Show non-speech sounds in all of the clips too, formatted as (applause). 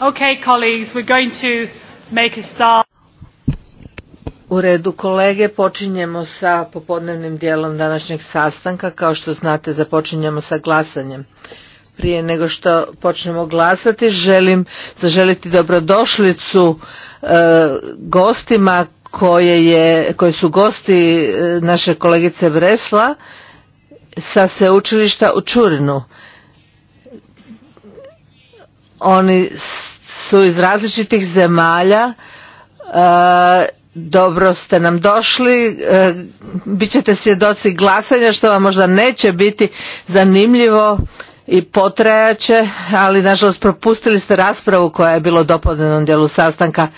Okay, colleagues, U redu kolege, počinjemo sa popodnevnim dijelom današnjeg sastanka. Kao što znate, započinjemo sa glasanjem. Prije nego što počnemo glasati, želim zaželiti dobrodošlicu e, gostima koji su gosti e, naše kolegice Bresla sa sveučilišta u Čurinu. Oni su iz različitih zemalja. E, dobro ste nam došli, e, bit ćete svjedoci glasanja što vam možda neće biti zanimljivo i potrajaće, ali nažalost propustili ste raspravu koja je bilo dopodnevnom dijelu sastanka.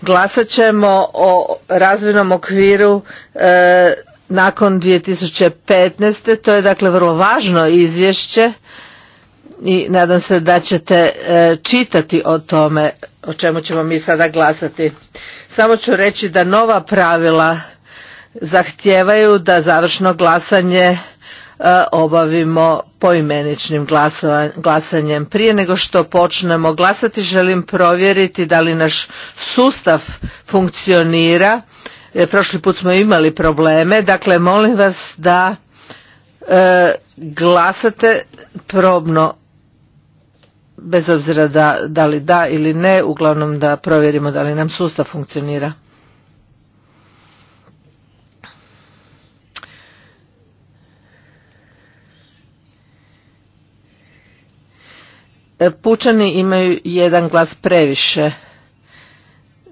Glasat ćemo o razvojnom okviru e, nakon 2015. To je dakle vrlo važno izvješće i nadam se da ćete e, čitati o tome o čemu ćemo mi sada glasati. Samo ću reći da nova pravila zahtijevaju da završno glasanje e, obavimo poimeničnim glasanjem. Prije nego što počnemo glasati želim provjeriti da li naš sustav funkcionira. E, prošli put smo imali probleme, dakle molim vas da glasate probno bez obzira da, li da ili ne, uglavnom da provjerimo da li nam sustav funkcionira. E, pučani imaju jedan glas previše.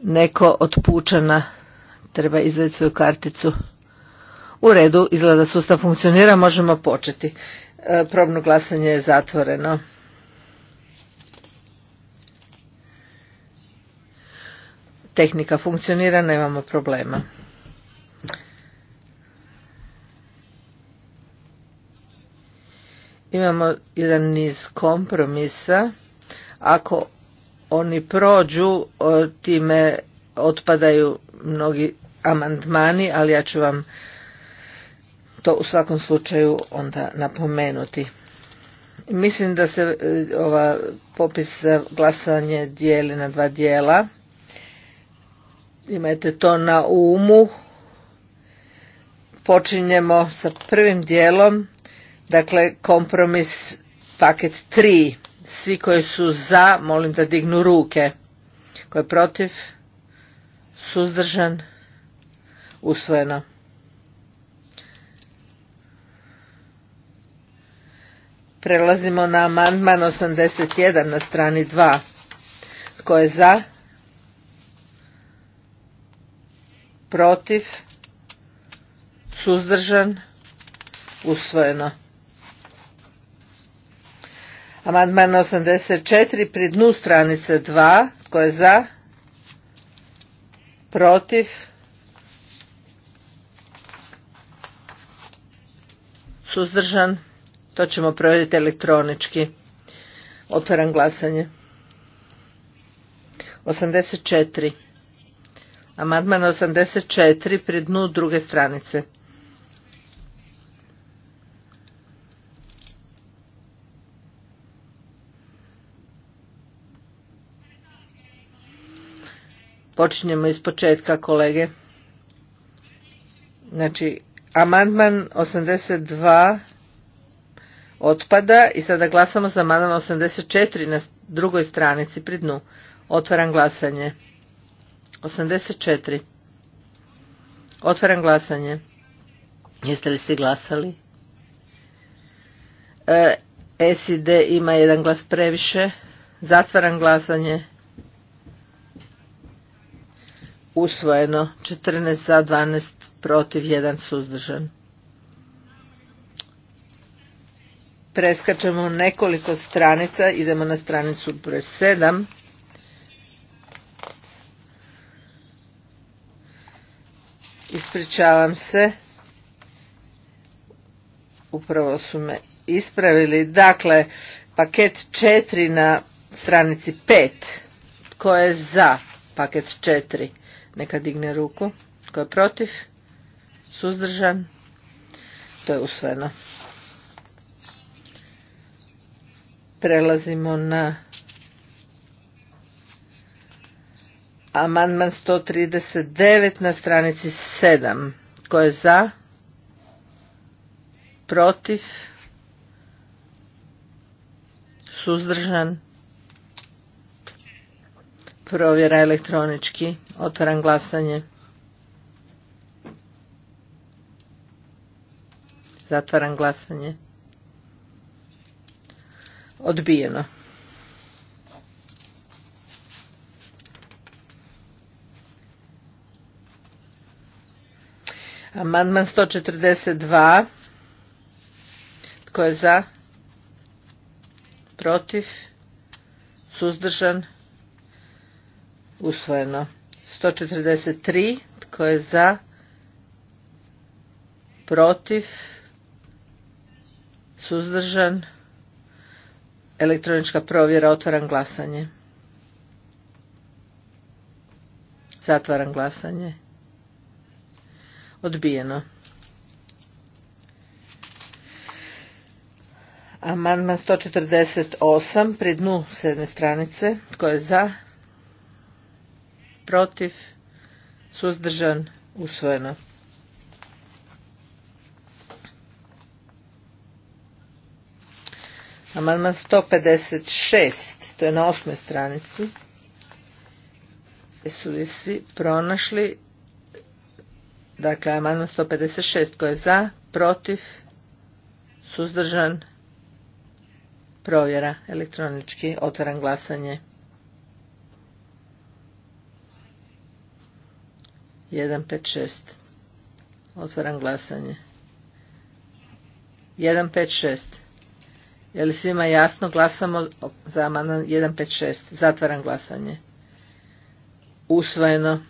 Neko od pučana treba izvedi svoju karticu. U redu, izgleda sustav funkcionira, možemo početi. E, probno glasanje je zatvoreno. tehnika funkcionira, nemamo problema. Imamo jedan niz kompromisa. Ako oni prođu, time otpadaju mnogi amandmani, ali ja ću vam to u svakom slučaju onda napomenuti. Mislim da se e, ova popis glasanje dijeli na dva dijela imajte to na umu. Počinjemo sa prvim dijelom, dakle kompromis paket 3. Svi koji su za, molim da dignu ruke. Koji je protiv? Suzdržan? Usvojeno. Prelazimo na amandman 81 na strani 2. Tko je za? protiv, suzdržan, usvojeno. Amandman 84 pri dnu stranice 2, tko je za, protiv, suzdržan, to ćemo provjeriti elektronički. Otvaram glasanje. 84. Amandman 84 pri dnu druge stranice. Počinjemo iz početka, kolege. Znači, amandman 82 otpada i sada glasamo za amandman 84 na drugoj stranici pri dnu. Otvaram glasanje. 84. Otvaram glasanje. Jeste li svi glasali? E, D ima jedan glas previše. Zatvaram glasanje. Usvojeno. 14 za, 12 protiv, 1 suzdržan. Preskačemo nekoliko stranica. Idemo na stranicu broj 7. Ispričavam se. Upravo su me ispravili. Dakle, paket 4 na stranici 5. Tko je za paket 4? Neka digne ruku. Tko je protiv? Suzdržan? To je usvojeno. Prelazimo na Amandman 139 na stranici 7. Ko je za? Protiv? Suzdržan? Provjera elektronički. Otvaram glasanje. Zatvaram glasanje. Odbijeno. Amandman 142. Tko je za? Protiv? Suzdržan? Usvojeno. 143. Tko je za? Protiv? Suzdržan? Elektronička provjera. Otvaram glasanje. Zatvaram glasanje. Odbijeno. Amandman 148 pri dnu sedme stranice. Tko je za? Protiv? Suzdržan? Usvojeno. Amandman 156. To je na osmoj stranici. Jesu li svi pronašli Dakle, amandman 156 koji je za, protiv, suzdržan, provjera elektronički, otvaran glasanje. Jedan, pet, šest. Otvaram glasanje. Jedan, pet, šest. Je li svima jasno? Glasamo za amandman 156. Zatvaram glasanje. Usvojeno.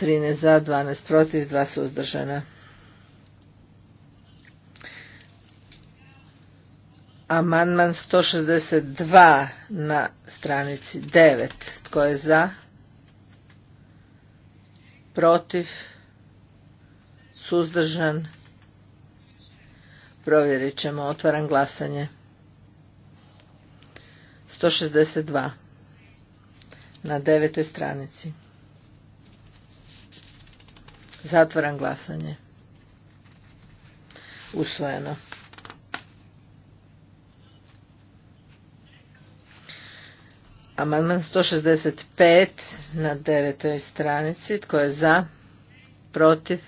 13 za, 12 protiv, 2 suzdržana. Amandman 162 na stranici 9. Tko je za? Protiv? Suzdržan? Provjerit ćemo. Otvaram glasanje. 162 na 9. stranici. Zatvaram glasanje. Usvojeno. Amandman 165 na devetoj stranici. Tko je za? Protiv?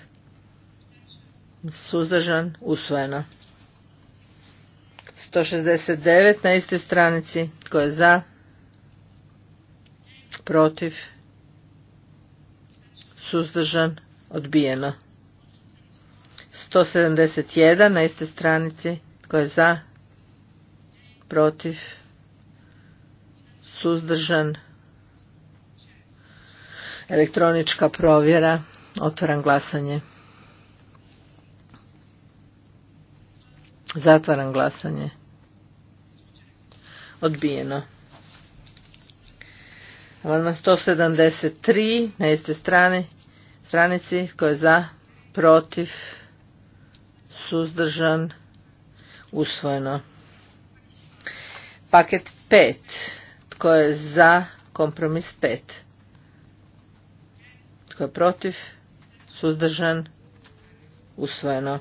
Suzdržan? Usvojeno. 169 na istoj stranici. Tko je za? Protiv? Suzdržan? odbijeno. 171 na iste stranici koje je za, protiv, suzdržan, elektronička provjera, otvaram glasanje. Zatvaram glasanje. Odbijeno. Amandman 173 na iste strani stranici. Tko je za? Protiv? Suzdržan? Usvojeno. Paket 5. Tko je za? Kompromis 5. Tko je protiv? Suzdržan? Usvojeno.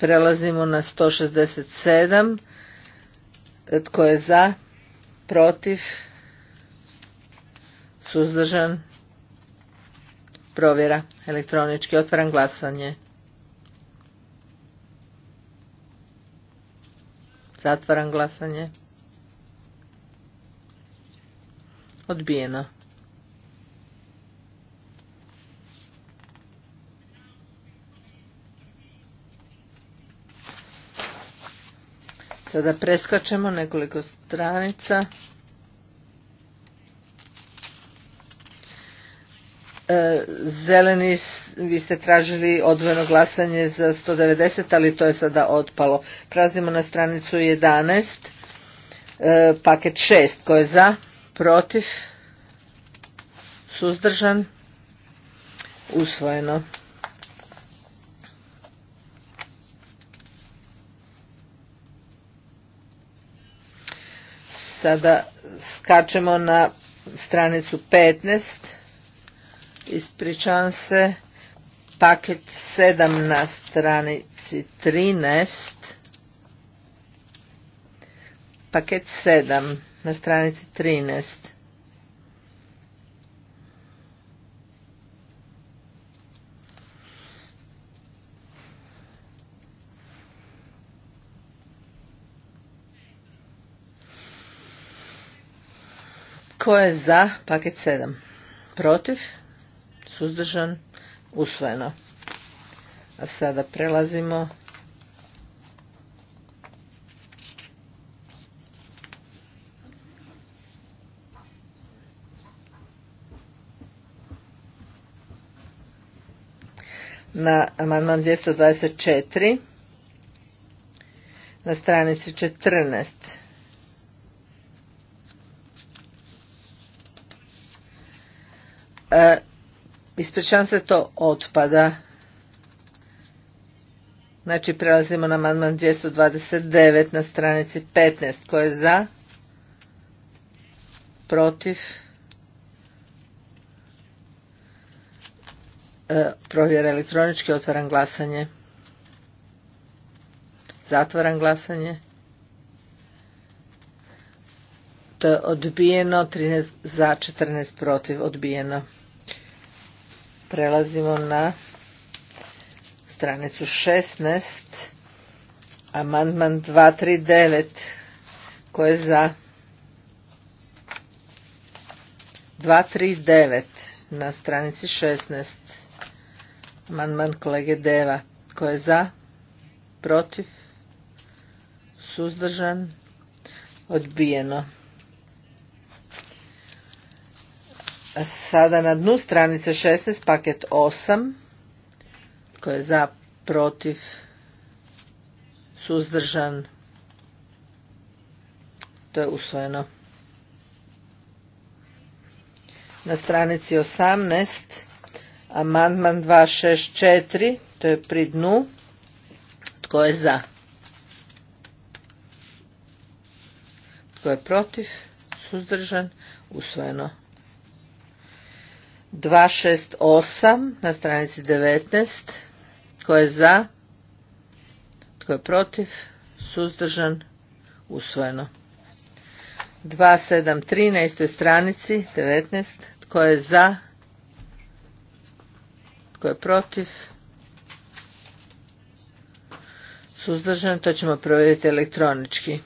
Prelazimo na 167. Tko je za? Protiv? suzdržan, provjera elektronički, otvaram glasanje. Zatvaram glasanje. Odbijeno. Sada preskačemo nekoliko stranica. E, zeleni, vi ste tražili odvojeno glasanje za 190, ali to je sada otpalo. Prazimo na stranicu 11, e, paket 6, ko je za, protiv, suzdržan, usvojeno. Sada skačemo na stranicu 15. Ispričavam se, paket 7 na stranici 13. Paket 7 na stranici 13. Ko je za paket 7? Protiv? suzdržan, usvojeno. A sada prelazimo na amandman 224 na stranici 14. E, Ispričavam se, to otpada. Znači prelazimo na amandman 229 na stranici 15. Ko je za? Protiv? E, provjera elektronički, otvaram glasanje. Zatvaram glasanje. To je odbijeno, 13 za, 14 protiv, odbijeno. Prelazimo na stranicu 16, amandman 239, koje je za 239 na stranici 16, amandman kolege Deva, koje je za, protiv, suzdržan, odbijeno. Sada na dnu stranice 16, paket 8, koji je za, protiv, suzdržan, to je usvojeno. Na stranici 18, amandman 264, to je pri dnu, tko je za? Tko je protiv? Suzdržan? Usvojeno. 268 na stranici 19. Tko je za? Tko je protiv? Suzdržan? Usvojeno. 273 na istoj stranici 19. Tko je za? Tko je protiv? Suzdržan? To ćemo provjeriti elektronički.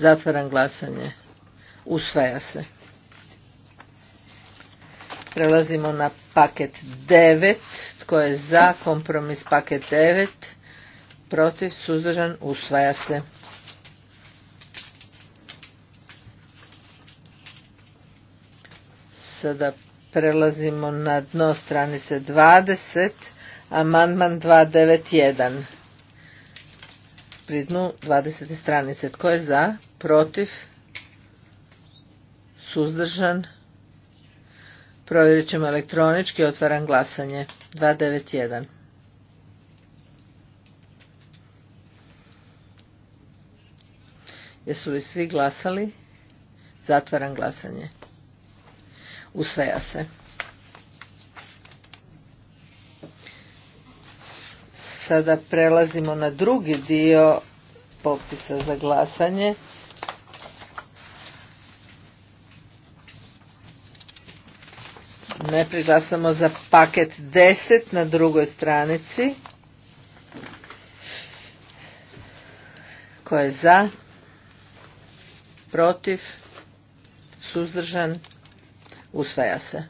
Zatvaram glasanje. Usvaja se. Prelazimo na paket 9. Tko je za kompromis paket 9? Protiv, suzdržan, usvaja se. Sada prelazimo na dno stranice 20, amandman 291. Pri dnu 20. stranice. Tko je za? protiv, suzdržan, provjerit ćemo elektronički, otvaram glasanje, 291. Jesu li svi glasali? Zatvaram glasanje. Usvaja se. Sada prelazimo na drugi dio popisa za glasanje. Ne, priglasamo za paket 10 na drugoj stranici. Ko je za? Protiv? Suzdržan? Usvaja se.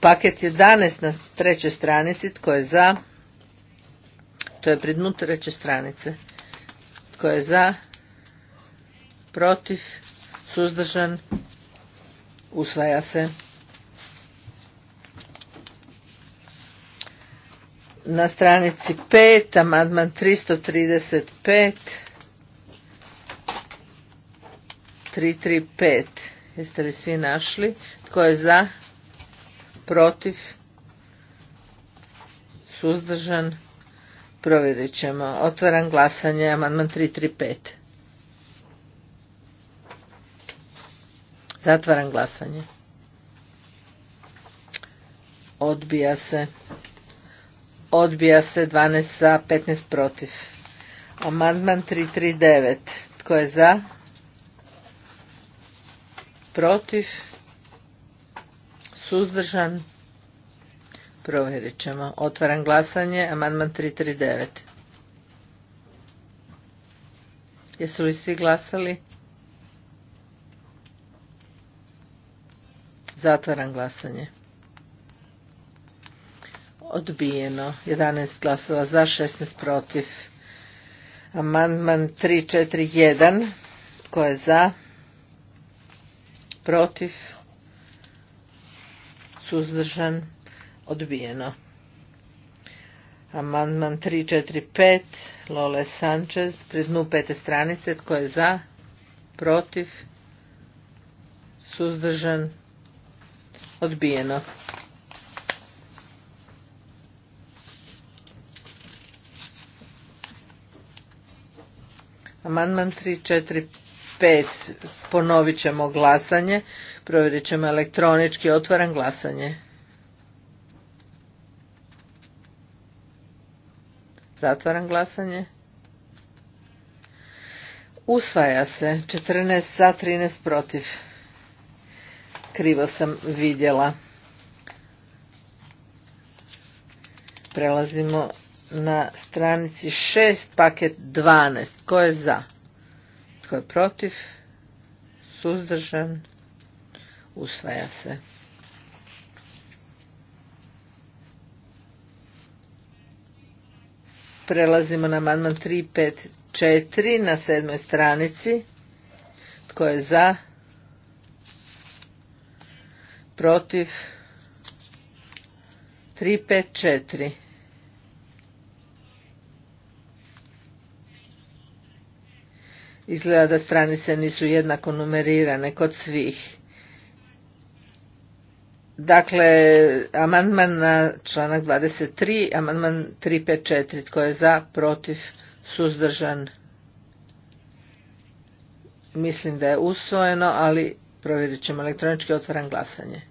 Paket 11 na trećoj stranici. Tko je za? To je dnu treće stranice. Tko je za? Protiv? Suzdržan? usvaja se. Na stranici 5, amandman 335, 335, jeste li svi našli? Tko je za, protiv, suzdržan, provjerit ćemo. Otvaram glasanje, amandman 335. Zatvaram glasanje. Odbija se. Odbija se 12 za, 15 protiv. Amandman 339. Tko je za? Protiv? Suzdržan? Provjerit ćemo. Otvaram glasanje. Amandman 339. Jesu li svi glasali? Zatvaram glasanje. Odbijeno. 11 glasova za, 16 protiv. Amandman 341. Ko je za? Protiv? Suzdržan? Odbijeno. Amandman 345. Lole Sanchez. Pri dnu pete stranice. Tko je za? Protiv? Suzdržan? odbijeno. Odbijeno. Amandman 3, 4, 5. Ponovit ćemo glasanje. Provjerit ćemo elektronički. otvoran glasanje. Zatvaram glasanje. Usvaja se. 14 za, 13 protiv krivo sam vidjela. Prelazimo na stranici 6, paket 12. Ko je za? Ko je protiv? Suzdržan? Usvaja se. Prelazimo na amandman 4 na sedmoj stranici. Tko je za? protiv 354 Izgleda da stranice nisu jednako numerirane kod svih. Dakle, amandman na članak 23, amandman 354, tko je za, protiv, suzdržan. Mislim da je usvojeno, ali provjerit ćemo elektronički otvaram glasanje.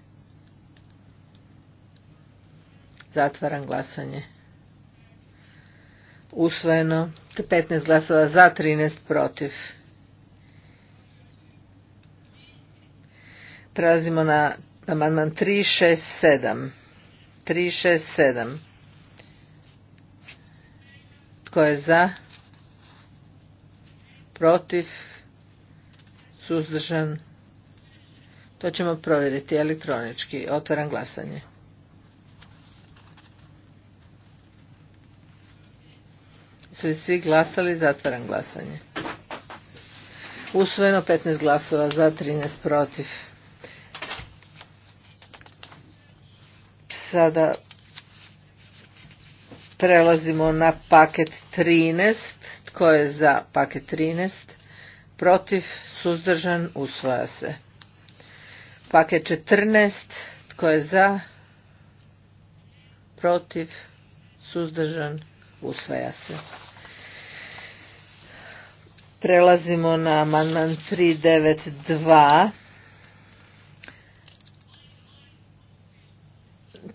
Zatvaram glasanje. Usvojeno. 15 glasova za, 13 protiv. Prelazimo na amandman 367. 367. Tko je za? Protiv? Suzdržan? To ćemo provjeriti elektronički. Otvaram glasanje. Su svi glasali? Zatvaram glasanje. Usvojeno 15 glasova za, 13 protiv. Sada prelazimo na paket 13. Tko je za paket 13? Protiv, suzdržan, usvaja se. Paket 14. Tko je za? Protiv, suzdržan, usvaja se. Prelazimo na amandman 392.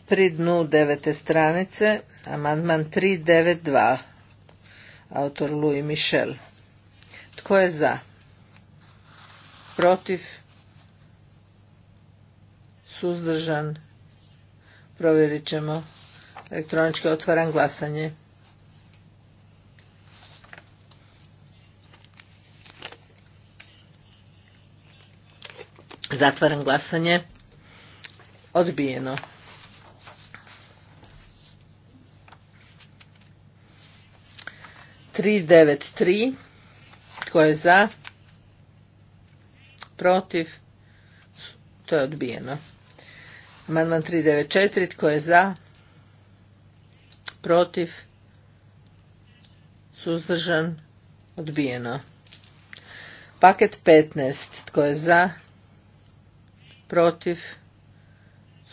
Pri dnu devete stranice, amandman 392, autor Louis Michel. Tko je za? Protiv? Suzdržan? Provjerit ćemo. Elektronički otvaram glasanje. Zatvaram glasanje. Odbijeno. Tri devet tri. Tko je za? Protiv? To je odbijeno. Amandman 394. Tko je za? Protiv? Suzdržan? Odbijeno. Paket 15. Tko je za? protiv,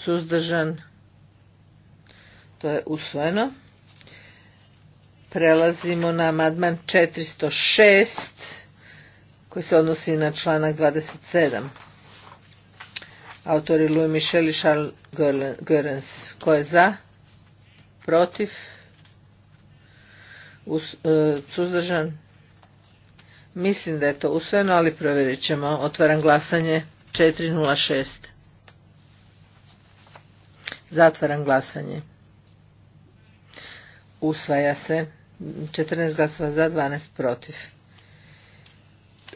suzdržan, to je usvojeno. Prelazimo na amandman 406 koji se odnosi na članak 27. Autori Louis Michel i Charles je za? Protiv? E, suzdržan? Mislim da je to usvojeno, ali provjerit ćemo. Otvaram glasanje. 406. Zatvaram glasanje. Usvaja se. 14 glasova za, 12 protiv.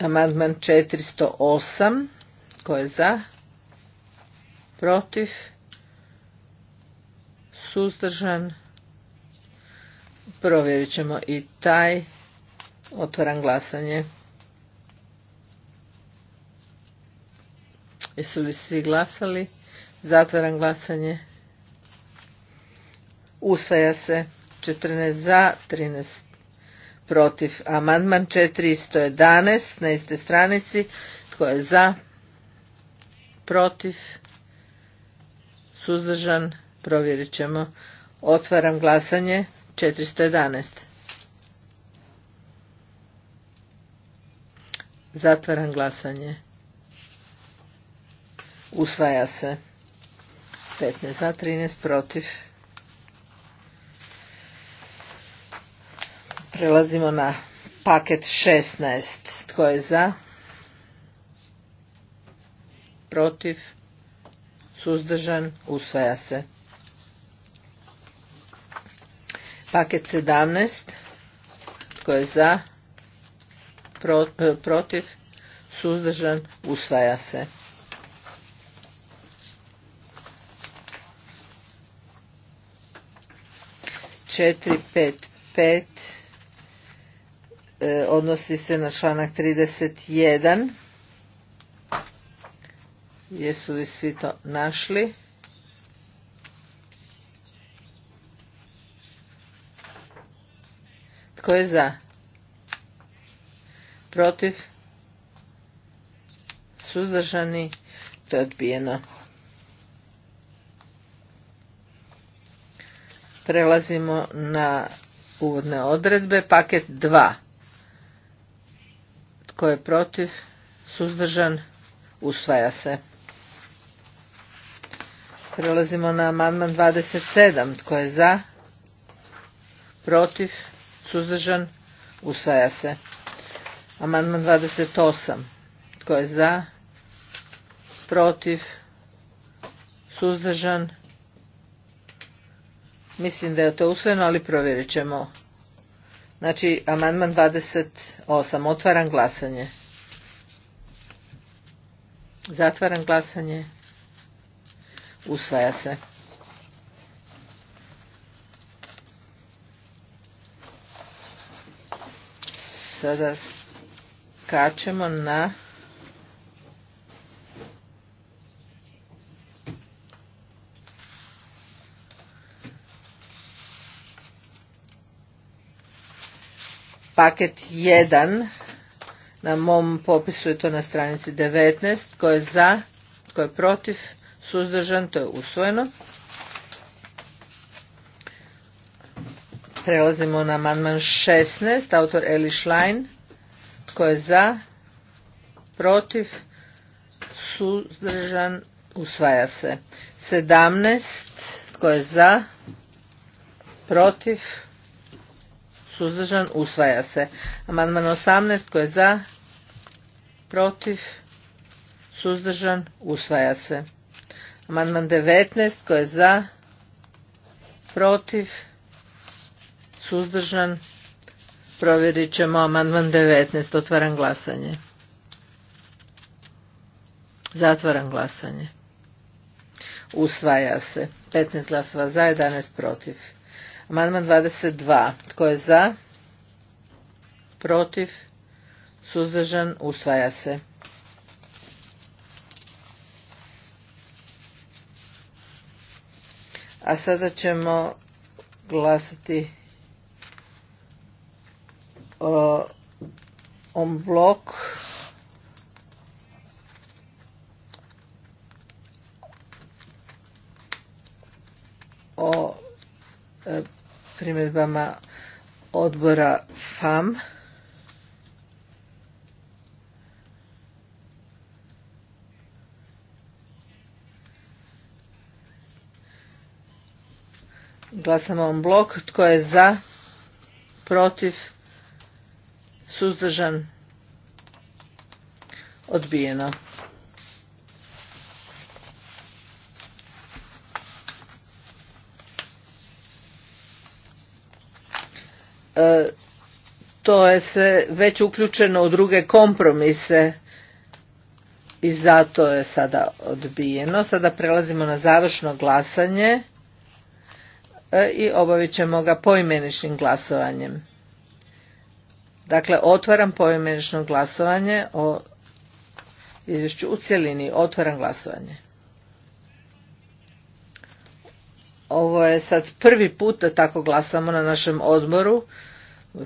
Amandman 408. Ko je za? Protiv? Suzdržan? Provjerit ćemo i taj. Otvaram glasanje. Jesu li svi glasali? Zatvaram glasanje. Usvaja se 14 za, 13 protiv. Amandman 411 na iste stranici. Tko je za? Protiv? Suzdržan? Provjerit ćemo. Otvaram glasanje 411. Zatvaram glasanje. Usvaja se. 15 za, 13 protiv. Prelazimo na paket 16. Tko je za? Protiv? Suzdržan? Usvaja se. Paket 17. Tko je za? Protiv? Suzdržan? Usvaja se. 455 5 e, odnosi se na članak 31. Jesu li svi to našli? Tko je za? Protiv? Suzdržani? To je odbijeno. Prelazimo na uvodne odredbe. Paket 2. Tko je protiv? Suzdržan? Usvaja se. Prelazimo na amandman 27. Tko je za? Protiv? Suzdržan? Usvaja se. Amandman 28. Tko je za? Protiv? Suzdržan? Mislim da je to usvojeno, ali provjerit ćemo. Znači, amandman 28. Otvaram glasanje. Zatvaram glasanje. Usvaja se. Sada skačemo na paket 1 na mom popisu je to na stranici 19 tko je za, tko je protiv, suzdržan, to je usvojeno. Prelazimo na amandman 16, autor Eli Schlein. Tko je za, protiv, suzdržan, usvaja se. 17, tko je za, protiv, suzdržan, usvaja se. Amandman 18 tko je za, protiv, suzdržan, usvaja se. Amandman 19 tko je za, protiv, suzdržan, provjerit ćemo amandman 19. Otvaram glasanje. Zatvaram glasanje. Usvaja se. 15 glasova za, 11 protiv. Amandman 22. Tko je za? Protiv? Suzdržan? Usvaja se. A sada ćemo glasati o, o blok primjedbama odbora FAM. Glasamo on blok. Tko je za? Protiv? Suzdržan? Odbijeno. E, to je se već uključeno u druge kompromise i zato je sada odbijeno. Sada prelazimo na završno glasanje e, i obavit ćemo ga poimeničnim glasovanjem. Dakle, otvaram poimenično glasovanje o izvješću u cjelini. Otvaram glasovanje. Ovo je sad prvi put da tako glasamo na našem odboru.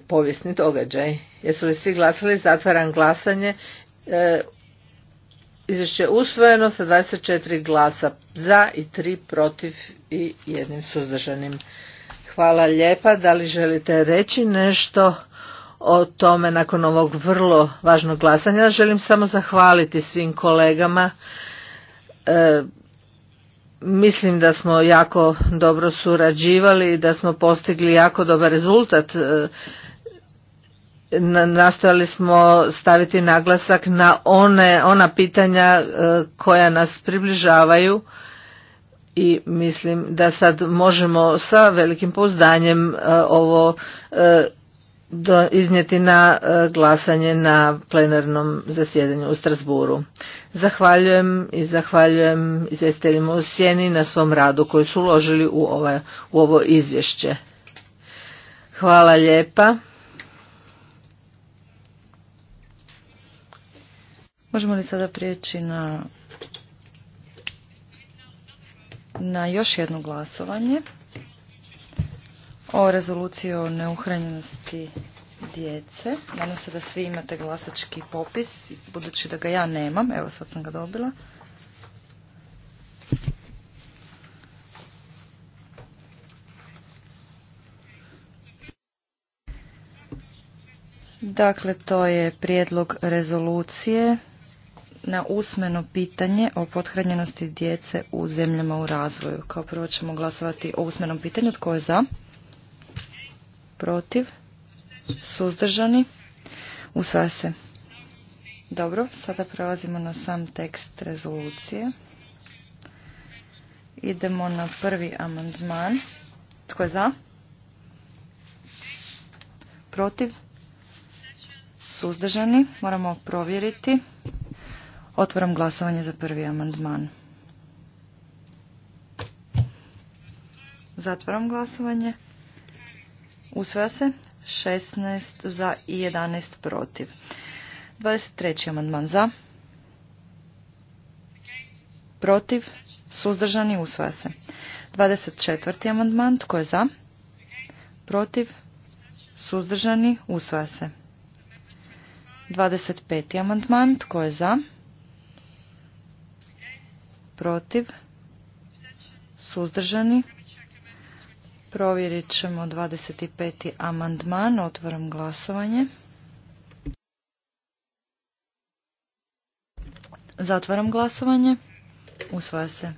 Povijesni događaj. Jesu li svi glasali? Zatvaram glasanje. E, izvješće usvojeno sa 24 glasa za i tri protiv i jednim suzdržanim. Hvala lijepa. Da li želite reći nešto o tome nakon ovog vrlo važnog glasanja? Želim samo zahvaliti svim kolegama. E, Mislim da smo jako dobro surađivali i da smo postigli jako dobar rezultat. E, nastojali smo staviti naglasak na one, ona pitanja e, koja nas približavaju i mislim da sad možemo sa velikim pouzdanjem e, ovo iznijeti na glasanje na plenarnom zasjedanju u Strasburu. Zahvaljujem i zahvaljujem izvjestiteljima u Sjeni na svom radu koji su uložili u, u ovo izvješće. Hvala lijepa. Možemo li sada prijeći na, na još jedno glasovanje o rezoluciji o neuhranjenosti djece. Nadam se da svi imate glasački popis, budući da ga ja nemam. Evo sad sam ga dobila. Dakle, to je prijedlog rezolucije na usmeno pitanje o pothranjenosti djece u zemljama u razvoju. Kao prvo ćemo glasovati o usmenom pitanju. Tko je za? Protiv? Suzdržani? Usvaja se. Dobro, sada prelazimo na sam tekst rezolucije. Idemo na prvi amandman. Tko je za? Protiv? Suzdržani? Moramo provjeriti. Otvaram glasovanje za prvi amandman. Zatvaram glasovanje. Usvaja se 16 za i 11 protiv. 23. amandman za. Protiv. Suzdržani usvaja se. 24. amandman. Tko je za? Protiv. Suzdržani usvaja se. 25. amandman. Tko je za? Protiv. Suzdržani Provjerit ćemo 25. amandman. Otvaram glasovanje. Zatvaram glasovanje. Usvaja se.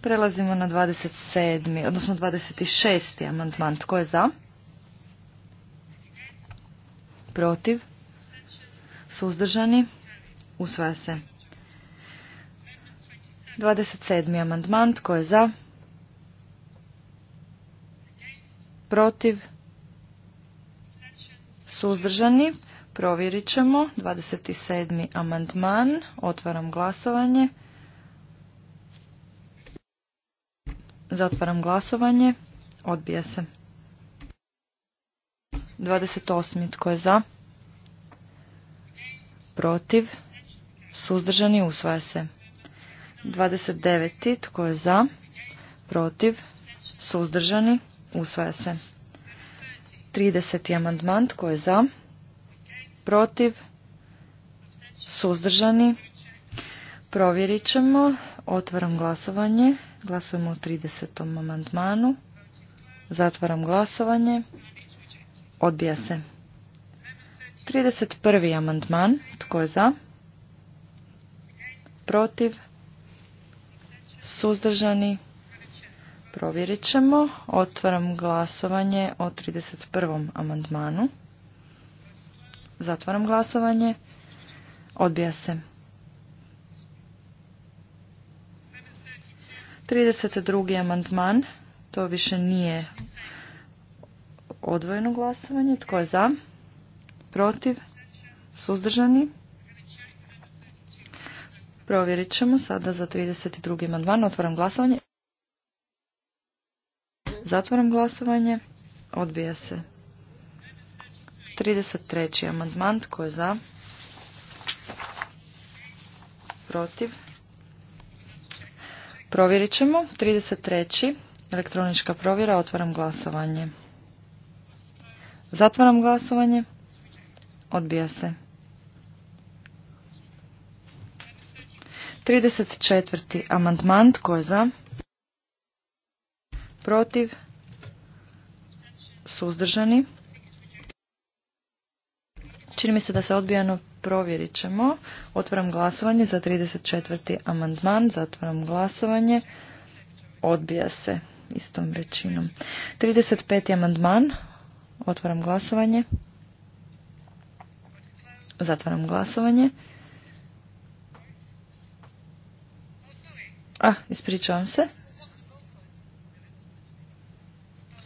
Prelazimo na 27. odnosno 26. amandman. Tko je za? Protiv? Suzdržani? Usvaja se. 27. amandman. Tko je za? protiv, suzdržani. Provjerit ćemo. 27. amandman. Otvaram glasovanje. Zatvaram glasovanje. Odbija se. 28. Tko je za? Protiv. Suzdržani usvaja se. 29. Tko je za? Protiv. Suzdržani Usvaja se. 30. amandman. Tko je za? Protiv? Suzdržani? Provjerit ćemo. Otvaram glasovanje. Glasujemo u 30. amandmanu. Zatvaram glasovanje. Odbija se. 31. amandman. Tko je za? Protiv? Suzdržani? Provjerit ćemo. Otvaram glasovanje o 31. amandmanu. Zatvaram glasovanje. Odbija se. 32. amandman. To više nije odvojeno glasovanje. Tko je za? Protiv? Suzdržani? Provjerit ćemo sada za 32. amandman. Otvaram glasovanje. Zatvoram glasovanje. Odbija se. 33. amandman. Tko je za? Protiv? Provjerit ćemo. 33. Elektronička provjera. Otvaram glasovanje. Zatvaram glasovanje. Odbija se. 34. amandman. Tko je za? protiv, suzdržani. Čini mi se da se odbijano provjerit ćemo. Otvaram glasovanje za 34. amandman. Zatvaram glasovanje. Odbija se istom većinom. 35. amandman. Otvaram glasovanje. Zatvaram glasovanje. A, ispričavam se.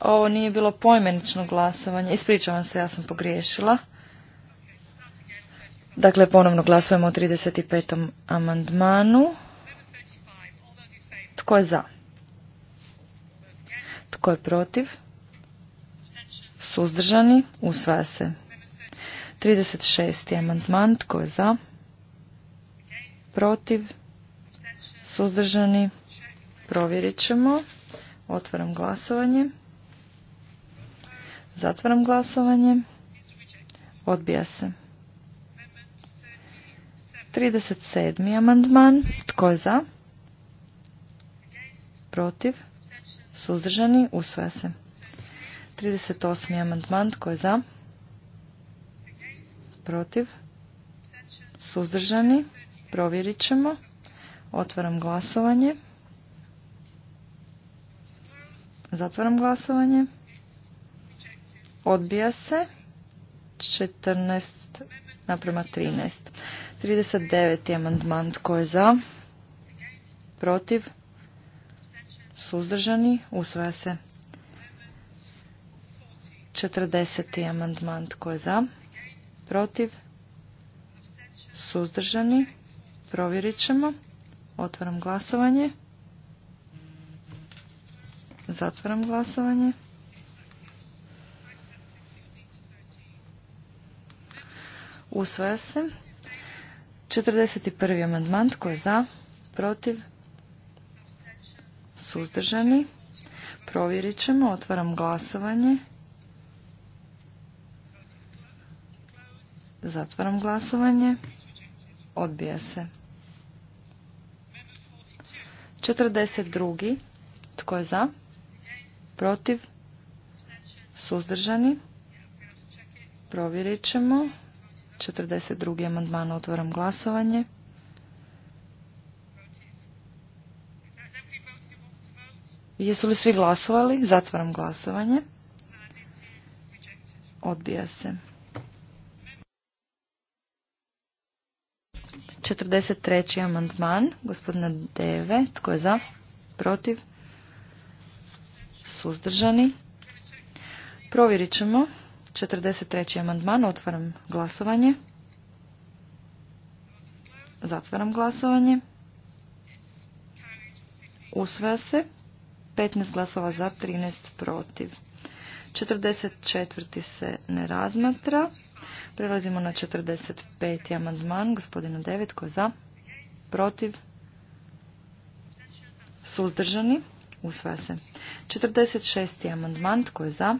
Ovo nije bilo pojmenično glasovanje. Ispričavam se, ja sam pogriješila. Dakle, ponovno glasujemo o 35. amandmanu. Tko je za? Tko je protiv? Suzdržani? Usvaja se. 36. amandman. Tko je za? Protiv? Suzdržani? Provjerit ćemo. Otvaram glasovanje. Zatvaram glasovanje. Odbija se. 37. amandman. Tko je za? Protiv? Suzdržani? Usvaja se. 38. amandman. Tko je za? Protiv? Suzdržani? Provjerit ćemo. Otvaram glasovanje. Zatvaram glasovanje. Odbija se. 14 naprema 13. 39. amandman. Tko je za? Protiv? Suzdržani? Usvaja se. 40. amandman. Tko je za? Protiv? Suzdržani? Provjerit ćemo. Otvaram glasovanje. Zatvaram glasovanje. Usvaja se. 41. amandman. Tko je za? Protiv? Suzdržani? Provjerit ćemo. Otvaram glasovanje. Zatvaram glasovanje. Odbija se. 42. Tko je za? Protiv? Suzdržani? Provjerit ćemo. 42. amandman otvaram glasovanje. Jesu li svi glasovali? Zatvaram glasovanje. Odbija se. 43. amandman, gospodina Deve, tko je za? Protiv? Suzdržani? Provjerit ćemo. 43. amandman, otvaram glasovanje. Zatvaram glasovanje. Usvaja se. 15 glasova za, 13 protiv. 44. se ne razmatra. Prelazimo na 45. amandman. Gospodina je za, protiv, suzdržani. Usvaja se. 46. amandman. Tko je za?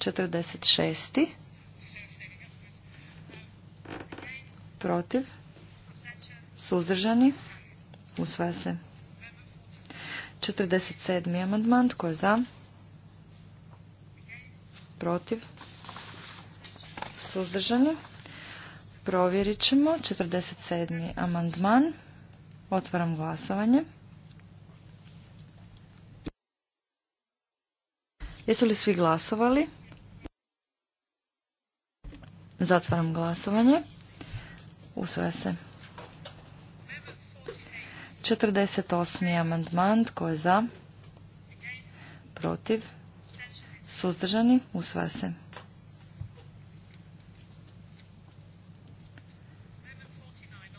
46. Protiv. Suzdržani. Usvaja se. 47. amandman. Tko je za? Protiv. Suzdržani. Provjerit ćemo. 47. amandman. Otvaram glasovanje. Jesu li svi glasovali? Zatvaram glasovanje. Usvaja se. 48. amandman. Tko je za? Protiv? Suzdržani? Usvaja se.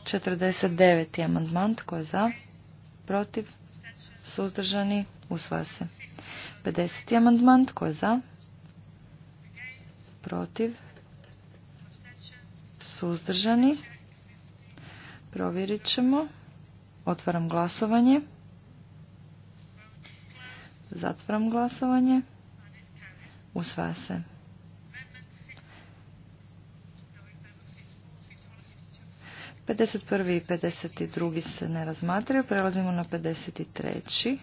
49. amandman. Tko je za? Protiv? Suzdržani? Usvaja se. 50. amandman. Tko je za? Protiv? suzdržani? Provjerit ćemo. Otvaram glasovanje. Zatvaram glasovanje. Usvaja se. Pedeset prvi i pedeset drugi se ne razmatraju. Prelazimo na pedeset treći.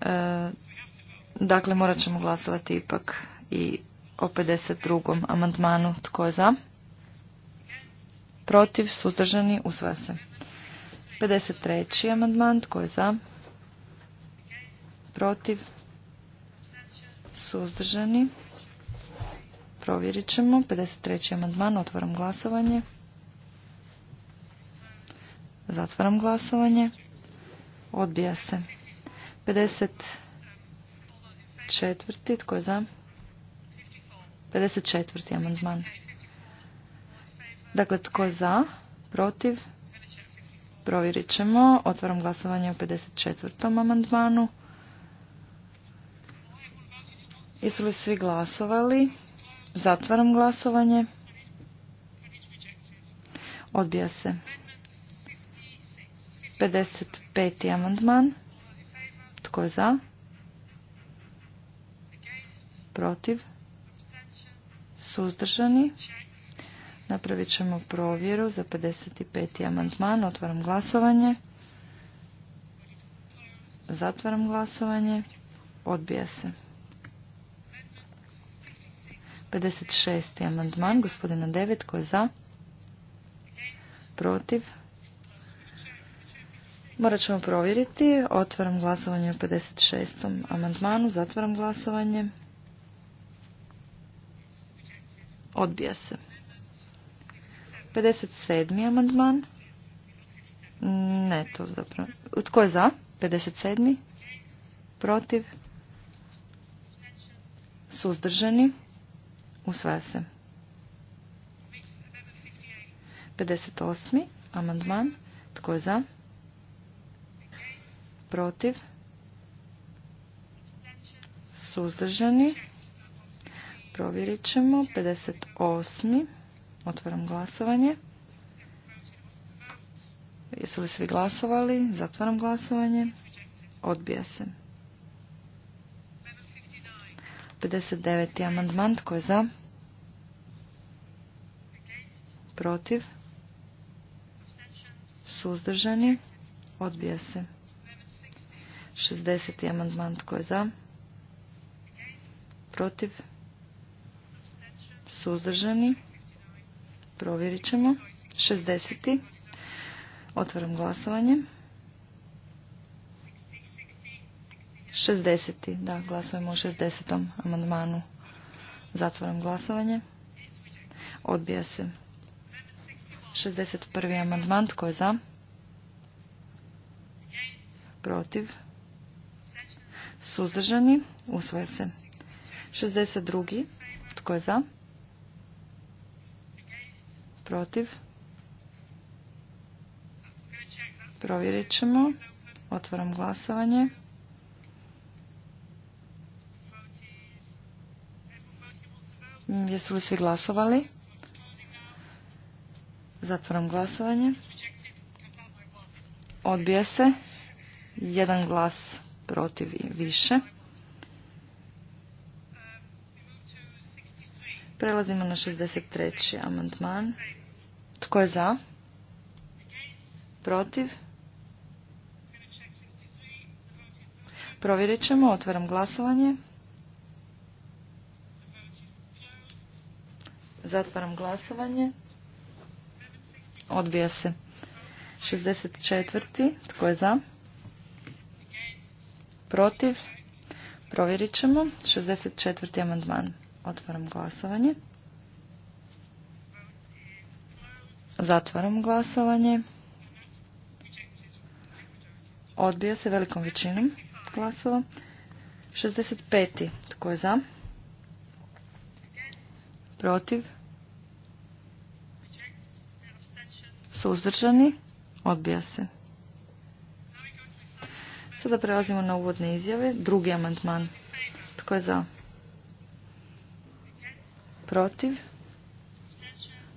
E, Dakle, morat ćemo glasovati ipak i o 52. amandmanu. Tko je za? Protiv, suzdržani, usvaja se. 53. amandman. Tko je za? Protiv, suzdržani. Provjerit ćemo. 53. amandman. Otvaram glasovanje. Zatvaram glasovanje. Odbija se. 50 54. Tko je za? 54. amandman. Dakle, tko je za? Protiv? Provjerit ćemo. Otvaram glasovanje u 54. amandmanu. Jesu li svi glasovali? Zatvaram glasovanje. Odbija se. 55. amandman. Tko je za? protiv, suzdržani. Napravit ćemo provjeru za 55. amandman. Otvaram glasovanje. Zatvaram glasovanje. Odbija se. 56. amandman gospodina devet Ko je za? Protiv? Morat ćemo provjeriti. Otvaram glasovanje u 56. amandmanu. Zatvaram glasovanje. Odbija se. 57. amandman. Ne, to zapravo. Tko je za? 57. Protiv? Suzdržani? Usvaja se. 58. amandman. Tko je za? Protiv? Suzdržani? Provjerit ćemo. 58. Otvaram glasovanje. Jesu li svi glasovali? Zatvaram glasovanje. Odbija se. 59. amandman. Tko je za? Protiv? Suzdržani? Odbija se. 60. amandman. Tko je za? Protiv? suzdržani, provjerit ćemo. 60. Otvaram glasovanje. 60. Da, glasujemo o 60. amandmanu. Zatvaram glasovanje. Odbija se. 61. amandman. Tko je za? Protiv. Suzdržani. Usvoje se. 62. Tko je za? protiv. Provjerit ćemo. Otvaram glasovanje. Jesu li svi glasovali? Zatvaram glasovanje. Odbija se. Jedan glas protiv i više. Prelazimo na 63. amandman. Tko je za? Protiv? Provjerit ćemo. Otvaram glasovanje. Zatvaram glasovanje. Odbija se. 64. Tko je za? Protiv? Provjerit ćemo. 64. amandman. Otvaram glasovanje. Zatvaram glasovanje. Odbija se velikom većinom glasova. 65. Tko je za? Protiv? Suzdržani? Odbija se. Sada prelazimo na uvodne izjave. Drugi amandman. Tko je za? protiv,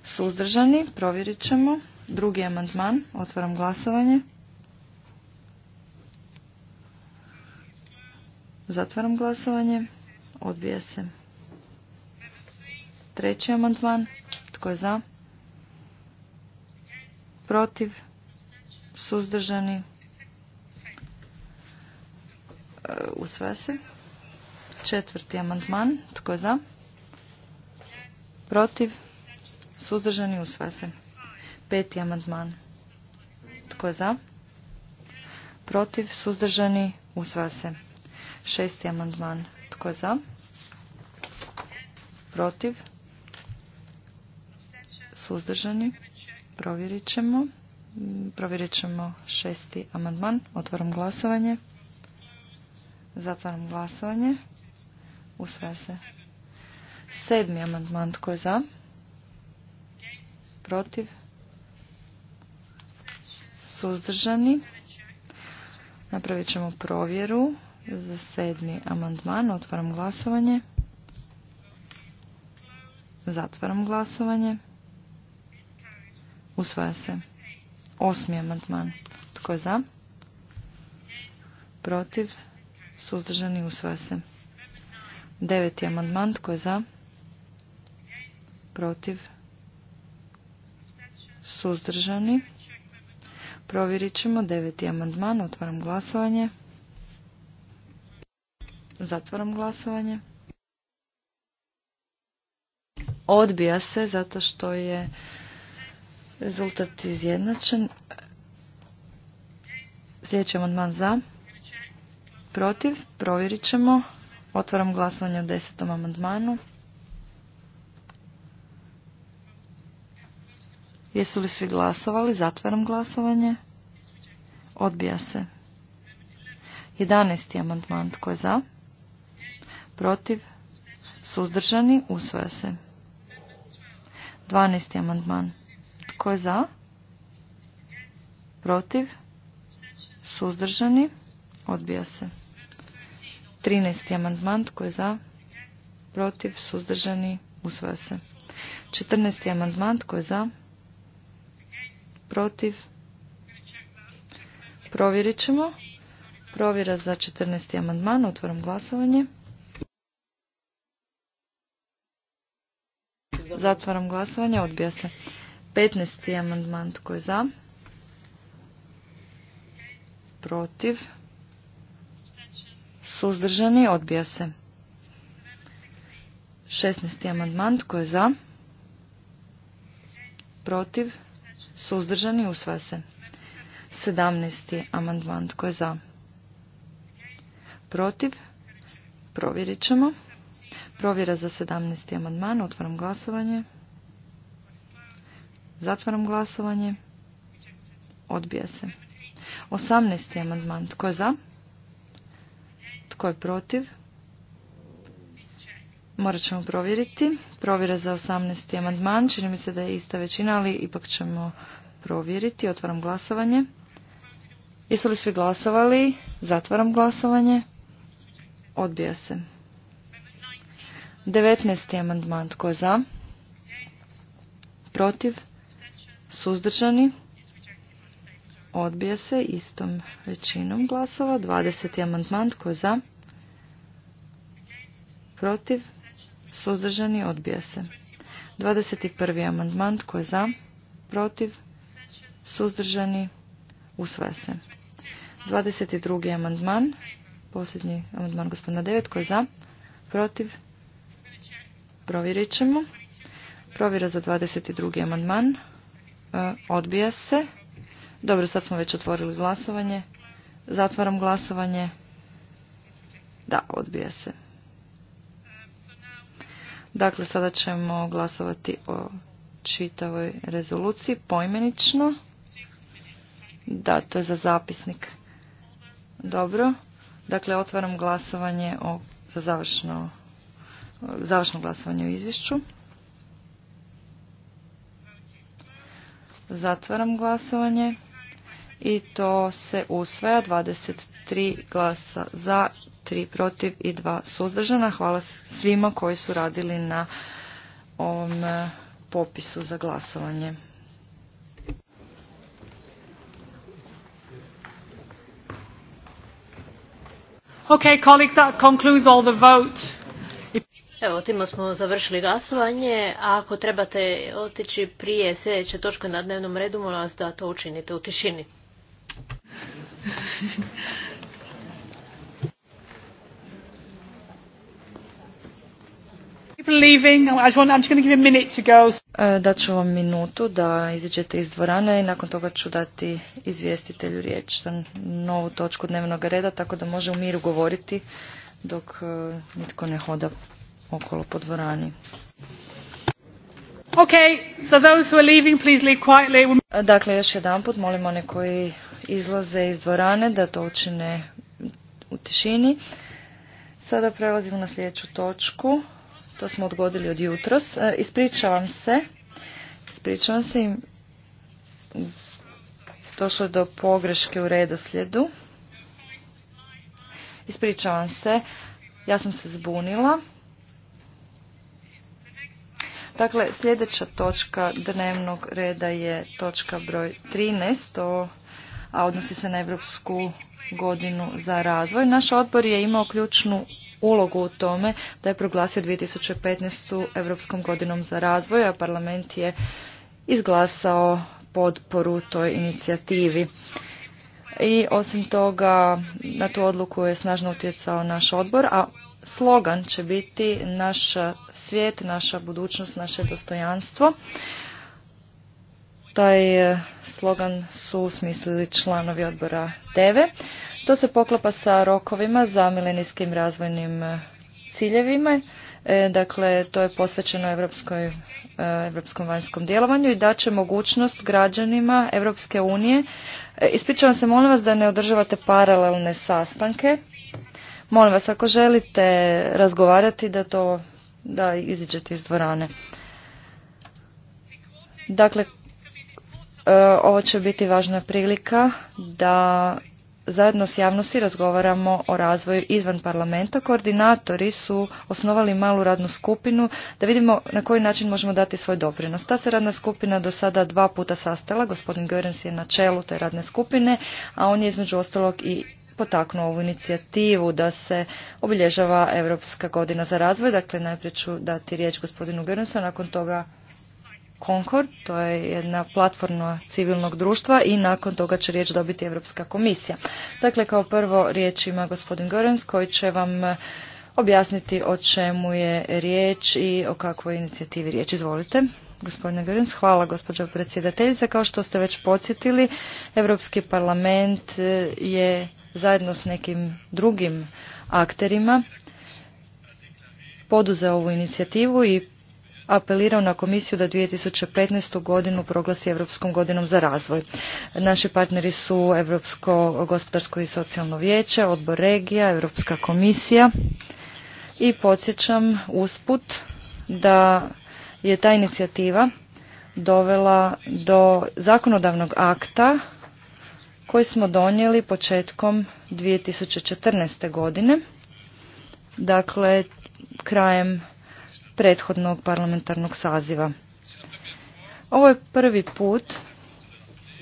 suzdržani, provjerit ćemo. Drugi amandman, otvaram glasovanje. Zatvaram glasovanje, odbija se. Treći amandman, tko je za? Protiv, suzdržani, e, Usve se. Četvrti amandman, tko je za? Protiv? Suzdržani usvaja se. Peti amandman. Tko za? Protiv? Suzdržani usvaja se. Šesti amandman. Tko za? Protiv? Suzdržani? Provjerit ćemo. Provjerit ćemo šesti amandman. Otvaram glasovanje. Zatvaram glasovanje. Usvaja se. Sedmi amandman tko je za? Protiv? Suzdržani? Napravit ćemo provjeru za sedmi amandman. Otvaram glasovanje. Zatvaram glasovanje. Usvaja se. Osmi amandman. Tko je za? Protiv? Suzdržani? Usvaja se. Deveti amandman. Tko je za? protiv, suzdržani. Provjerit ćemo deveti amandman, otvaram glasovanje. Zatvaram glasovanje. Odbija se zato što je rezultat izjednačen. Sljedeći amandman za. Protiv. Provjerit ćemo. Otvaram glasovanje u desetom amandmanu. Jesu li svi glasovali? Zatvaram glasovanje. Odbija se. 11. amandman. Tko je za? Protiv? Suzdržani? Usvoja se. 12. amandman. Tko je za? Protiv? Suzdržani? Odbija se. 13. amandman. Tko je za? Protiv? Suzdržani? Usvoja se. 14. amandman. Tko je za? protiv, provjerit ćemo. Provjera za 14. amandman, Otvaram glasovanje. Zatvaram glasovanje, odbija se. 15. amandman, tko je za? Protiv. Suzdržani, odbija se. 16. amandman, tko je za? Protiv. Suzdržani usvaja se. 17. amandman. Tko je za? Protiv? Provjerit ćemo. Provjera za 17. amandman. Otvaram glasovanje. Zatvaram glasovanje. Odbija se. 18. amandman. Tko je za? Tko je protiv? Morat ćemo provjeriti. Provjera za 18. amandman. Čini mi se da je ista većina, ali ipak ćemo provjeriti. Otvaram glasovanje. Jesu li svi glasovali? Zatvaram glasovanje. Odbija se. 19. amandman. Tko je za? Protiv? Suzdržani? Odbija se istom većinom glasova. 20. amandman. Tko je za? Protiv? Suzdržani odbija se. 21. amandman tko je za? Protiv? Suzdržani usvaja se. 22. amandman, posljednji amandman gospodina devet, tko je za? Protiv? Provjerit ćemo. Provjera za 22. amandman. E, odbija se. Dobro, sad smo već otvorili glasovanje. Zatvaram glasovanje. Da, odbija se. Dakle, sada ćemo glasovati o čitavoj rezoluciji poimenično. Da, to je za zapisnik. Dobro. Dakle, otvaram glasovanje o, za završno, završno glasovanje u izvješću. Zatvaram glasovanje i to se usvaja 23 glasa za 3 protiv i 2 suzdržana. Hvala svima koji su radili na ovom e, popisu za glasovanje. Okay, colleagues, that concludes all the vote. Evo, time smo završili glasovanje. A ako trebate otići prije sljedeće točke na dnevnom redu, molim vas da to učinite u tišini. (laughs) leaving. I'm e, Daću vam minutu da iziđete iz dvorane i nakon toga ću dati izvjestitelju riječ za novu točku dnevnog reda, tako da može u miru govoriti dok e, nitko ne hoda okolo po dvorani. Okay, so those who are leaving, Dakle, još jedan put molim one koji izlaze iz dvorane da to učine u tišini. Sada prelazimo na sljedeću točku. To smo odgodili od jutros. E, ispričavam se. Ispričavam se im. Došlo je do pogreške u redoslijedu. Ispričavam se. Ja sam se zbunila. Dakle, sljedeća točka dnevnog reda je točka broj 13, a odnosi se na Evropsku godinu za razvoj. Naš odbor je imao ključnu ulogu u tome da je proglasio 2015. Europskom godinom za razvoj, a parlament je izglasao podporu toj inicijativi. I osim toga, na tu odluku je snažno utjecao naš odbor, a slogan će biti naš svijet, naša budućnost, naše dostojanstvo. Taj slogan su smislili članovi odbora TV. To se poklapa sa rokovima za milenijskim razvojnim e, ciljevima. E, dakle, to je posvećeno evropskoj, e, evropskom vanjskom djelovanju i daće mogućnost građanima Evropske unije. ispričavam se, molim vas da ne održavate paralelne sastanke. Molim vas, ako želite razgovarati, da to da iziđete iz dvorane. Dakle, ovo će biti važna prilika da zajedno s javnosti razgovaramo o razvoju izvan parlamenta. Koordinatori su osnovali malu radnu skupinu da vidimo na koji način možemo dati svoj doprinos. Ta se radna skupina do sada dva puta sastala, gospodin Görens je na čelu te radne skupine, a on je između ostalog i potaknuo ovu inicijativu da se obilježava Europska godina za razvoj. Dakle, najprije ću dati riječ gospodinu Görensu, nakon toga Concord, to je jedna platforma civilnog društva i nakon toga će riječ dobiti Europska komisija. Dakle, kao prvo riječ ima gospodin Gorens koji će vam eh, objasniti o čemu je riječ i o kakvoj inicijativi riječ. Izvolite. Gospodine Gorens, hvala gospođo predsjedateljice. Kao što ste već podsjetili, Europski parlament eh, je zajedno s nekim drugim akterima poduzeo ovu inicijativu i apelirao na komisiju da 2015. godinu proglasi Europskom godinom za razvoj. Naši partneri su Europsko gospodarsko i socijalno vijeće, odbor regija, Europska komisija i podsjećam usput da je ta inicijativa dovela do zakonodavnog akta koji smo donijeli početkom 2014. godine. Dakle, krajem prethodnog parlamentarnog saziva. Ovo je prvi put,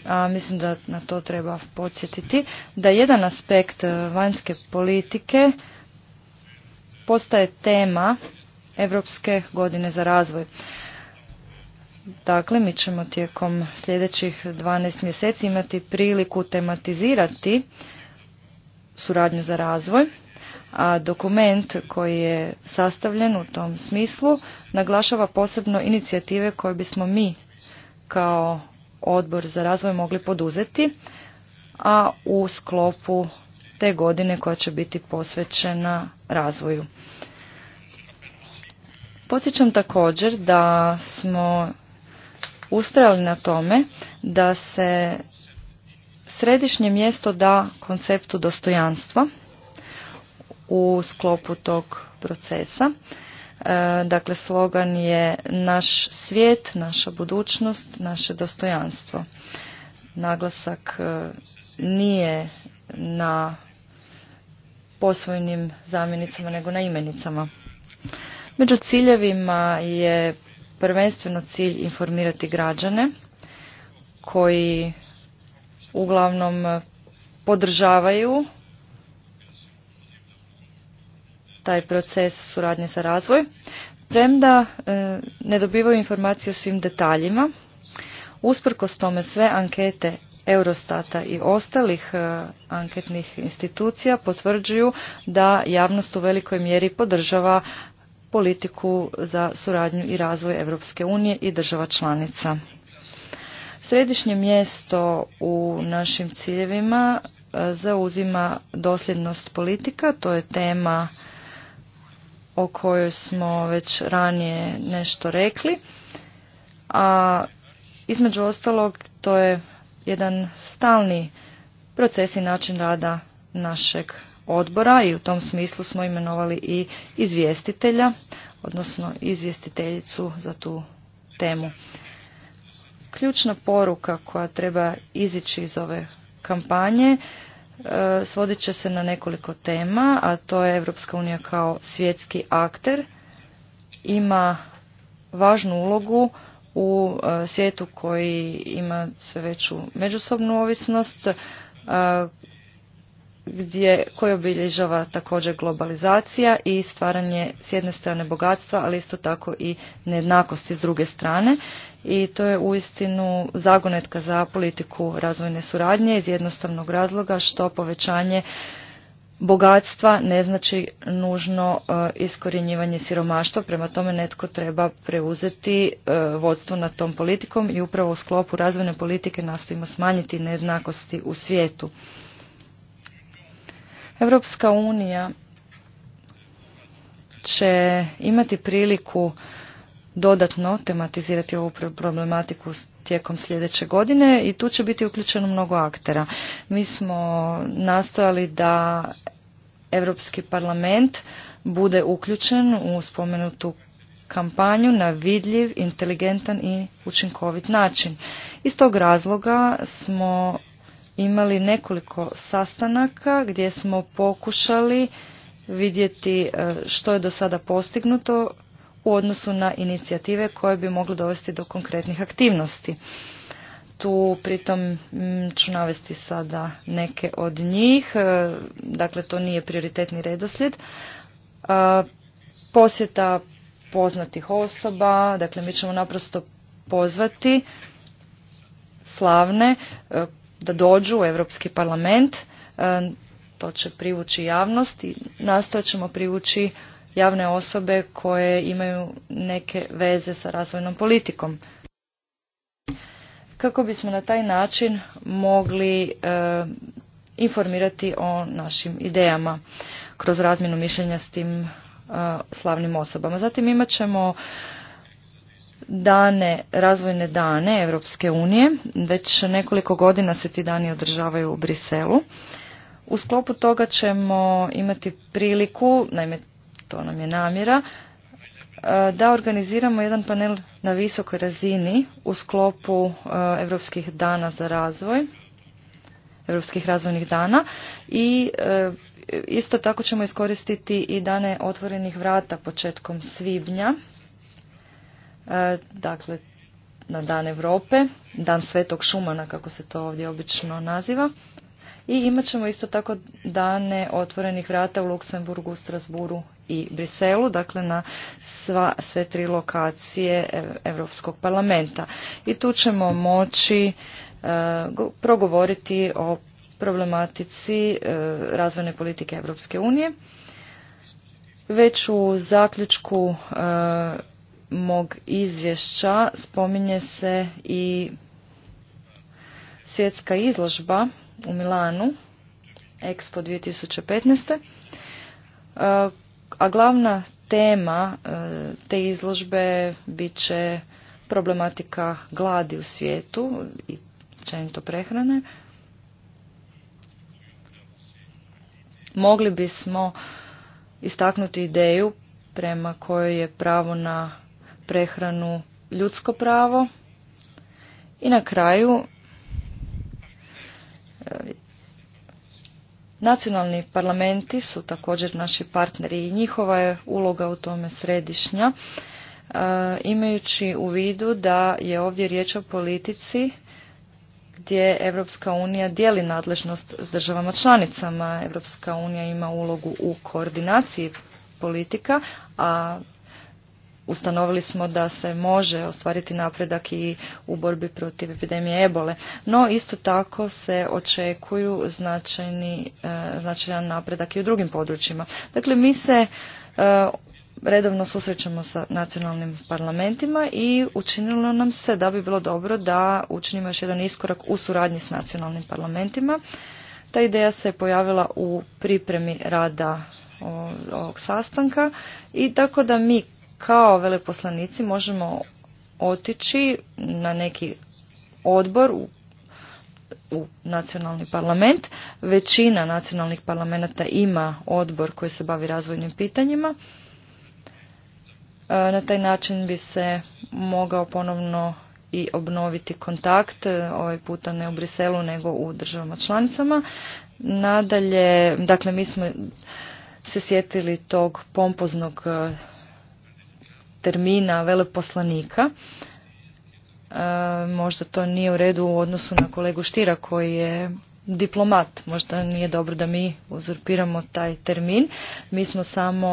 a mislim da na to treba podsjetiti, da jedan aspekt e, vanjske politike postaje tema Europske godine za razvoj. Dakle, mi ćemo tijekom sljedećih 12 mjeseci imati priliku tematizirati suradnju za razvoj a dokument koji je sastavljen u tom smislu naglašava posebno inicijative koje bismo mi kao odbor za razvoj mogli poduzeti, a u sklopu te godine koja će biti posvećena razvoju. Podsjećam također da smo ustrajali na tome da se središnje mjesto da konceptu dostojanstva – u sklopu tog procesa. E, dakle, slogan je naš svijet, naša budućnost, naše dostojanstvo. Naglasak e, nije na posvojnim zamjenicama nego na imenicama. Među ciljevima je prvenstveno cilj informirati građane koji uglavnom podržavaju taj proces suradnje za razvoj. Premda e, ne dobivaju informacije o svim detaljima, usprkos tome sve ankete Eurostata i ostalih e, anketnih institucija potvrđuju da javnost u velikoj mjeri podržava politiku za suradnju i razvoj Europske unije i država članica. Središnje mjesto u našim ciljevima e, zauzima dosljednost politika, to je tema o kojoj smo već ranije nešto rekli. A između ostalog to je jedan stalni proces i način rada našeg odbora i u tom smislu smo imenovali i izvjestitelja, odnosno izvjestiteljicu za tu temu. Ključna poruka koja treba izići iz ove kampanje E, svodit će se na nekoliko tema, a to je Europska unija kao svjetski akter ima važnu ulogu u e, svijetu koji ima sve veću međusobnu ovisnost, e, gdje, koji obilježava također globalizacija i stvaranje s jedne strane bogatstva, ali isto tako i nejednakosti s druge strane. I to je uistinu zagonetka za politiku razvojne suradnje iz jednostavnog razloga što povećanje bogatstva ne znači nužno e, iskorjenjivanje siromaštva, prema tome netko treba preuzeti e, vodstvo nad tom politikom i upravo u sklopu razvojne politike nastojimo smanjiti nejednakosti u svijetu. Europska unija će imati priliku dodatno tematizirati ovu problematiku tijekom sljedeće godine i tu će biti uključeno mnogo aktera. Mi smo nastojali da Europski parlament bude uključen u spomenutu kampanju na vidljiv, inteligentan i učinkovit način. Iz tog razloga smo imali nekoliko sastanaka gdje smo pokušali vidjeti e, što je do sada postignuto u odnosu na inicijative koje bi mogle dovesti do konkretnih aktivnosti. Tu pritom mm, ću navesti sada neke od njih, e, dakle to nije prioritetni redoslijed. E, posjeta poznatih osoba, dakle mi ćemo naprosto pozvati slavne da dođu u Europski parlament. E, to će privući javnost i nastojat ćemo privući javne osobe koje imaju neke veze sa razvojnom politikom. Kako bismo na taj način mogli e, informirati o našim idejama kroz razmjenu mišljenja s tim e, slavnim osobama. Zatim imat ćemo dane, razvojne dane Europske unije. Već nekoliko godina se ti dani održavaju u Briselu. U sklopu toga ćemo imati priliku, naime to nam je namjera, e, da organiziramo jedan panel na visokoj razini u sklopu Europskih dana za razvoj, Europskih razvojnih dana i e, isto tako ćemo iskoristiti i dane otvorenih vrata početkom svibnja E, dakle na Dan Europe, Dan Svetog Šumana kako se to ovdje obično naziva. I imat ćemo isto tako dane otvorenih vrata u Luksemburgu, Strasburu i Briselu, dakle na sva, sve tri lokacije e, Europskog parlamenta. I tu ćemo moći e, progovoriti o problematici razvojne politike Europske unije. Već u zaključku mog izvješća spominje se i svjetska izložba u Milanu, Expo 2015. E, a glavna tema e, te izložbe bit će problematika gladi u svijetu i općenito prehrane. Mogli bismo istaknuti ideju prema kojoj je pravo na prehranu ljudsko pravo. I na kraju e, Nacionalni parlamenti su također naši partneri i njihova je uloga u tome središnja, e, imajući u vidu da je ovdje riječ o politici gdje Europska unija dijeli nadležnost s državama članicama. Europska unija ima ulogu u koordinaciji politika, a ustanovili smo da se može ostvariti napredak i u borbi protiv epidemije ebole. No isto tako se očekuju značajni, e, značajan napredak i u drugim područjima. Dakle, mi se e, redovno susrećemo sa nacionalnim parlamentima i učinilo nam se da bi bilo dobro da učinimo još jedan iskorak u suradnji s nacionalnim parlamentima. Ta ideja se pojavila u pripremi rada ovog sastanka i tako da mi kao veleposlanici možemo otići na neki odbor u, nacionalni parlament. Većina nacionalnih parlamenta ima odbor koji se bavi razvojnim pitanjima. E, na taj način bi se mogao ponovno i obnoviti kontakt, e, ovaj puta ne u Briselu nego u državama članicama. Nadalje, dakle mi smo se sjetili tog pompoznog e, termina veleposlanika. E, možda to nije u redu u odnosu na kolegu Štira koji je diplomat. Možda nije dobro da mi uzurpiramo taj termin. Mi smo samo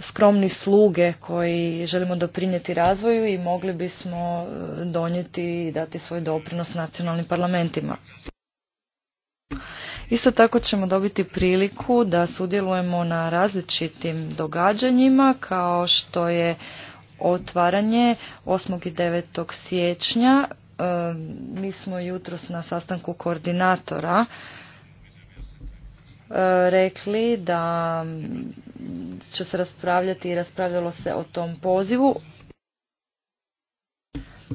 skromni sluge koji želimo doprinijeti razvoju i mogli bismo e, donijeti i dati svoj doprinos nacionalnim parlamentima. Isto tako ćemo dobiti priliku da sudjelujemo na različitim događanjima kao što je otvaranje 8. i 9. siječnja. E, mi smo jutros na sastanku koordinatora e, rekli da će se raspravljati i raspravljalo se o tom pozivu.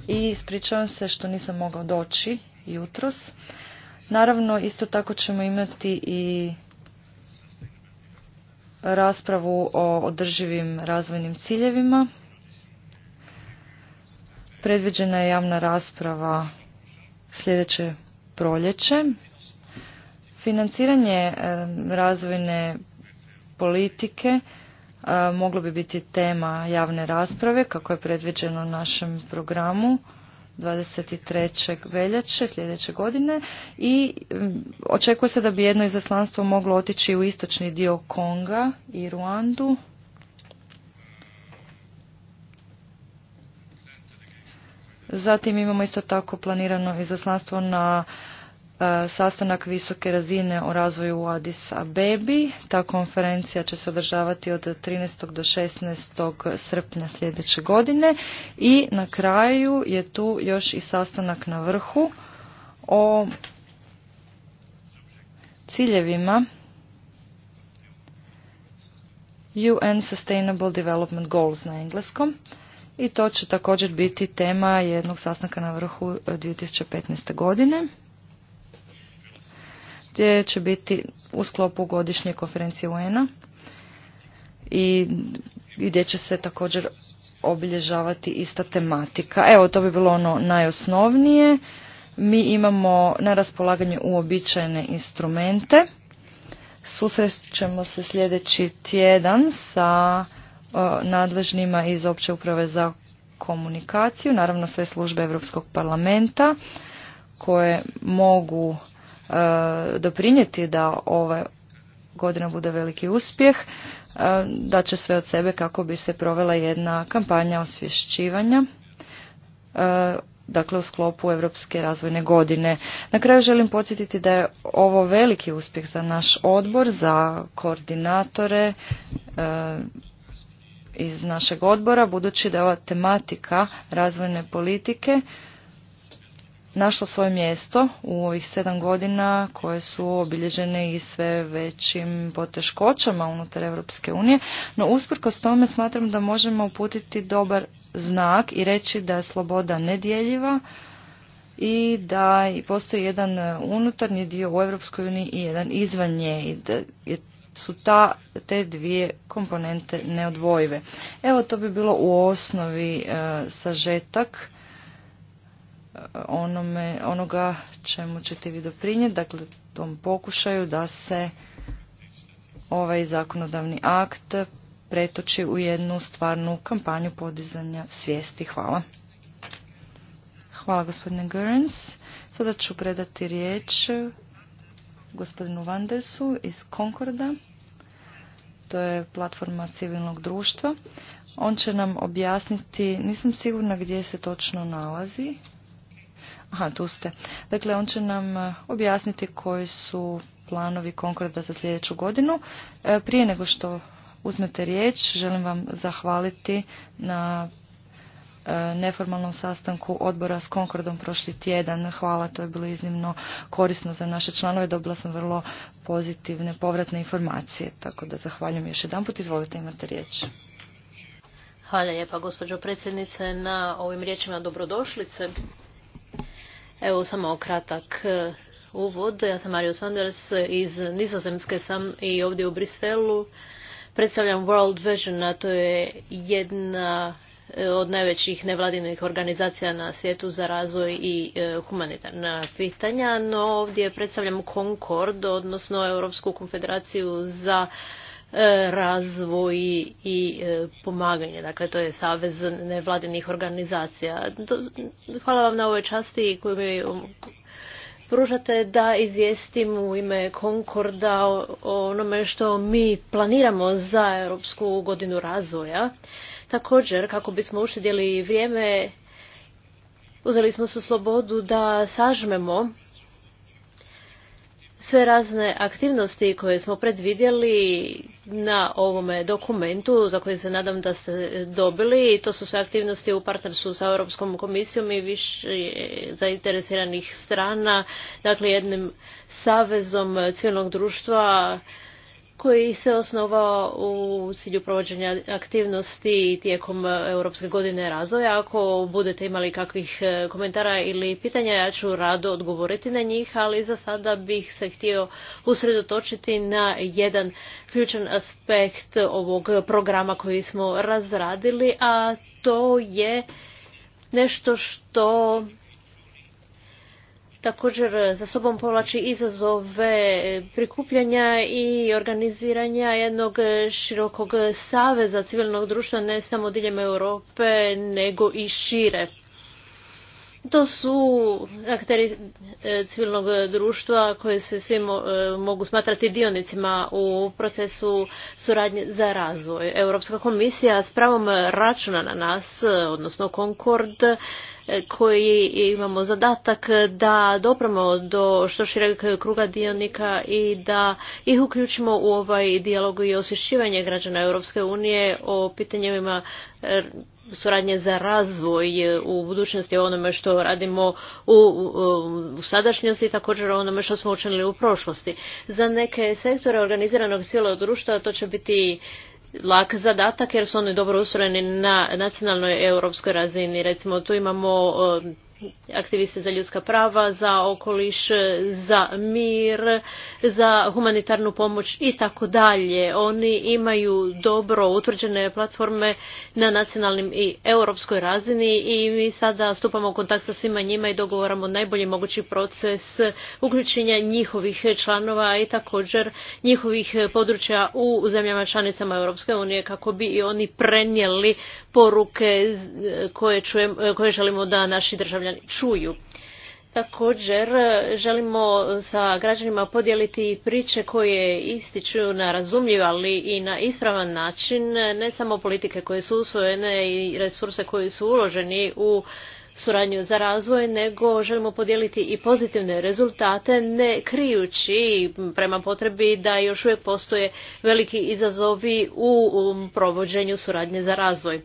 I ispričavam se što nisam mogao doći jutros. Naravno, isto tako ćemo imati i raspravu o održivim razvojnim ciljevima. Predviđena je javna rasprava sljedeće proljeće. Financiranje eh, razvojne politike eh, moglo bi biti tema javne rasprave kako je predviđeno našem programu. 23. veljače sljedeće godine i mm, očekuje se da bi jedno izaslanstvo moglo otići u istočni dio Konga i Ruandu. Zatim imamo isto tako planirano izaslanstvo na E, sastanak visoke razine o razvoju u Addis Abebi. Ta konferencija će se održavati od 13. do 16. srpnja sljedeće godine i na kraju je tu još i sastanak na vrhu o ciljevima UN Sustainable Development Goals na engleskom i to će također biti tema jednog sastanka na vrhu 2015. E, godine gdje će biti u sklopu godišnje konferencije UN-a i gdje će se također obilježavati ista tematika. Evo, to bi bilo ono najosnovnije. Mi imamo na raspolaganju uobičajene instrumente. Susrećemo se sljedeći tjedan sa e, nadležnima iz opće uprave za komunikaciju, naravno sve službe Europskog parlamenta koje mogu E, doprinijeti da ova godina bude veliki uspjeh, e, da će sve od sebe kako bi se provela jedna kampanja osvješćivanja e, dakle u sklopu Europske razvojne godine. Na kraju želim podsjetiti da je ovo veliki uspjeh za naš odbor, za koordinatore iz našeg odbora, budući da je ova tematika razvojne politike našla svoje mjesto u ovih sedam godina koje su obilježene i sve većim poteškoćama unutar Europske unije, no usprkos tome smatram da možemo uputiti dobar znak i reći da je sloboda nedjeljiva i da postoji jedan unutarnji dio u Europskoj uniji i jedan izvan nje i da su ta, te dvije komponente neodvojive. Evo to bi bilo u osnovi e, sažetak onome, onoga čemu ćete vi doprinijeti, dakle tom pokušaju da se ovaj zakonodavni akt pretoči u jednu stvarnu kampanju podizanja svijesti. Hvala. Hvala gospodine Gerns. Sada ću predati riječ gospodinu Vandesu iz Konkorda, To je platforma civilnog društva. On će nam objasniti, nisam sigurna gdje se točno nalazi, Aha, tu ste. Dakle, on će nam e, objasniti koji su planovi Konkorda za sljedeću godinu. E, prije nego što uzmete riječ, želim vam zahvaliti na e, neformalnom sastanku odbora s Konkordom prošli tjedan. Hvala, to je bilo iznimno korisno za naše članove. Dobila sam vrlo pozitivne povratne informacije, tako da zahvaljujem još jedan put. Izvolite, imate riječ. Hvala lijepa, gospođo predsjednice, na ovim riječima dobrodošlice. Evo samo kratak e, uvod. Ja sam Mario Sanders iz Nizozemske sam i ovdje u Briselu. Predstavljam World Vision, a to je jedna e, od najvećih nevladinih organizacija na svijetu za razvoj i e, humanitarna pitanja, no ovdje predstavljam Concord, odnosno Europsku konfederaciju za E, razvoj i e, pomaganje. Dakle, to je Savez nevladinih organizacija. Hvala vam na ovoj časti koju mi um, pružate da izvijestim u ime Konkorda o onome što mi planiramo za Europsku godinu razvoja. Također, kako bismo uštedjeli vrijeme, uzeli smo se slobodu da sažmemo sve razne aktivnosti koje smo predvidjeli na ovome dokumentu za koji se nadam da ste dobili. To su sve aktivnosti u partnerstvu sa Europskom komisijom i više zainteresiranih strana, dakle jednim savezom civilnog društva koji se osnovao u cilju provođenja aktivnosti tijekom Europske godine razvoja. Ako budete imali kakvih e, komentara ili pitanja, ja ću rado odgovoriti na njih, ali za sada bih se htio usredotočiti na jedan ključan aspekt ovog programa koji smo razradili, a to je nešto što također za sobom povlači izazove prikupljanja i organiziranja jednog širokog saveza civilnog društva ne samo diljem Europe nego i šire. To su akteri e, civilnog društva koje se svi e, mogu smatrati dionicima u procesu suradnje za razvoj. Europska komisija s pravom računa na nas, odnosno Concord, koji imamo zadatak da dopramo do što šireg kruga dionika i da ih uključimo u ovaj dijalog i osvješćivanje građana Europske unije o pitanjima er, suradnje za razvoj u budućnosti onome što radimo u, sadašnjosti i također onome što smo učinili u prošlosti. Za neke sektore organiziranog cijelog društva to će biti lak zadatak jer su oni dobro ustrojeni na nacionalnoj europskoj razini. Recimo tu imamo aktiviste za ljudska prava, za okoliš, za mir, za humanitarnu pomoć i tako dalje. Oni imaju dobro utvrđene platforme na nacionalnim i europskoj razini i mi sada stupamo u kontakt sa svima njima i dogovaramo najbolji mogući proces uključenja njihovih članova i također njihovih područja u zemljama članicama Europske unije kako bi i oni prenijeli poruke koje, koje želimo da naši državljani državljani čuju. Također e, želimo sa građanima podijeliti priče koje ističu na razumljiv, ali i na ispravan način, ne samo politike koje su usvojene i resurse koji su uloženi u suradnju za razvoj, nego želimo podijeliti i pozitivne rezultate, ne krijući prema potrebi da još uvijek postoje veliki izazovi u provođenju suradnje za razvoj.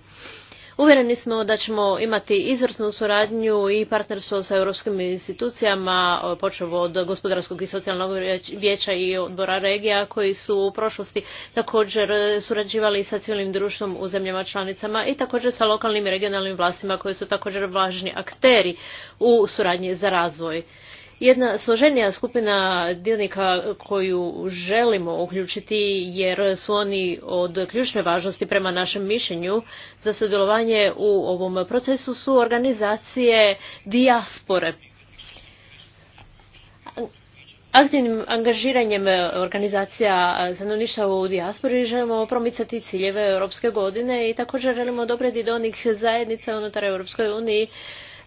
Uvjereni smo da ćemo imati izvrsnu suradnju i partnerstvo sa europskim institucijama, počevo od gospodarskog i socijalnog vijeća i odbora regija koji su u prošlosti također surađivali sa civilnim društvom u zemljama članicama i također sa lokalnim i regionalnim vlastima koji su također važni akteri u suradnji za razvoj jedna složenija skupina dionika koju želimo uključiti jer su oni od ključne važnosti prema našem mišljenju za sudjelovanje u ovom procesu su organizacije dijaspore. Aktivnim angažiranjem organizacija stanovništva u dijaspori želimo promicati ciljeve Europske godine i također želimo dobrediti do onih zajednica unutar Europskoj uniji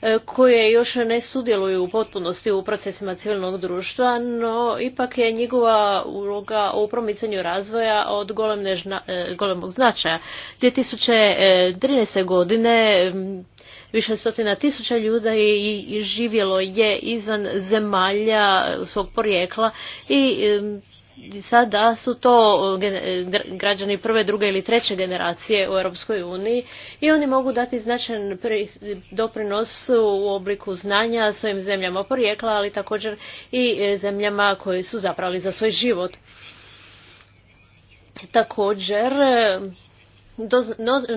E, koje još ne sudjeluju u potpunosti u procesima civilnog društva, no ipak je njegova uloga u promicanju razvoja od e, golemog značaja. 2013. godine više stotina tisuća ljudi živjelo je izvan zemalja svog porijekla i sada su to e, građani prve, druge ili treće generacije u Europskoj uniji i oni mogu dati značajan doprinos u obliku znanja svojim zemljama porijekla, ali također i e, zemljama koje su zaprali za svoj život. Također, e,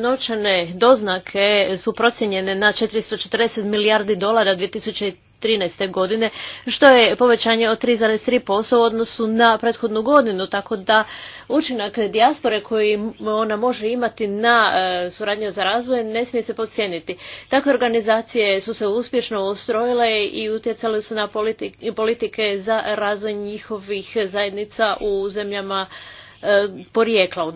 novčane doznake su procijenjene na 440 milijardi dolara 2013. 2013. godine, što je povećanje od 3,3% u odnosu na prethodnu godinu, tako da učinak dijaspore koji ona može imati na e, suradnju za razvoj ne smije se podcijeniti. Takve organizacije su se uspješno ustrojile i utjecale su na politike za razvoj njihovih zajednica u zemljama E, porijekla u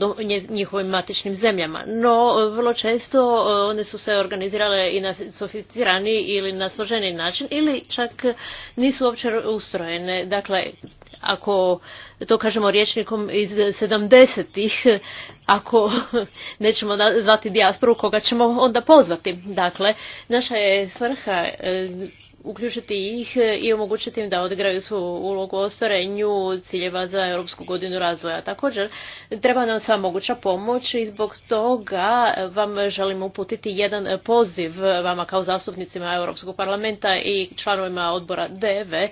njihovim matičnim zemljama. No, e, vrlo često e, one su se organizirale i na sofisticirani ili na složeni način ili čak nisu uopće ustrojene. Dakle, ako to kažemo rječnikom iz 70-ih, (laughs) ako (laughs) nećemo zvati dijasporu, koga ćemo onda pozvati. Dakle, naša je svrha uključiti ih i omogućiti im da odigraju svoju ulogu u ostvarenju ciljeva za Europsku godinu razvoja. Također, treba nam sva moguća pomoć i zbog toga vam želim uputiti jedan poziv vama kao zastupnicima Europskog parlamenta i članovima odbora DEVE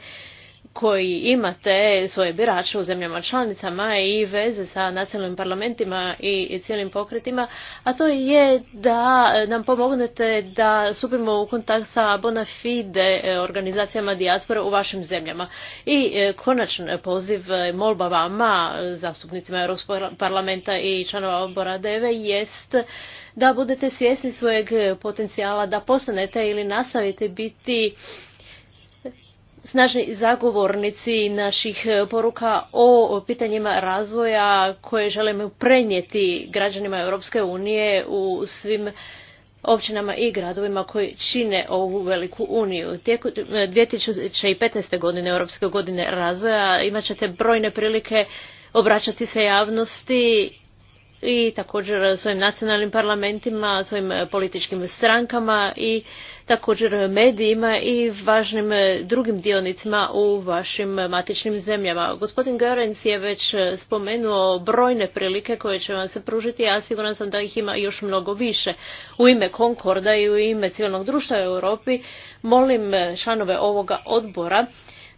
koji imate svoje birače u zemljama članicama i veze sa nacionalnim parlamentima i cijelim pokretima, a to je da nam pomognete da supimo u kontakt sa bona fide e, organizacijama dijaspore u vašim zemljama. I e, konačan poziv e, molba vama, zastupnicima Europskog parlamenta i članova odbora DEVE, jest da budete svjesni svojeg potencijala, da postanete ili nastavite biti snažni zagovornici naših poruka o pitanjima razvoja koje želimo prenijeti građanima Europske unije u svim općinama i gradovima koji čine ovu veliku uniju. Tijekom 2015. E, godine, Europske godine razvoja, imat ćete brojne prilike obraćati se javnosti i također svojim nacionalnim parlamentima, svojim političkim strankama i također medijima i važnim drugim dionicima u vašim matičnim zemljama. Gospodin Görens je već spomenuo brojne prilike koje će vam se pružiti, a ja siguran sam da ih ima još mnogo više. U ime Konkorda i u ime civilnog društva u Europi molim članove ovoga odbora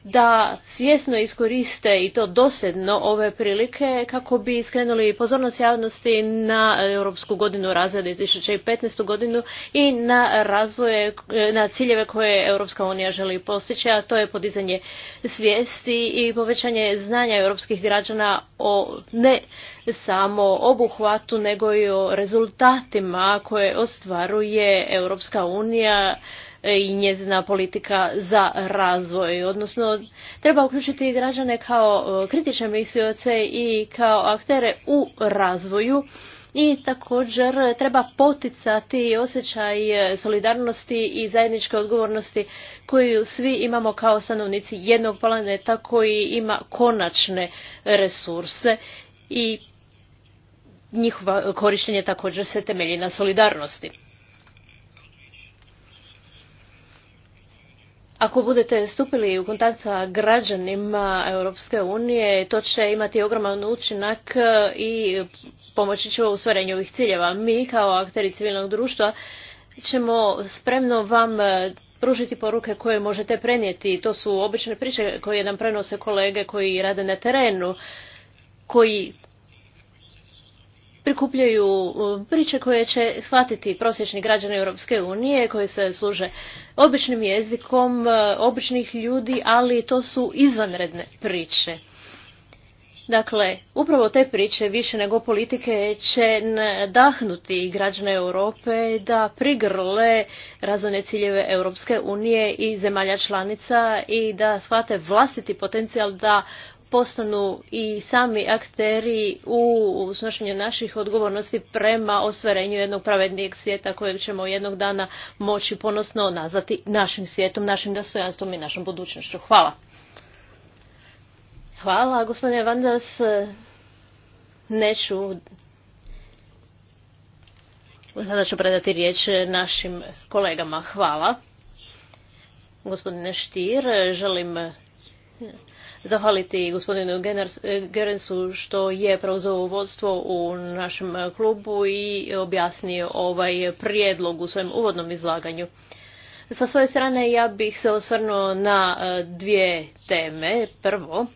da svjesno iskoriste i to dosedno ove prilike kako bi skrenuli pozornost javnosti na Europsku godinu razvoja 2015. godinu i na razvoje, na ciljeve koje Europska unija želi postići, a to je podizanje svijesti i povećanje znanja europskih građana o ne samo obuhvatu nego i o rezultatima koje ostvaruje Europska unija E, i njezina politika za razvoj. Odnosno, treba uključiti građane kao e, kritične mislioce i kao aktere u razvoju i također treba poticati osjećaj e, solidarnosti i zajedničke odgovornosti koju svi imamo kao stanovnici jednog planeta koji ima konačne resurse i njihovo korištenje također se temelji na solidarnosti. ako budete stupili u kontakt sa građanima Europske unije, to će imati ogroman učinak e, i pomoći će u ostvarenju ovih ciljeva. Mi kao akteri civilnog društva ćemo spremno vam e, pružiti poruke koje možete prenijeti. To su obične priče koje nam prenose kolege koji rade na terenu, koji prikupljaju priče koje će shvatiti prosječni građani Europske unije koji se služe običnim jezikom e, običnih ljudi, ali to su izvanredne priče. Dakle, upravo te priče više nego politike će nadahnuti građane Europe da prigrle razvojne ciljeve Europske unije i zemalja članica i da shvate vlastiti potencijal da postanu i sami akteri u snošenju naših odgovornosti prema ostvarenju jednog pravednijeg svijeta kojeg ćemo jednog dana moći ponosno nazvati našim svijetom, našim dostojanstvom i našom budućnošću. Hvala. Hvala, gospodine Vanders. Neću... Sada ću predati riječ našim kolegama. Hvala. Gospodine Štir, želim zahvaliti gospodinu Gerensu što je preuzeo vodstvo u našem klubu i objasnio ovaj prijedlog u svojem uvodnom izlaganju. Sa svoje strane ja bih se osvrnuo na e, dvije teme. Prvo,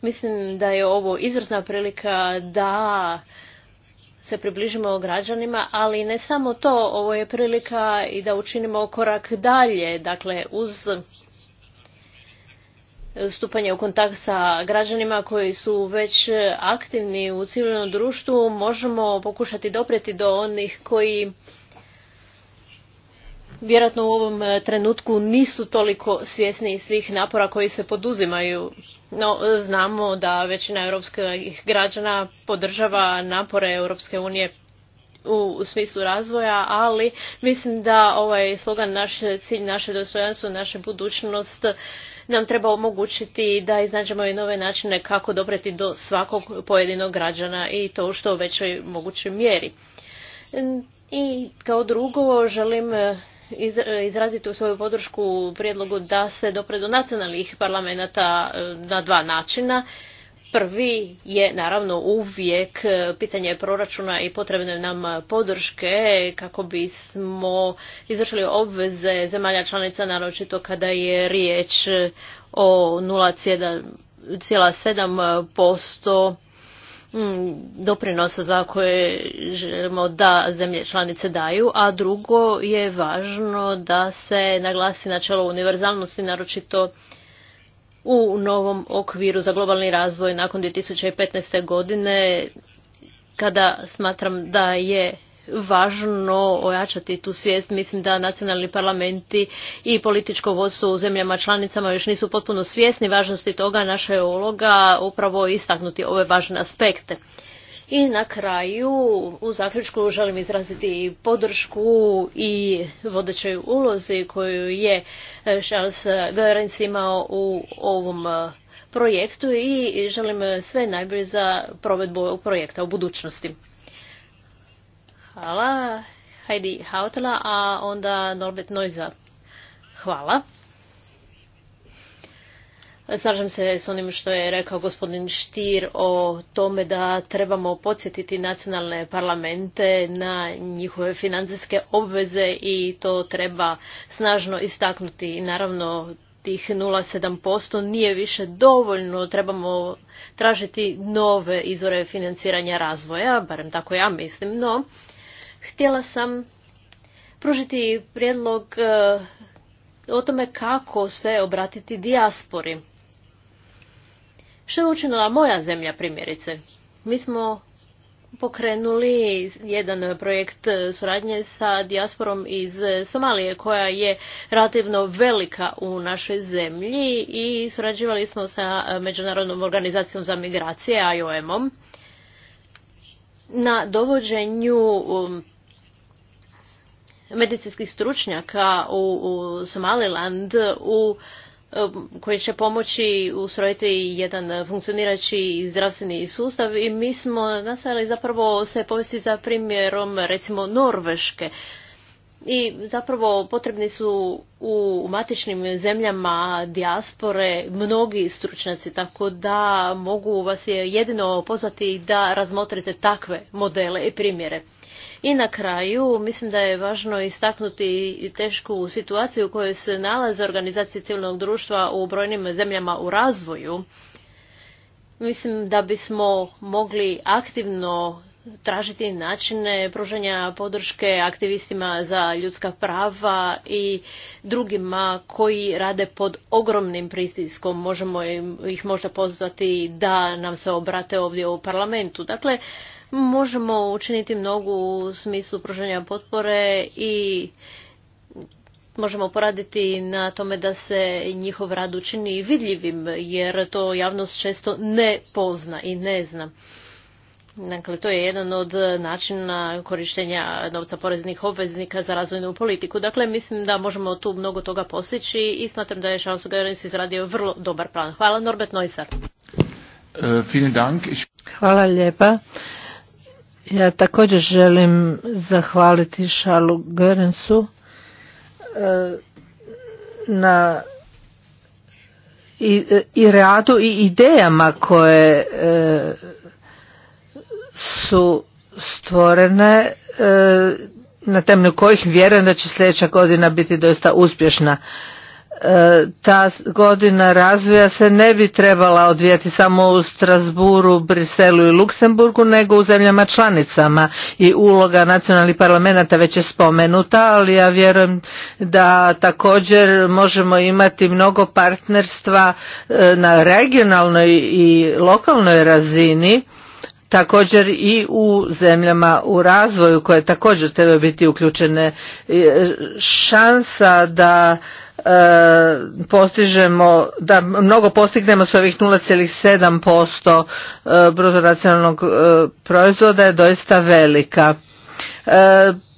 mislim da je ovo izvrsna prilika da se približimo građanima, ali ne samo to, ovo je prilika i da učinimo korak dalje, dakle uz stupanje u kontakt sa građanima koji su već aktivni u civilnom društvu, možemo pokušati dopreti do onih koji vjerojatno u ovom trenutku nisu toliko svjesni svih napora koji se poduzimaju. No, znamo da većina europskih građana podržava napore Europske unije u smislu razvoja, ali mislim da ovaj slogan naš cilj, naše dostojanstvo, naša budućnost nam treba omogućiti da iznađemo i nove načine kako dopreti do svakog pojedinog građana i to u što većoj mogućoj mjeri. I kao drugo želim eh, eh, izraziti u svoju podršku prijedlogu da se dopre nacionalnih parlamenta eh, na dva načina Prvi je naravno uvijek e, pitanje proračuna i potrebne nam podrške kako bismo izvršili obveze zemalja članica, naročito kada je riječ o 0,7% mm, doprinosa za koje želimo da zemlje članice daju, a drugo je važno da se naglasi načelo univerzalnosti, naročito u novom okviru za globalni razvoj nakon 2015. godine kada smatram da je važno ojačati tu svijest. Mislim da nacionalni parlamenti i političko vodstvo u zemljama članicama još nisu potpuno svjesni važnosti toga. Naša je uloga upravo istaknuti ove važne aspekte. I na kraju, u zaključku želim izraziti podršku i vodećoj ulozi koju je e, Charles Goerens imao u ovom e, projektu i želim e, sve najbolje za provedbu ovog projekta u budućnosti. Hvala Heidi Hautela, a onda Norbert Noiza. Hvala. Slažem se s onim što je rekao gospodin Štir o tome da trebamo podsjetiti nacionalne parlamente na njihove financijske obveze i to treba snažno istaknuti. I naravno tih 0,7% nije više dovoljno, trebamo tražiti nove izvore financiranja razvoja, barem tako ja mislim, no htjela sam pružiti prijedlog eh, o tome kako se obratiti dijaspori. Što je učinila moja zemlja primjerice? Mi smo pokrenuli jedan projekt suradnje sa dijasporom iz Somalije koja je relativno velika u našoj zemlji i surađivali smo sa Međunarodnom organizacijom za migracije IOM-om na dovođenju um, medicinskih stručnjaka u Somaliland u Um, koji će pomoći ustrojiti jedan funkcionirajući zdravstveni sustav i mi smo nastavili zapravo se povesti za primjerom recimo Norveške. I zapravo potrebni su u matičnim zemljama dijaspore mnogi stručnjaci, tako da mogu vas jedino pozvati da razmotrite takve modele i primjere. I na kraju, mislim da je važno istaknuti tešku situaciju u kojoj se nalaze organizacije civilnog društva u brojnim zemljama u razvoju. Mislim da bismo mogli aktivno tražiti načine pružanja podrške aktivistima za ljudska prava i drugima koji rade pod ogromnim pritiskom. Možemo ih možda pozvati da nam se obrate ovdje u parlamentu. Dakle, možemo učiniti mnogu u smislu pruženja potpore i možemo poraditi na tome da se njihov rad učini vidljivim, jer to javnost često ne pozna i ne zna. Dakle, to je jedan od načina korištenja novca poreznih obveznika za razvojnu politiku. Dakle, mislim da možemo tu mnogo toga postići i smatram da je Charles izradio vrlo dobar plan. Hvala Norbert Neusser. E, Hvala lijepa. Ja također želim zahvaliti Šalu Gerensu e, na i, e, i radu i idejama koje e, su stvorene na temelju kojih vjerujem da će sljedeća godina biti doista uspješna. E, ta godina razvoja se ne bi trebala odvijati samo u Strasburu, Briselu i Luksemburgu, nego u zemljama članicama i uloga nacionalnih parlamenta već je spomenuta, ali ja vjerujem da također možemo imati mnogo partnerstva e, na regionalnoj i lokalnoj razini, također i u zemljama u razvoju koje također trebaju biti uključene e, šansa da E, postižemo, da mnogo postignemo s ovih 0,7% e, nacionalnog e, proizvoda je doista velika.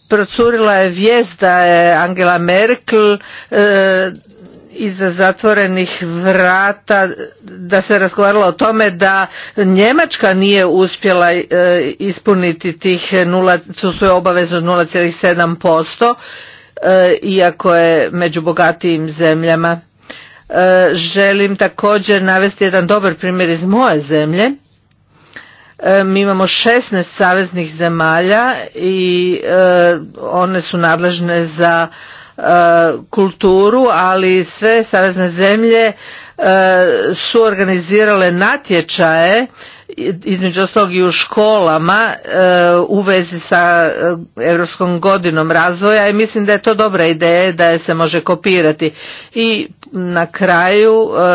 Procurila je vijest da je Angela Merkel iza zatvorenih vrata da se razgovaralo o tome da Njemačka nije uspjela ispuniti tih tu obavezu 0,7%. E, iako je među bogatijim zemljama. E, želim također navesti jedan dobar primjer iz moje zemlje. E, mi imamo 16 saveznih zemalja i one su nadležne za kulturu, ali sve savezne zemlje su organizirale natječaje između ostalog i u školama e, u vezi sa Europskom godinom razvoja i mislim da je to dobra ideja da je se može kopirati. I na kraju, e,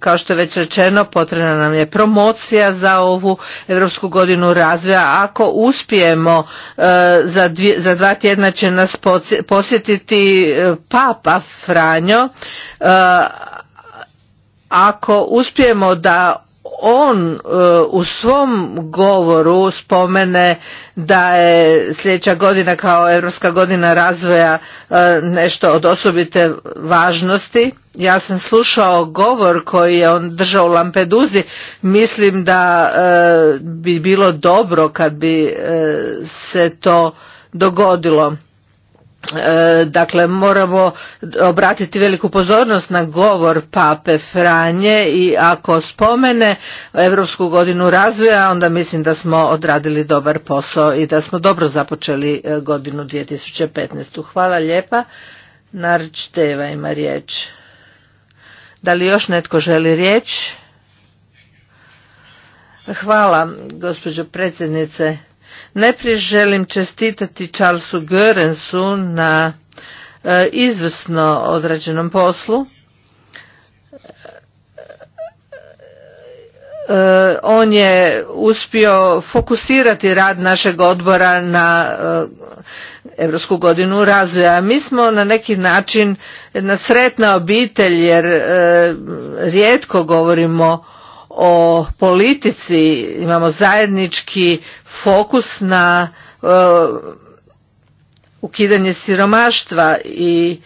kao što je već rečeno, potrebna nam je promocija za ovu Europsku godinu razvoja. Ako uspijemo, e, za, za dva tjedna će nas posjetiti Papa Franjo, ako uspijemo da on e, u svom govoru spomene da je sljedeća godina kao Europska godina razvoja e, nešto od osobite važnosti. Ja sam slušao govor koji je on držao u Lampeduzi. Mislim da e, bi bilo dobro kad bi se to dogodilo. E, dakle, moramo obratiti veliku pozornost na govor pape Franje i ako spomene Europsku godinu razvoja, onda mislim da smo odradili dobar posao i da smo dobro započeli e, godinu 2015. Hvala lijepa. Narč ima riječ. Da li još netko želi riječ? Hvala, gospođo predsjednice. Najprije želim čestitati Charlesu Goerensu na e, izvrsno odrađenom poslu. E, on je uspio fokusirati rad našeg odbora na Europsku godinu razvoja. Mi smo na neki način jedna sretna obitelj jer e, rijetko govorimo o politici, imamo zajednički fokus na e, ukidanje siromaštva i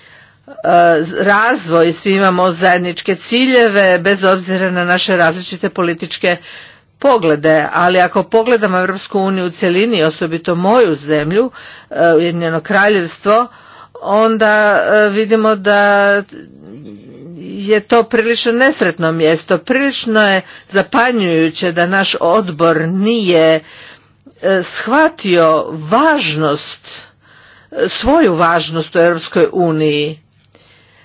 e, razvoj, svi imamo zajedničke ciljeve bez obzira na naše različite političke poglede, ali ako pogledamo Europsku uniju u cjelini, osobito moju zemlju, e, Ujedinjeno kraljevstvo, onda vidimo da je to prilično nesretno mjesto. Prilično je zapanjujuće da naš odbor nije e, shvatio važnost, e, svoju važnost u Europskoj uniji.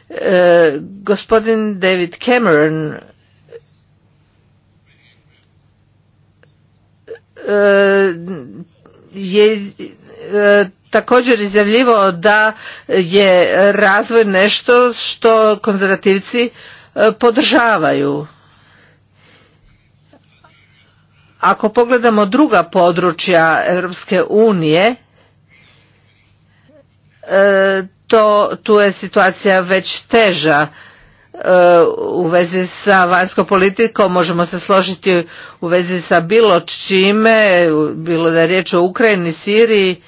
E, gospodin David Cameron je također izjavljivo da je razvoj nešto što konzervativci e, podržavaju. Ako pogledamo druga područja Europske unije, e, to, tu je situacija već teža e, u vezi sa vanjskom politikom možemo se složiti u vezi sa bilo čime bilo da je riječ o Ukrajini, Siriji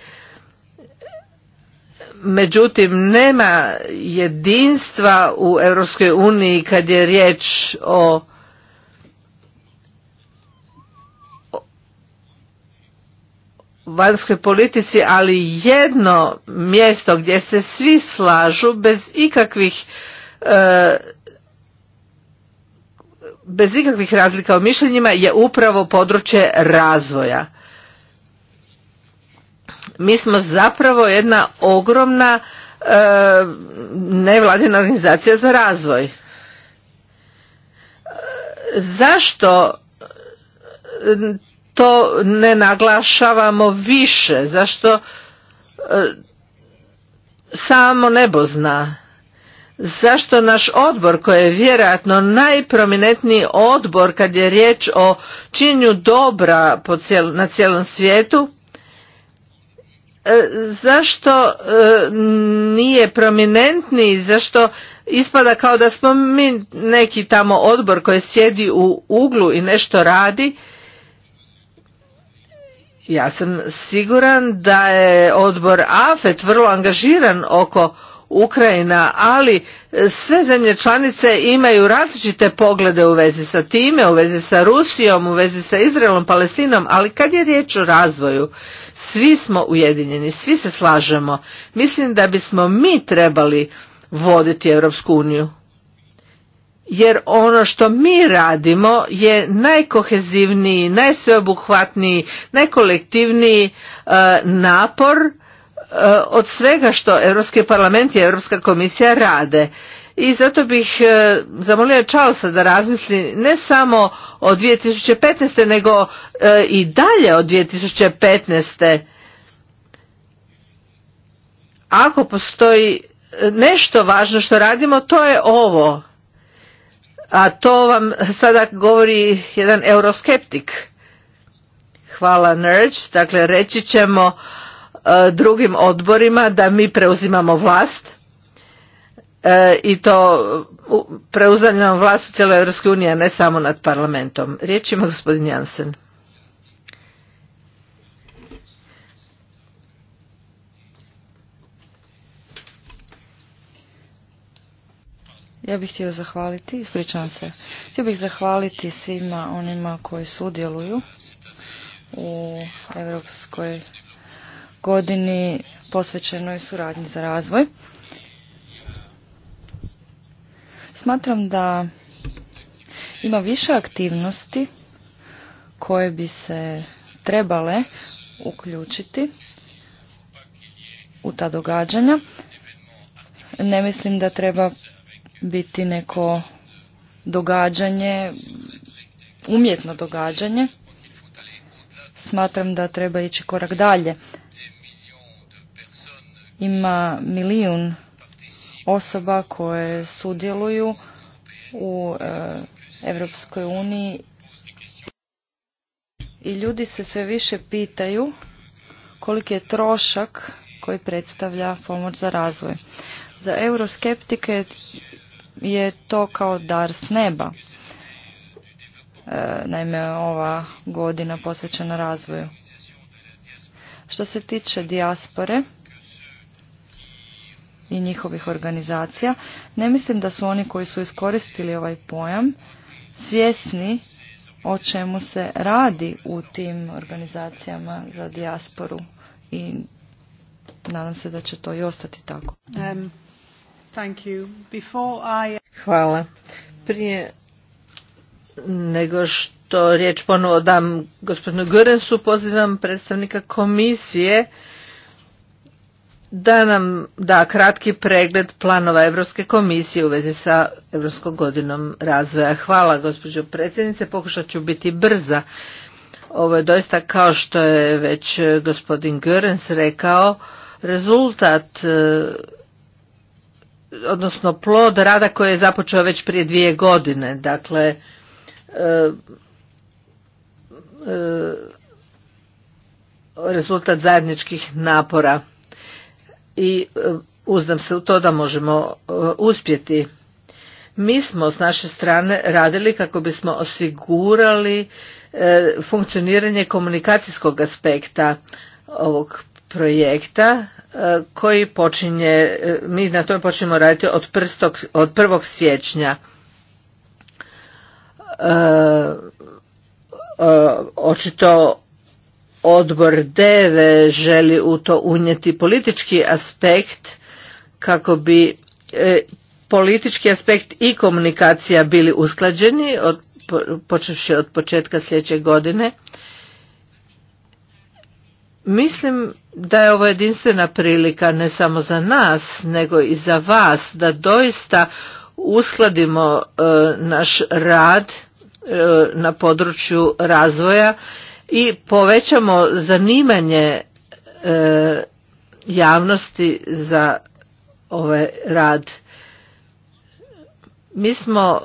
međutim nema jedinstva u Europskoj uniji kad je riječ o vanjskoj politici, ali jedno mjesto gdje se svi slažu bez ikakvih e, bez ikakvih razlika u mišljenjima je upravo područje razvoja. Mi smo zapravo jedna ogromna e, nevladina organizacija za razvoj. E, zašto to ne naglašavamo više? Zašto e, samo nebo zna? zašto naš odbor koji je vjerojatno najprominentniji odbor kad je riječ o činju dobra na cijelom svijetu E, zašto e, nije prominentni zašto ispada kao da smo mi neki tamo odbor koji sjedi u uglu i nešto radi, ja sam siguran da je odbor AFET vrlo angažiran oko Ukrajina, ali sve zemlje članice imaju različite poglede u vezi sa time, u vezi sa Rusijom, u vezi sa Izraelom, Palestinom, ali kad je riječ o razvoju, svi smo ujedinjeni, svi se slažemo. Mislim da bismo mi trebali voditi Europsku uniju. Jer ono što mi radimo je najkohezivniji, najsveobuhvatniji, najkolektivniji e, napor Eh, od svega što Europski parlament i Europska komisija rade. I zato bih eh, zamolio Charlesa da razmisli ne samo o 2015. nego eh, i dalje od 2015. Ako postoji nešto važno što radimo, to je ovo. A to vam sada govori jedan euroskeptik. Hvala Nerč. Dakle, reći ćemo E, drugim odborima da mi preuzimamo vlast e, i to preuzimamo vlast u cijeloj Europskoj a ne samo nad parlamentom. Riječ ima gospodin Jansen. Ja bih htio zahvaliti, ispričavam se, htio bih zahvaliti svima onima koji sudjeluju u Europskoj godini posvećenoj suradnji za razvoj. Smatram da ima više aktivnosti koje bi se trebale uključiti u ta događanja. Ne mislim da treba biti neko događanje, umjetno događanje. Smatram da treba ići korak dalje ima milijun osoba koje sudjeluju u Europskoj eh, uniji i ljudi se sve više pitaju koliki je trošak koji predstavlja pomoć za razvoj. Za euroskeptike je to kao dar s neba. Eh, naime, ova godina posvećena razvoju. Što se tiče dijaspore, i njihovih organizacija. Ne mislim da su oni koji su iskoristili ovaj pojam svjesni o čemu se radi u tim organizacijama za dijasporu i nadam se da će to i ostati tako. Um, thank you. Before Hvala. Prije nego što riječ ponovo dam gospodinu Gorensu, pozivam predstavnika komisije da nam da kratki pregled planova Europske komisije u vezi sa Evropskom godinom razvoja. Hvala gospođo predsjednice, pokušat ću biti brza. Ovo je doista kao što je već gospodin Görens rekao, rezultat e, odnosno plod rada koji je započeo već prije dvije godine. Dakle, e, e, rezultat zajedničkih napora i e, uznam se u to da možemo e, uspjeti. Mi smo s naše strane radili kako bismo osigurali e, funkcioniranje komunikacijskog aspekta ovog projekta koji počinje, mi na tome počinjemo raditi od, prstog, od siječnja. očito odbor DEVE želi u to unijeti politički aspekt kako bi e, politički aspekt i komunikacija bili usklađeni od, počevši od početka sljedeće godine. Mislim da je ovo jedinstvena prilika ne samo za nas, nego i za vas da doista uskladimo e, naš rad e, na području razvoja i povećamo zanimanje e, javnosti za ovaj rad. Mi smo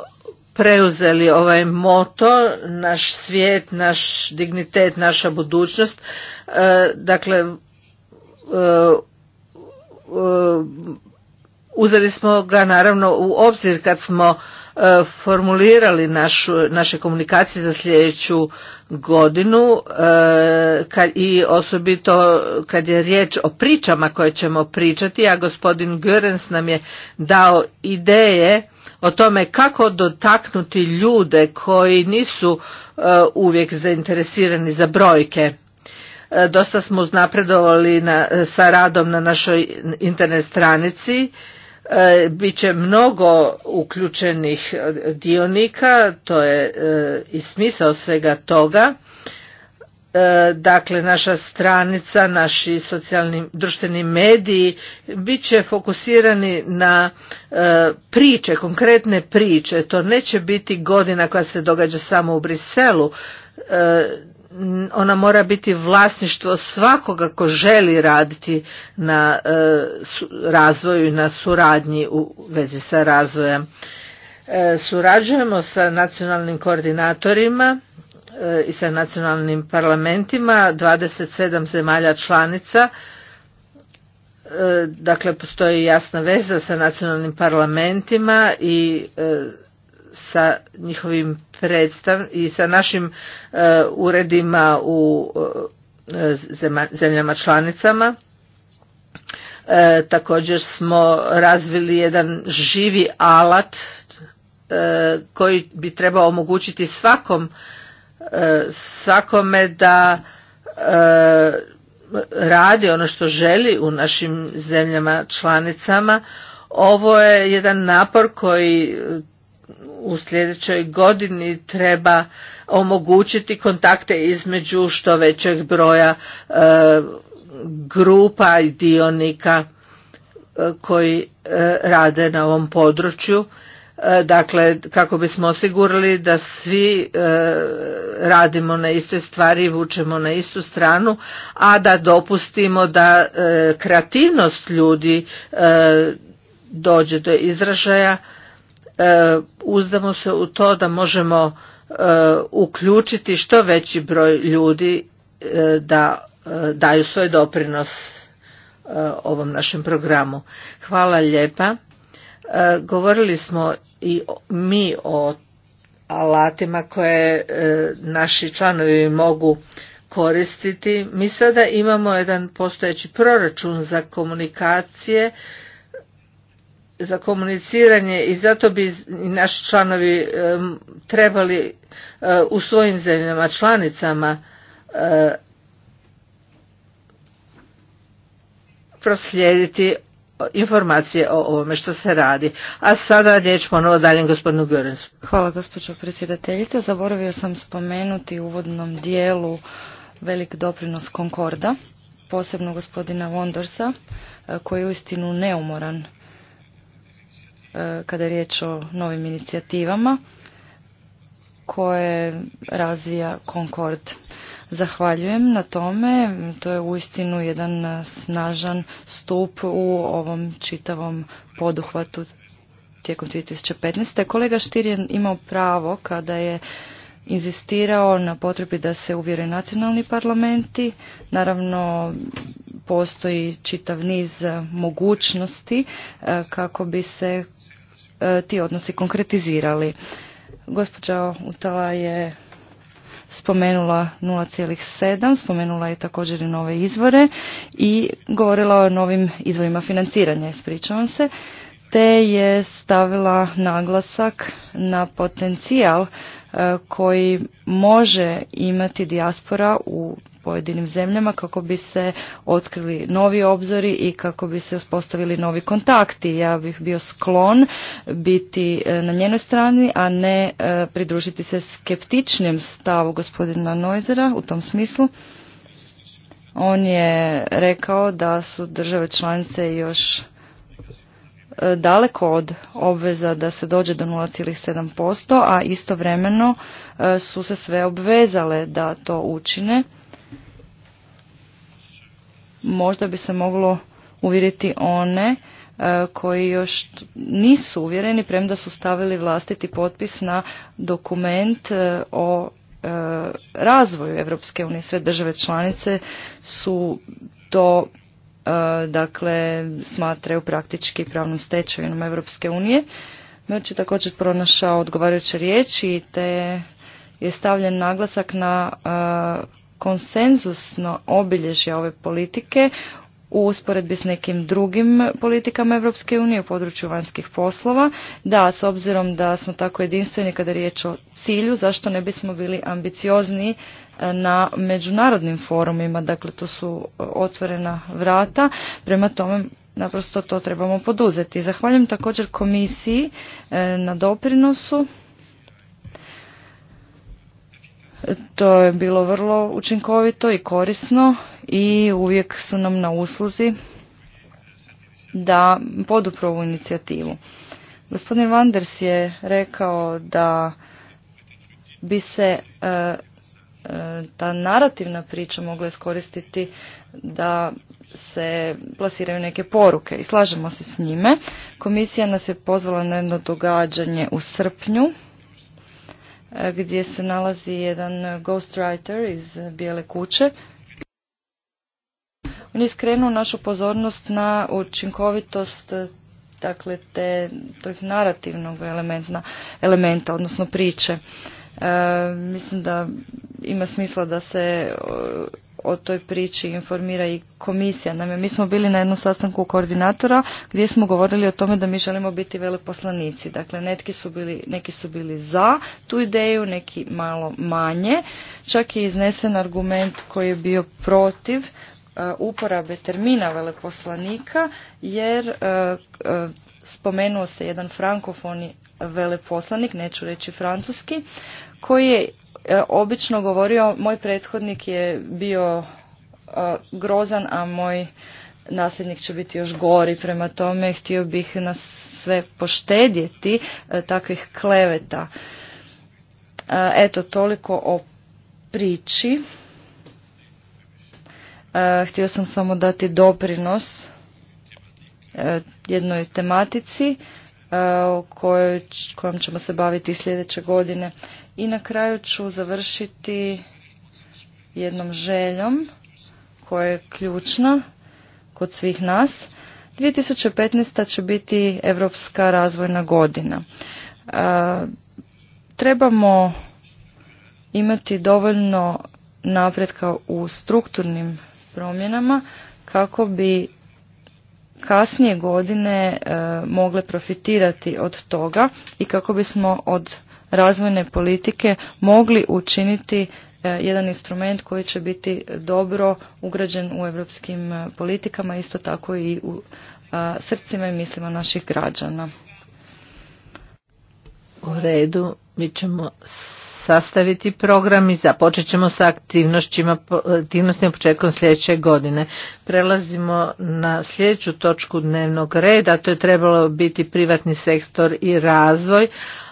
preuzeli ovaj moto, naš svijet, naš dignitet, naša budućnost. E, dakle, e, uzeli smo ga naravno u obzir kad smo E, formulirali našu, naše komunikacije za sljedeću godinu e, kad, i osobito kad je riječ o pričama koje ćemo pričati, a gospodin Görens nam je dao ideje o tome kako dotaknuti ljude koji nisu e, uvijek zainteresirani za brojke. Dosta smo uznapredovali sa radom na našoj internet stranici E, bit će mnogo uključenih e, dionika, to je e, i smisao svega toga. Dakle, naša stranica, naši socijalni društveni mediji bit će fokusirani na priče, konkretne priče. To neće biti godina koja se događa samo u Briselu. Mm, ona mora biti vlasništvo svakoga ko želi raditi na e, razvoju i na suradnji u vezi sa razvojem. E, surađujemo sa nacionalnim koordinatorima e, i sa nacionalnim parlamentima 27 zemalja članica dakle postoji jasna veza sa nacionalnim parlamentima i sa njihovim predstav i sa našim e, uredima u e, zemljama članicama. E, također smo razvili jedan živi alat koji bi trebao omogućiti svakom svakome da radi ono što želi u našim zemljama članicama. Ovo je jedan napor koji u sljedećoj godini treba omogućiti kontakte između što većeg broja e, grupa i dionika e, koji e, rade na ovom području dakle kako bismo osigurali da svi radimo na istoj stvari i vučemo na istu stranu a da dopustimo da kreativnost ljudi dođe do izražaja E, uzdamo se u to da možemo e, uključiti što veći broj ljudi e, da daju svoj doprinos ovom našem programu. Hvala lijepa. Govorili smo i mi o alatima koje naši članovi mogu koristiti. Mi sada imamo jedan postojeći proračun za komunikacije za komuniciranje i zato bi naši članovi trebali e, u svojim zemljama članicama e, proslijediti informacije o ovome što se radi. A sada riječ ponovo daljem gospodinu Görensu. Hvala gospođo predsjedateljice. Zaboravio sam spomenuti u uvodnom dijelu velik doprinos Konkorda, posebno gospodina Vondorsa, e, koji je uistinu neumoran E, kada je riječ o novim inicijativama koje razvija Concord. Zahvaljujem na tome, to je uistinu jedan snažan stup u ovom čitavom poduhvatu tijekom 2015. Kolega Štir je imao pravo kada je inzistirao na potrebi da se uvjere nacionalni parlamenti. Naravno, postoji čitav niz e, mogućnosti e, kako bi se e, ti odnosi konkretizirali. Gospođa Utala je spomenula 0,7, spomenula je također i nove izvore i govorila o novim izvorima financiranja, ispričavam se, te je stavila naglasak na potencijal E, koji može imati dijaspora u pojedinim zemljama kako bi se otkrili novi obzori i kako bi se uspostavili novi kontakti. Ja bih bio sklon biti e, na njenoj strani, a ne e, pridružiti se skeptičnijem stavu gospodina Noizera u tom smislu. On je rekao da su države članice još E, daleko od obveza da se dođe do 0,7%, a istovremeno e, su se sve obvezale da to učine. Možda bi se moglo uvjeriti one e, koji još nisu uvjereni, premda su stavili vlastiti potpis na dokument o razvoju Europske unije. Sve države članice su to E, dakle smatraju praktički pravnom stečevinom Europske unije. Znači, je također pronašao odgovarajuće riječi te je stavljen naglasak na e, konsenzusno obilježje ove politike u usporedbi s nekim drugim politikama Europske unije u području vanjskih poslova. Da, s obzirom da smo tako jedinstveni kada je riječ o cilju, zašto ne bismo bili ambiciozniji na međunarodnim forumima, dakle to su e, otvorena vrata, prema tome naprosto to trebamo poduzeti. Zahvaljujem također komisiji e, na doprinosu. To je bilo vrlo učinkovito i korisno i uvijek su nam na usluzi da podupro ovu inicijativu. Gospodin Vanders je rekao da bi se e, ta narativna priča mogla iskoristiti da se plasiraju neke poruke i slažemo se s njime. Komisija nas je pozvala na jedno događanje u srpnju e, gdje se nalazi jedan ghostwriter iz Bijele kuće. On je skrenuo našu pozornost na učinkovitost dakle, te, tog narativnog elementa, odnosno priče. E, mislim da ima smisla da se o toj priči informira i komisija. Naime, mi smo bili na jednom sastanku koordinatora gdje smo govorili o tome da mi želimo biti veleposlanici. Dakle, netki neki su bili za tu ideju, neki malo manje. Čak je iznesen argument koji je bio protiv e, uporabe termina veleposlanika jer e, spomenuo se jedan frankofoni veleposlanik, neću reći francuski, koji je e, obično govorio moj prethodnik je bio e, grozan, a moj nasljednik će biti još gori. Prema tome htio bih nas sve poštedjeti e, takvih kleveta. Eto, toliko o priči. Htio sam samo dati doprinos jednoj tematici E, kojom ćemo se baviti sljedeće godine. I na kraju ću završiti jednom željom koja je ključna kod svih nas. 2015. će biti Europska razvojna godina. E, trebamo imati dovoljno napretka u strukturnim promjenama kako bi kasnije godine e, mogle profitirati od toga i kako bismo od razvojne politike mogli učiniti e, jedan instrument koji će biti dobro ugrađen u europskim e, politikama, isto tako i u srcima i mislima naših građana. U redu, mi ćemo sastaviti program i započet ćemo sa aktivnostima, početkom sljedeće godine. Prelazimo na sljedeću točku dnevnog reda, to je trebalo biti privatni sektor i razvoj,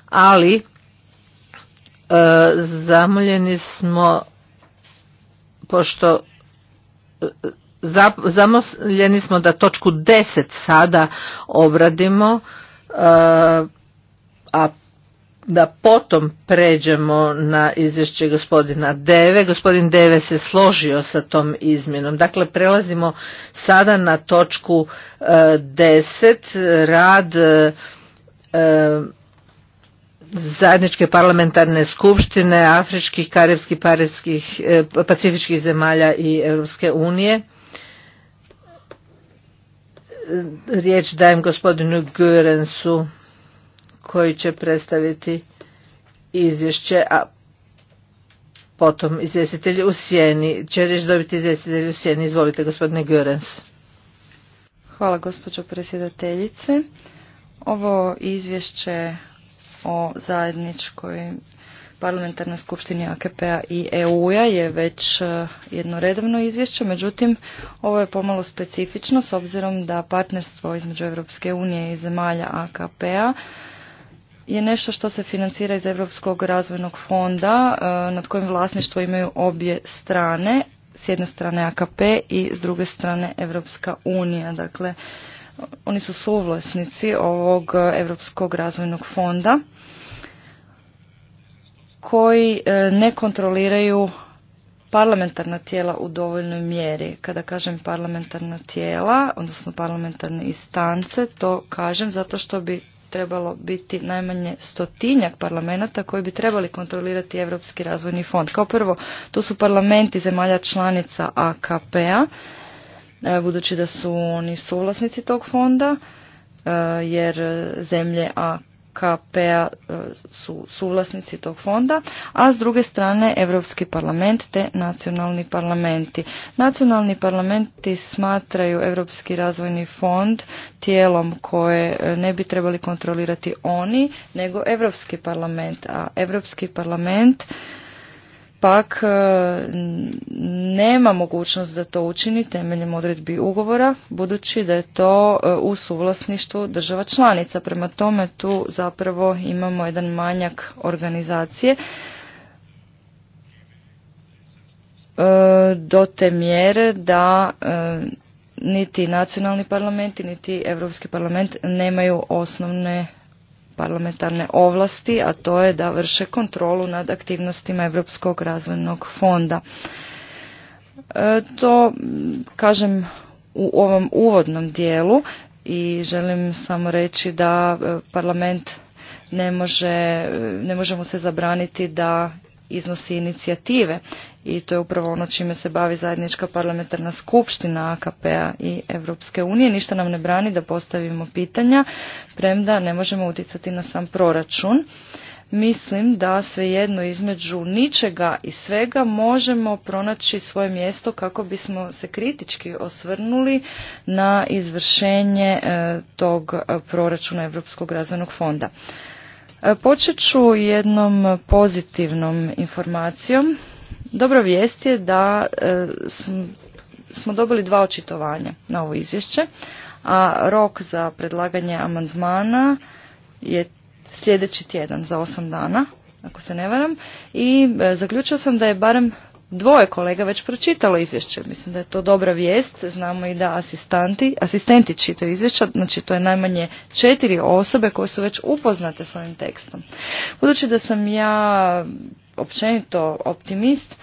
ali e, zamoljeni smo, pošto e, zamoljeni smo da točku 10 sada obradimo, e, a da potom pređemo na izvješće gospodina Deve. Gospodin Deve se složio sa tom izmjenom. Dakle, prelazimo sada na točku 10, e, rad e, e, zajedničke parlamentarne skupštine afričkih, karibskih, pacifičkih zemalja i Europske unije. Riječ dajem gospodinu Gurensu koji će predstaviti izvješće, a potom izvjestitelj u sjeni. Će dobiti izvjestitelj u sjeni. Izvolite gospodine Görens. Hvala gospođo predsjedateljice. Ovo izvješće o zajedničkoj parlamentarnoj skupštini AKP-a i EU-a je već e, jedno redovno izvješće, međutim ovo je pomalo specifično s obzirom da partnerstvo između Europske unije i zemalja AKP-a je nešto što se financira iz Europskog razvojnog fonda e, nad kojim vlasništvo imaju obje strane, s jedne strane AKP i s druge strane Europska unija. Dakle, oni su suvlasnici ovog Europskog razvojnog fonda koji e, ne kontroliraju parlamentarna tijela u dovoljnoj mjeri. Kada kažem parlamentarna tijela, odnosno parlamentarne istance, to kažem zato što bi trebalo biti najmanje stotinjak parlamenata koji bi trebali kontrolirati Europski razvojni fond. Kao prvo, to su parlamenti zemalja članica AKP-a, e, budući da su oni suvlasnici tog fonda, e, jer zemlje AKP KPA e, su suvlasnici tog fonda, a s druge strane Europski parlament te nacionalni parlamenti. Nacionalni parlamenti smatraju Europski razvojni fond tijelom koje e, ne bi trebali kontrolirati oni, nego Europski parlament, a Europski parlament pak e, nema mogućnost da to učini temeljem odredbi ugovora, budući da je to e, u suvlasništvu država članica. Prema tome tu zapravo imamo jedan manjak organizacije e, do te mjere da niti nacionalni parlamenti, niti Europski parlament nemaju osnovne parlamentarne ovlasti, a to je da vrše kontrolu nad aktivnostima Europskog razvojnog fonda. E, to kažem u ovom uvodnom dijelu i želim samo reći da e, parlament ne, može, e, ne možemo se zabraniti da iznosi inicijative i to je upravo ono čime se bavi zajednička parlamentarna skupština AKP-a i Europske unije. Ništa nam ne brani da postavimo pitanja, premda ne možemo uticati na sam proračun. Mislim da svejedno između ničega i svega možemo pronaći svoje mjesto kako bismo se kritički osvrnuli na izvršenje e, tog e, proračuna Europskog razvojnog fonda. E, počet ću jednom pozitivnom informacijom Dobra vijest je da e, smo dobili dva očitovanja na ovo izvješće, a rok za predlaganje amandmana je sljedeći tjedan za osam dana, ako se ne varam, i e, zaključio sam da je barem dvoje kolega već pročitalo izvješće. Mislim da je to dobra vijest. Znamo i da asistanti, asistenti čitaju izvješća, znači to je najmanje četiri osobe koje su već upoznate s ovim tekstom. Budući da sam ja općenito optimist,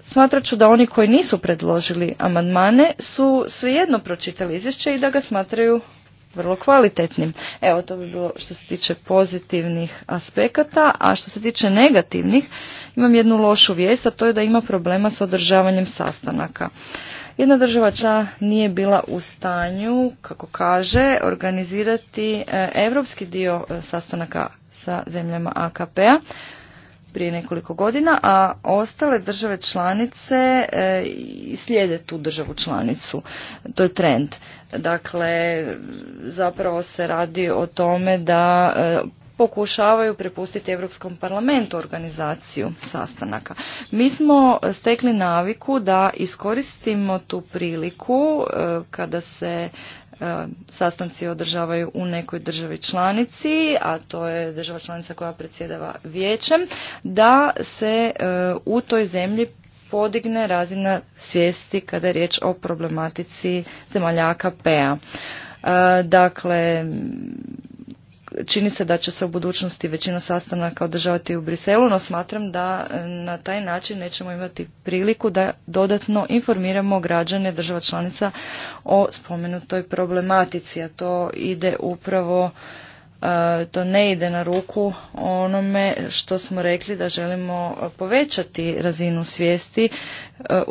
smatrat ću da oni koji nisu predložili amandmane su svejedno pročitali izvješće i da ga smatraju vrlo kvalitetnim. Evo, to bi bilo što se tiče pozitivnih aspekata, a što se tiče negativnih, imam jednu lošu vijest, a to je da ima problema s održavanjem sastanaka. Jedna država nije bila u stanju, kako kaže, organizirati europski dio e, sastanaka sa zemljama AKP-a prije nekoliko godina, a ostale države članice e, slijede tu državu članicu. To je trend. Dakle, zapravo se radi o tome da e, pokušavaju prepustiti Europskom parlamentu organizaciju sastanaka. Mi smo stekli naviku da iskoristimo tu priliku e, kada se E, sastanci održavaju u nekoj državi članici, a to je država članica koja predsjedava vijećem, da se e, u toj zemlji podigne razina svijesti kada je riječ o problematici zemalja akp p-a. e, Dakle, čini se da će se u budućnosti većina sastanaka održavati u Briselu, no smatram da e, na taj način nećemo imati priliku da dodatno informiramo građane država članica o spomenutoj problematici, a to ide upravo e, to ne ide na ruku onome što smo rekli da želimo povećati razinu svijesti e,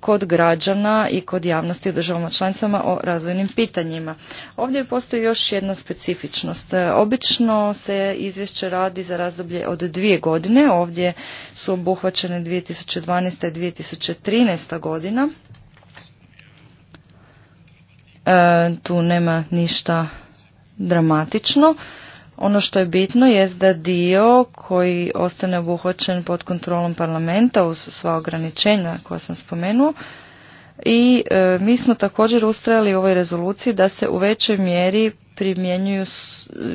kod građana i kod javnosti u državama članicama o razvojnim pitanjima. Ovdje postoji još jedna specifičnost. Obično se izvješće radi za razdoblje od dvije godine. Ovdje su obuhvaćene 2012. i 2013. godina. E, tu nema ništa dramatično. Ono što je bitno je da dio koji ostane obuhvaćen pod kontrolom parlamenta uz sva ograničenja koja sam spomenuo i e, mi smo također ustrajali u ovoj rezoluciji da se u većoj mjeri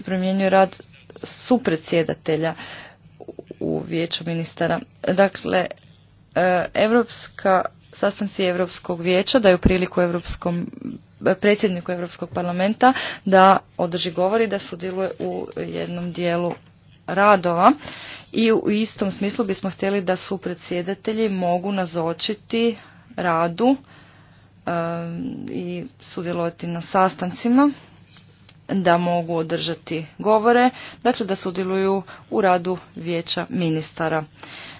primjenjuje rad supredsjedatelja u vijeću ministara. Dakle, Europska sastanci Europskog vijeća daju priliku Europskom predsjedniku Europskog parlamenta da održi govori da sudjeluje u jednom dijelu radova i u istom smislu bismo htjeli da su predsjedatelji mogu nazočiti radu um, i sudjelovati na sastancima da mogu održati govore, dakle da sudjeluju u radu vijeća ministara.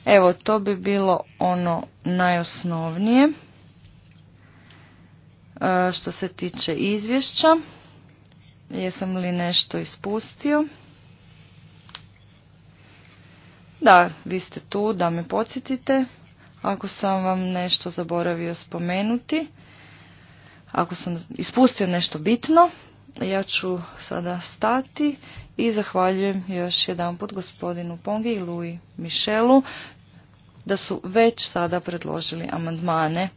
Evo, to bi bilo ono najosnovnije e, što se tiče izvješća. Jesam li nešto ispustio? Da, vi ste tu da me podsjetite. Ako sam vam nešto zaboravio spomenuti, ako sam ispustio nešto bitno, ja ću sada stati i zahvaljujem još jedanput gospodinu Pongi i Lui Michelu da su već sada predložili amandmane.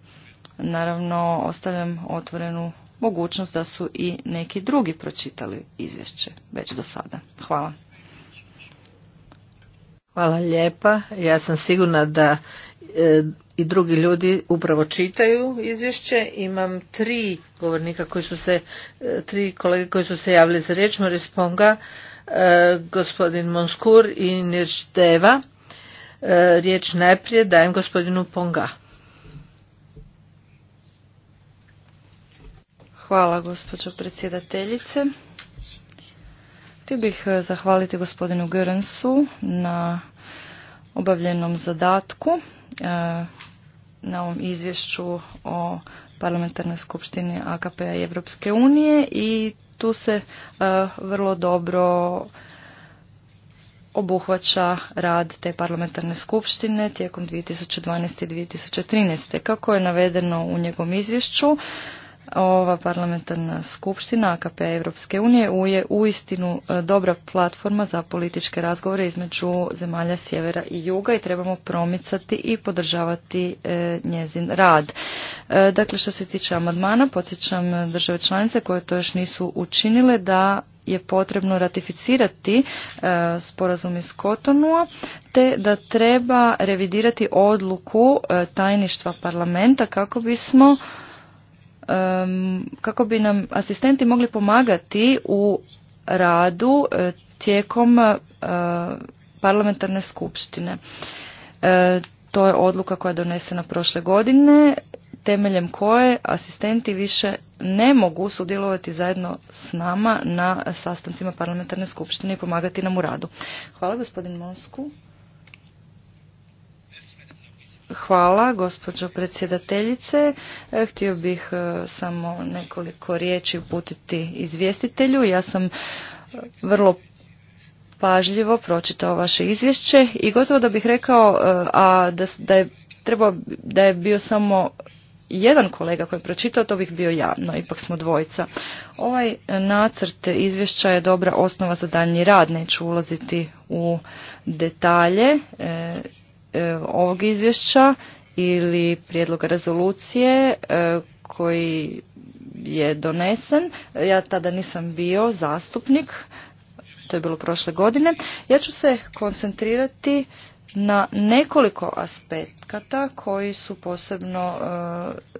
Naravno, ostavljam otvorenu mogućnost da su i neki drugi pročitali izvješće već do sada. Hvala. Hvala lijepa. Ja sam sigurna da e, i drugi ljudi upravo čitaju izvješće. Imam tri govornika koji su se, e, tri kolege koji su se javili za riječ. Moris Ponga, gospodin Monskur i Niršteva. E, riječ najprije dajem gospodinu Ponga. Hvala gospođo predsjedateljice. Htio bih e, zahvaliti gospodinu Görensu na obavljenom zadatku e, na ovom izvješću o parlamentarne skupštine akp p-a i Evropske unije i tu se e, vrlo dobro obuhvaća rad te parlamentarne skupštine tijekom 2012. i 2013. Kako je navedeno u njegovom izvješću, ova parlamentarna skupština AKP Europske unije je uistinu e, dobra platforma za političke razgovore između zemalja sjevera i juga i trebamo promicati i podržavati e, njezin rad. E, dakle, što se tiče amandmana, podsjećam države članice koje to još nisu učinile da je potrebno ratificirati sporazum iz Kotonua te da treba revidirati odluku tajništva parlamenta kako bismo kako bi nam asistenti mogli pomagati u radu e, tijekom e, parlamentarne skupštine. E, to je odluka koja je donesena prošle godine, temeljem koje asistenti više ne mogu sudjelovati zajedno s nama na sastancima parlamentarne skupštine i pomagati nam u radu. Hvala gospodin Mosku. Hvala, gospođo predsjedateljice. E, htio bih e, samo nekoliko riječi uputiti izvjestitelju. Ja sam e, vrlo pažljivo pročitao vaše izvješće i gotovo da bih rekao a da, da je trebao da je bio samo jedan kolega koji je pročitao, to bih bio ja, no ipak smo dvojica. Ovaj nacrt izvješća je dobra osnova za daljnji rad, neću ulaziti u detalje. E, E, ovog izvješća ili prijedloga rezolucije e, koji je donesen. Ja tada nisam bio zastupnik, to je bilo prošle godine. Ja ću se koncentrirati na nekoliko aspekata koji su posebno, e,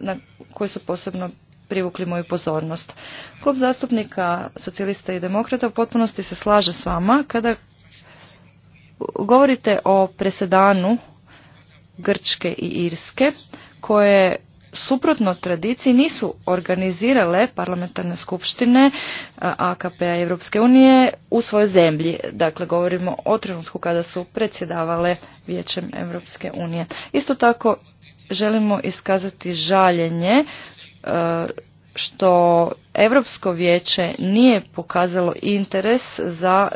na, koji su posebno privukli moju pozornost. Klub zastupnika socijalista i demokrata u potpunosti se slaže s vama kada govorite o presedanu Grčke i Irske koje suprotno tradiciji nisu organizirale parlamentarne skupštine AKP-a Europske unije u svojoj zemlji. Dakle, govorimo o trenutku kada su predsjedavale Vijećem Europske unije. Isto tako želimo iskazati žaljenje e, što Europsko vijeće nije pokazalo interes za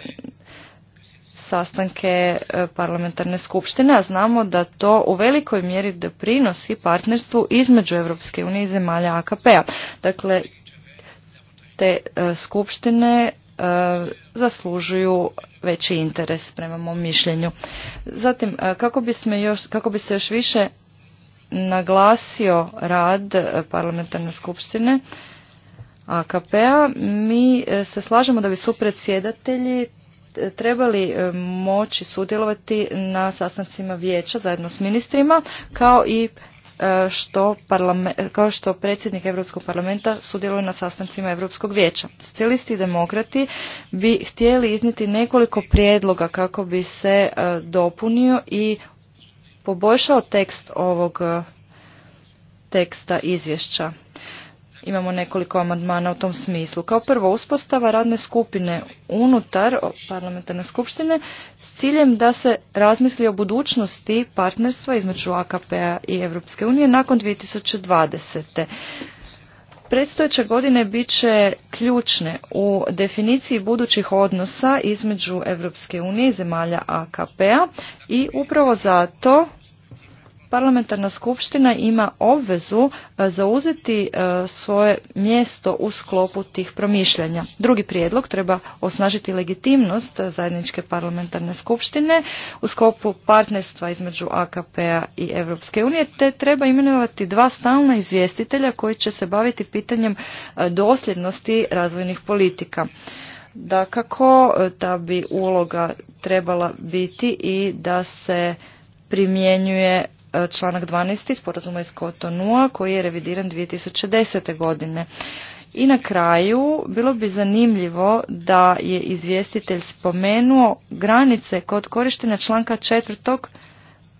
sastanke e, parlamentarne skupštine, a znamo da to u velikoj mjeri doprinosi partnerstvu između Europske unije i zemalja AKP-a. Dakle, te e, skupštine e, zaslužuju veći interes prema mom mišljenju. Zatim, kako, bismo još, kako bi se još više naglasio rad parlamentarne skupštine AKP-a, mi se slažemo da bi su predsjedatelji trebali e, moći sudjelovati na sastancima vijeća zajedno s ministrima kao i e, što kao što predsjednik Europskog parlamenta sudjeluje na sastancima Europskog vijeća. Socijalisti i demokrati bi htjeli izniti nekoliko prijedloga kako bi se e, dopunio i poboljšao tekst ovog teksta izvješća imamo nekoliko amandmana u tom smislu. Kao prvo, uspostava radne skupine unutar parlamentarne skupštine s ciljem da se razmisli o budućnosti partnerstva između AKP-a i Europske unije nakon 2020. Predstojeće godine bit će ključne u definiciji budućih odnosa između Europske unije i zemalja AKP-a i upravo zato parlamentarna skupština ima obvezu e, zauzeti e, svoje mjesto u sklopu tih promišljanja. Drugi prijedlog treba osnažiti legitimnost zajedničke parlamentarne skupštine u sklopu partnerstva između AKP-a i Europske unije, te treba imenovati dva stalna izvjestitelja koji će se baviti pitanjem e, dosljednosti razvojnih politika. kako ta bi uloga trebala biti i da se primjenjuje E, članak 12. sporazuma iz Kotonua koji je revidiran 2010. godine. I na kraju bilo bi zanimljivo da je izvjestitelj spomenuo granice kod korištenja članka četvrtog,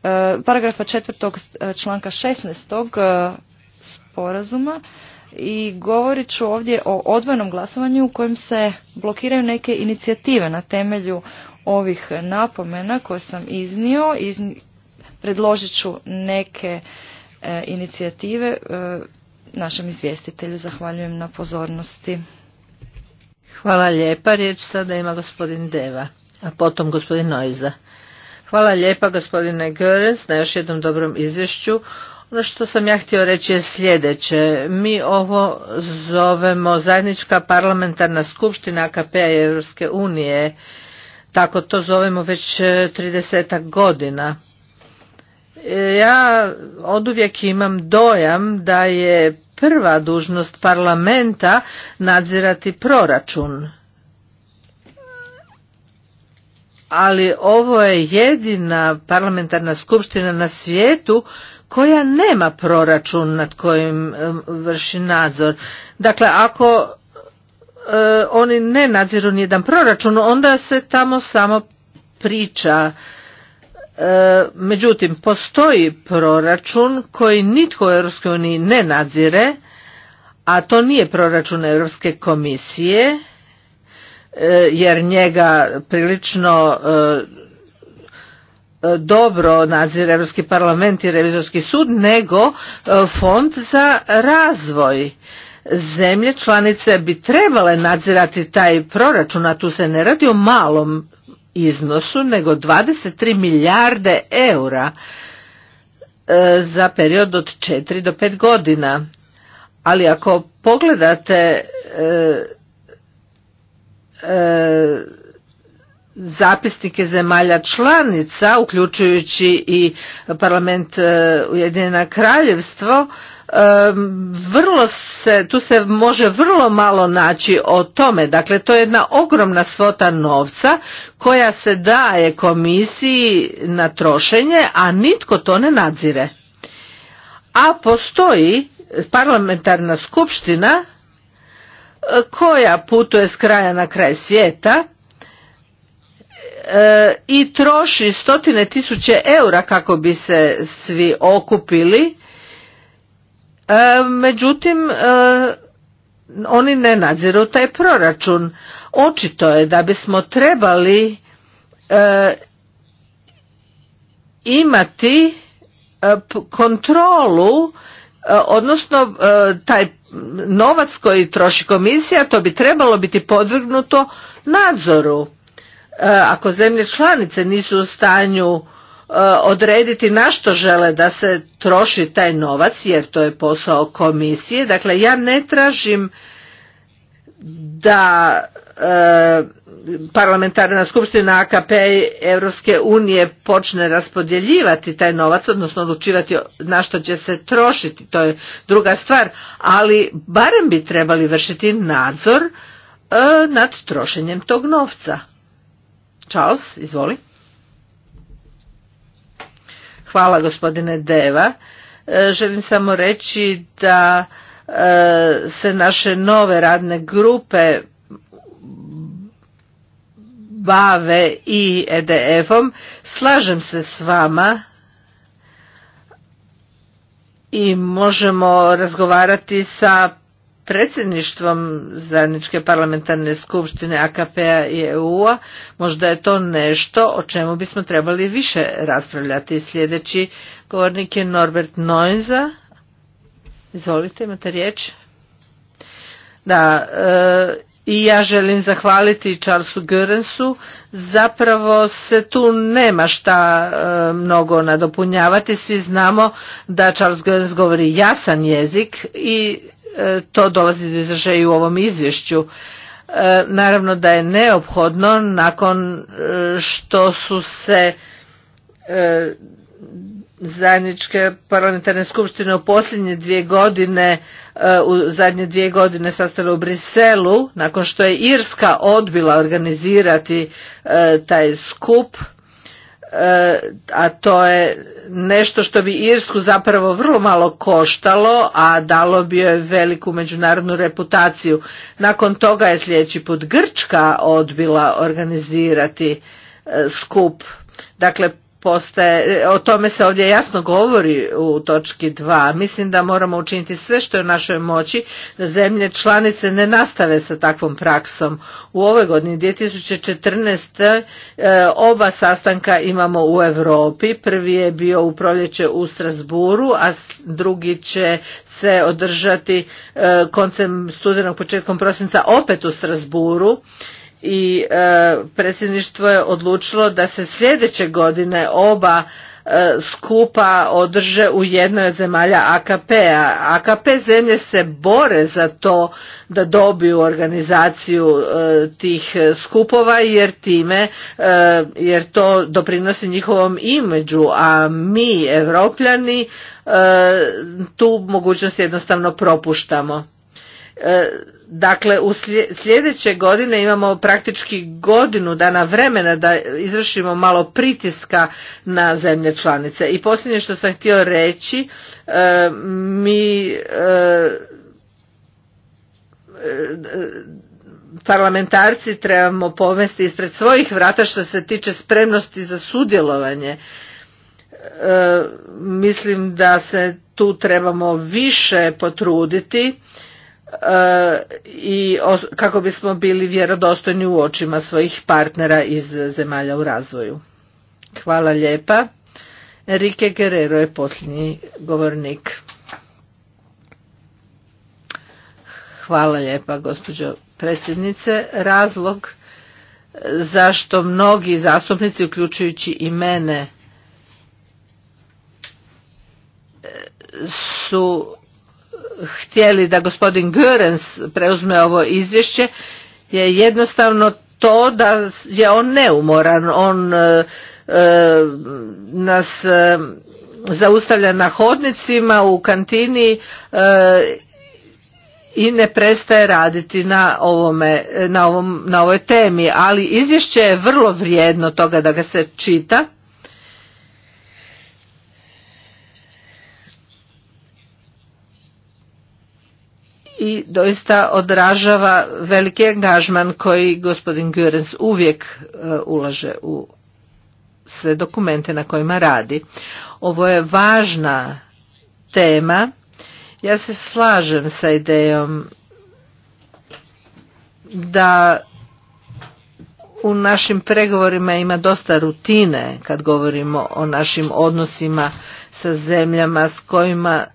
e, paragrafa četvrtog e, članka 16. sporazuma i govorit ću ovdje o odvojnom glasovanju u kojem se blokiraju neke inicijative na temelju ovih napomena koje sam iznio. Predložit ću neke e, inicijative e, našem izvjestitelju. Zahvaljujem na pozornosti. Hvala lijepa. Riječ sada ima gospodin Deva, a potom gospodin Noiza. Hvala lijepa gospodine Görens na još jednom dobrom izvješću. Ono što sam ja htio reći je sljedeće. Mi ovo zovemo zajednička parlamentarna skupština AKP-a i Europske unije. Tako to zovemo već 30 e, godina. Ja od uvijek imam dojam da je prva dužnost parlamenta nadzirati proračun. Ali ovo je jedina parlamentarna skupština na svijetu koja nema proračun nad kojim vrši nadzor. Dakle, ako e, oni ne nadziru nijedan proračun, onda se tamo samo priča E, međutim, postoji proračun koji nitko u EU ne nadzire, a to nije proračun Europske komisije, e, jer njega prilično e, dobro nadzire Europski parlament i Revizorski sud, nego fond za razvoj. Zemlje članice bi trebale nadzirati taj proračun, a tu se ne radi o malom iznosu, nego 23 milijarde eura e, za period od 4 do 5 godina. Ali ako pogledate e, e, zapisnike zemalja članica, uključujući i parlament Ujedinjena kraljevstvo, vrlo se, tu se može vrlo malo naći o tome. Dakle, to je jedna ogromna svota novca koja se daje komisiji na trošenje, a nitko to ne nadzire. A postoji parlamentarna skupština e, koja putuje s kraja na kraj svijeta e, i troši stotine tisuće eura kako bi se svi okupili E, međutim e, oni ne nadziru taj proračun. Očito je da bismo trebali e, imati kontrolu odnosno taj novac koji troši komisija to bi trebalo biti podvrgnuto nadzoru. Ako zemlje članice nisu u stanju Eh, odrediti na što žele da se troši taj novac jer to je posao komisije. Dakle, ja ne tražim da e, parlamentarna skupština AKP Europske unije počne raspodjeljivati taj novac, odnosno odlučivati na što će se trošiti, to je druga stvar, ali barem bi trebali vršiti nadzor eh, nad trošenjem tog novca. Charles, izvolite. Hvala gospodine Deva. E, želim samo reći da e, se naše nove radne grupe bave i EDF-om. Slažem se s vama i možemo razgovarati sa predsjedništvom zajedničke parlamentarne skupštine AKP-a i EU-a, možda je to nešto o čemu bismo trebali više raspravljati. Sljedeći govornik je Norbert Noiza. Izvolite, imate riječ. Da, e, i ja želim zahvaliti Charlesu Görensu. Zapravo se tu nema šta e, mnogo nadopunjavati. Svi znamo da Charles Görens govori jasan jezik i E, to dolazi do izražaja u ovom izvješću. E, naravno da je neophodno nakon e, što su se zajedničke parlamentarne skupštine u posljednje dvije godine u zadnje dvije godine sastale u Briselu nakon što je Irska odbila organizirati taj skup a to je nešto što bi Irsku zapravo vrlo malo koštalo, a dalo bi joj veliku međunarodnu reputaciju. Nakon toga je sljedeći put Grčka odbila organizirati e, skup. Dakle, o tome se ovdje jasno govori u točki 2. Mislim da moramo učiniti sve što je u našoj moći da zemlje članice ne nastave sa takvom praksom. U ovoj godini 2014. E, oba sastanka imamo u Europi. Prvi je bio u proljeće u Strasburu, a drugi će se održati e, koncem studenog početkom prosinca opet u Strasburu i e, predsjedništvo je odlučilo da se sljedeće godine oba e, skupa održe u jednoj od zemalja AKP-a. AKP zemlje se bore za to da dobiju organizaciju e, tih skupova jer time, jer to doprinosi njihovom imeđu, a mi, evropljani, tu mogućnost jednostavno propuštamo. E, dakle, u sljedeće godine imamo praktički godinu dana vremena da izvršimo malo pritiska na zemlje članice. I posljednje što sam htio reći, e, mi e, parlamentarci trebamo povesti ispred svojih vrata što se tiče spremnosti za sudjelovanje. Mislim da se tu trebamo više potruditi i kako bismo bili vjerodostojni u očima svojih partnera iz zemalja u razvoju. Hvala lijepa. Enrique Guerrero je posljednji govornik. Hvala lijepa gospođo predsjednice. Razlog zašto mnogi zastupnici, uključujući i mene, su htjeli da gospodin Görens preuzme ovo izvješće je jednostavno to da je on neumoran, on e, e, nas e, zaustavlja na hodnicima u kantini i ne prestaje raditi na, ovome, na, ovom, na ovoj temi, ali izvješće je vrlo vrijedno toga da ga se čita i doista odražava veliki angažman koji gospodin Gürens uvijek e, ulaže u sve dokumente na kojima radi. Ovo je važna tema. Ja se slažem sa idejom da u našim pregovorima ima dosta rutine kad govorimo o našim odnosima sa zemljama s kojima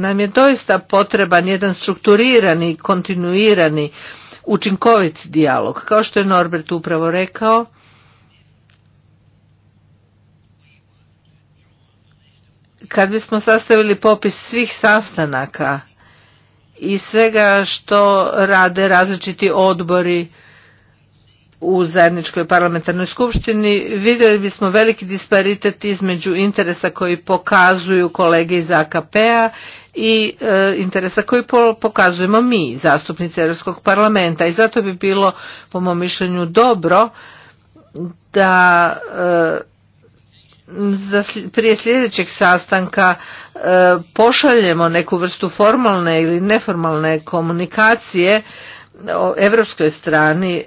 nam je doista potreban jedan strukturirani, kontinuirani, učinkovit dijalog. Kao što je Norbert upravo rekao, kad bismo sastavili popis svih sastanaka i svega što rade različiti odbori u zajedničkoj parlamentarnoj skupštini vidjeli bismo veliki disparitet između interesa koji pokazuju kolege iz AKP-a i e, interesa koji pokazujemo mi, zastupnici Europskog parlamenta. I zato bi bilo, po mom mišljenju, dobro da e, prije sljedećeg sastanka e, pošaljemo neku vrstu formalne ili neformalne komunikacije o europskoj strani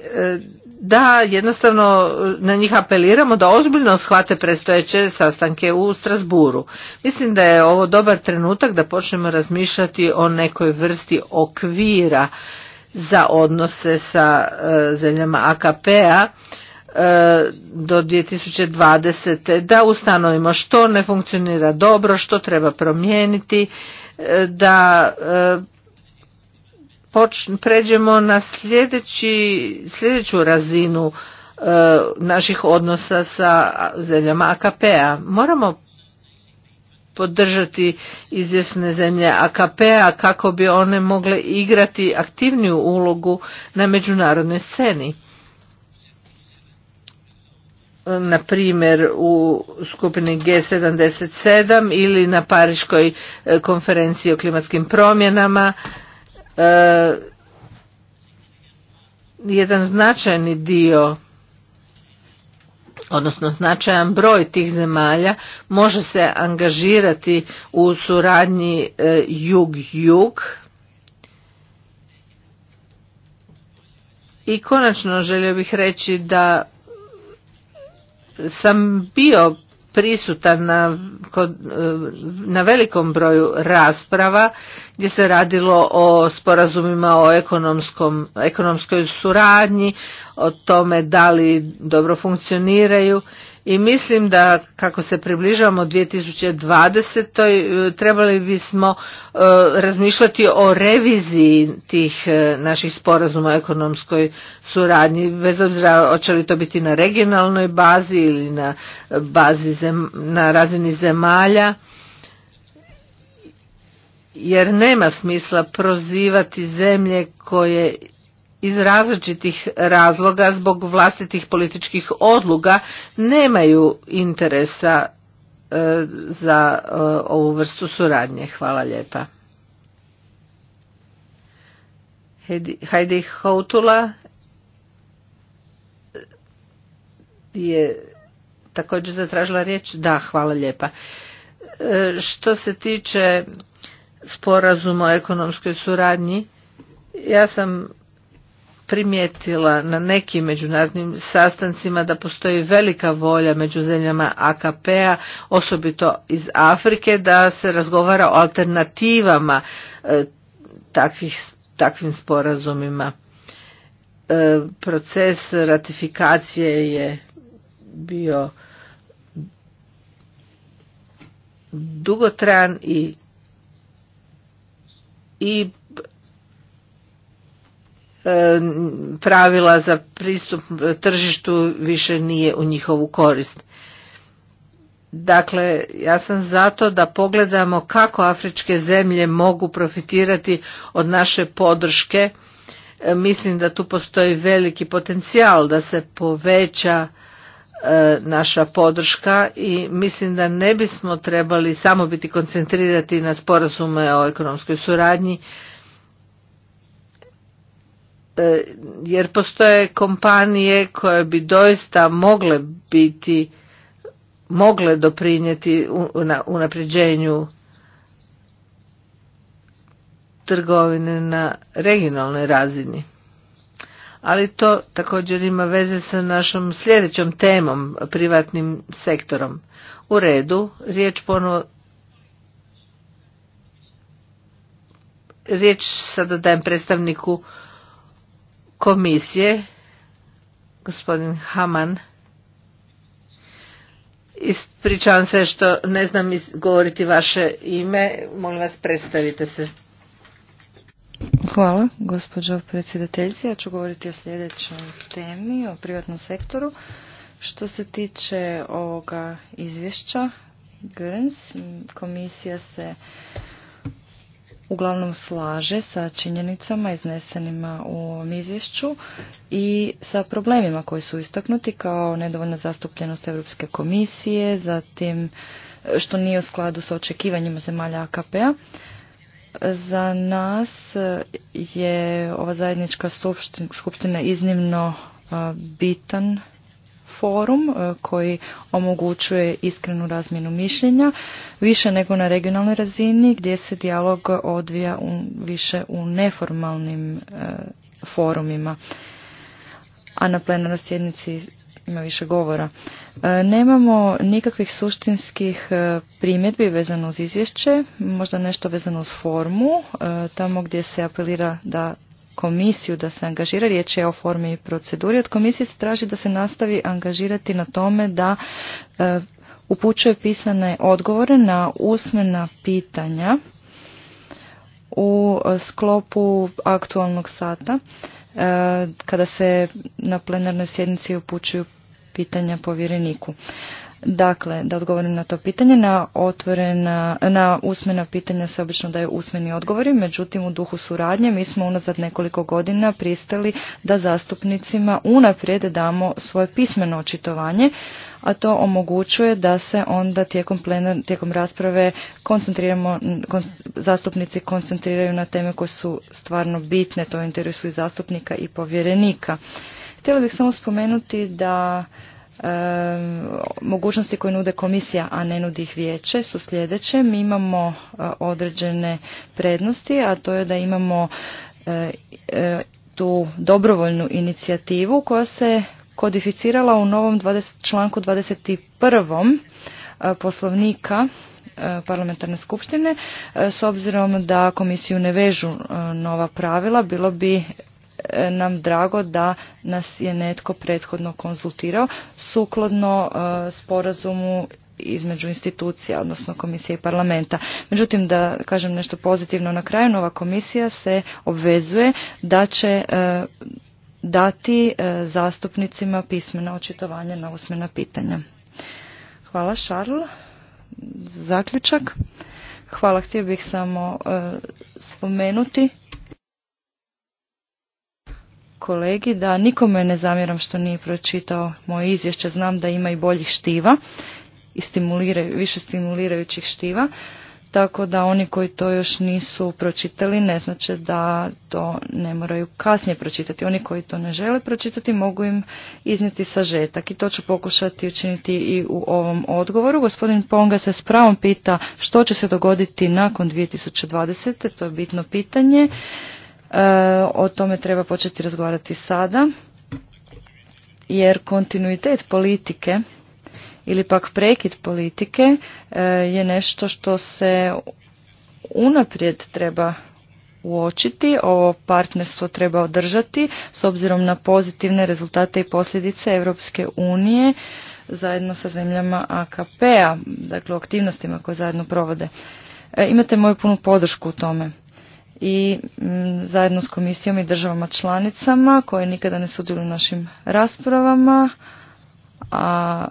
da jednostavno e, na njih apeliramo da ozbiljno shvate predstojeće sastanke u Strasburu. Mislim da je ovo dobar trenutak da počnemo razmišljati o nekoj vrsti okvira za odnose sa e, zemljama AKP-a e, do 2020. da ustanovimo što ne funkcionira dobro, što treba promijeniti, e, da pređemo na sljedeću razinu e, naših odnosa sa zemljama AKP-a. Moramo podržati izvjesne zemlje AKP-a kako bi one mogle igrati aktivniju ulogu na međunarodnoj sceni. Na primjer u skupini G77 ili na Pariškoj e, konferenciji o klimatskim promjenama E, jedan značajni dio odnosno značajan broj tih zemalja može se angažirati u suradnji e, jug-jug i konačno želio bih reći da sam bio prisutan na, eh, na velikom broju rasprava gdje se radilo o sporazumima o ekonomskom, ekonomskoj suradnji, o tome da li dobro funkcioniraju i mislim da kako se približavamo 2020. E, trebali bismo e, razmišljati o reviziji tih e, naših sporazuma o ekonomskoj suradnji, bez obzira hoće li to biti na regionalnoj bazi ili na, bazi, na razini zemalja jer nema smisla prozivati zemlje koje iz različitih razloga zbog vlastitih političkih odluga nemaju interesa e, za e, ovu vrstu suradnje. Hvala lijepa. Heidi Houtula je također zatražila riječ. Da, hvala lijepa. E, što se tiče sporazuma o ekonomskoj suradnji, ja sam primijetila na nekim međunarodnim sastancima da postoji velika volja među zemljama AKP-a, osobito iz Afrike, da se razgovara o alternativama e, takvim sporazumima. E, proces ratifikacije je bio dugotran i i E, pravila za pristup tržištu više nije u njihovu korist. Dakle, ja sam zato da pogledamo kako afričke zemlje mogu profitirati od naše podrške. E, mislim da tu postoji veliki potencijal da se poveća e, naša podrška i mislim da ne bismo trebali samo biti koncentrirati na sporazume o ekonomskoj suradnji E, jer postoje kompanije koje bi doista mogle biti mogle doprinijeti unapređenju trgovine na regionalnoj razini. Ali to također ima veze sa našom sljedećom temom, privatnim sektorom. U redu, riječ ponovo riječ sada dajem predstavniku komisije, gospodin Haman, ispričavam se što ne znam govoriti vaše ime, molim vas predstavite se. Hvala, gospođo predsjedateljice. Ja ću govoriti o sljedećoj temi, o privatnom sektoru. Što se tiče ovoga izvješća, Grns, komisija se uglavnom slaže sa činjenicama iznesenima u ovom izvješću i sa problemima koji su istaknuti kao nedovoljna zastupljenost Europske komisije, zatim e, što nije u skladu sa očekivanjima zemalja AKP-a. Za nas e, je ova zajednička skupština iznimno e, bitan forum e, koji omogućuje iskrenu razmjenu mišljenja, više nego na regionalnoj razini gdje se dijalog odvija više u neformalnim e, forumima, a na plenarnoj sjednici ima više govora. E, nemamo nikakvih suštinskih primjedbi vezano uz izvješće, možda nešto vezano uz formu, tamo gdje se apelira da komisiju da se angažira, riječ je o formi i proceduri. Od komisije se traži da se nastavi angažirati na tome da e, upućuje pisane odgovore na usmena pitanja u sklopu aktualnog sata e, kada se na plenarnoj sjednici upućuju pitanja povjereniku. Dakle, da odgovorim na to pitanje, na, otvorena, na usmena pitanja se obično daju usmeni odgovori, međutim u duhu suradnje mi smo unazad nekoliko godina pristali da zastupnicima unaprijed damo svoje pismeno očitovanje, a to omogućuje da se onda tijekom, tijekom rasprave koncentriramo, zastupnici koncentriraju na teme koje su stvarno bitne, to interesu i zastupnika i povjerenika. Htjela bih samo spomenuti da mogućnosti koje nude komisija, a ne nudi ih vijeće su sljedeće. Mi imamo e, određene prednosti, a to je da imamo e, e, tu dobrovoljnu inicijativu koja se kodificirala u novom 20, članku 21. poslovnika parlamentarne skupštine. S obzirom da komisiju ne vežu nova pravila, bilo bi nam drago da nas je netko prethodno konzultirao sukladno e, sporazumu između institucija, odnosno komisije i parlamenta. Međutim, da kažem nešto pozitivno na kraju, nova komisija se obvezuje da će e, dati e, zastupnicima pismena očitovanja na usmena pitanja. Hvala, Šarl. Zaključak. Hvala, htio bih samo spomenuti kolegi da nikome ne zamjeram što nije pročitao moje izvješće. Znam da ima i boljih štiva i stimuliraju, više stimulirajućih štiva. Tako da oni koji to još nisu pročitali ne znače da to ne moraju kasnije pročitati. Oni koji to ne žele pročitati mogu im iznijeti sažetak i to ću pokušati učiniti i u ovom odgovoru. Gospodin Ponga se s pravom pita što će se dogoditi nakon 2020. To je bitno pitanje. E, o tome treba početi razgovarati sada, jer kontinuitet politike ili pak prekid politike e, je nešto što se unaprijed treba uočiti, ovo partnerstvo treba održati s obzirom na pozitivne rezultate i posljedice Europske unije zajedno sa zemljama AKP-a, dakle aktivnostima koje zajedno provode. E, imate moju punu podršku u tome i mm, zajedno s komisijom i državama članicama koje nikada ne sudjeluju u našim raspravama, a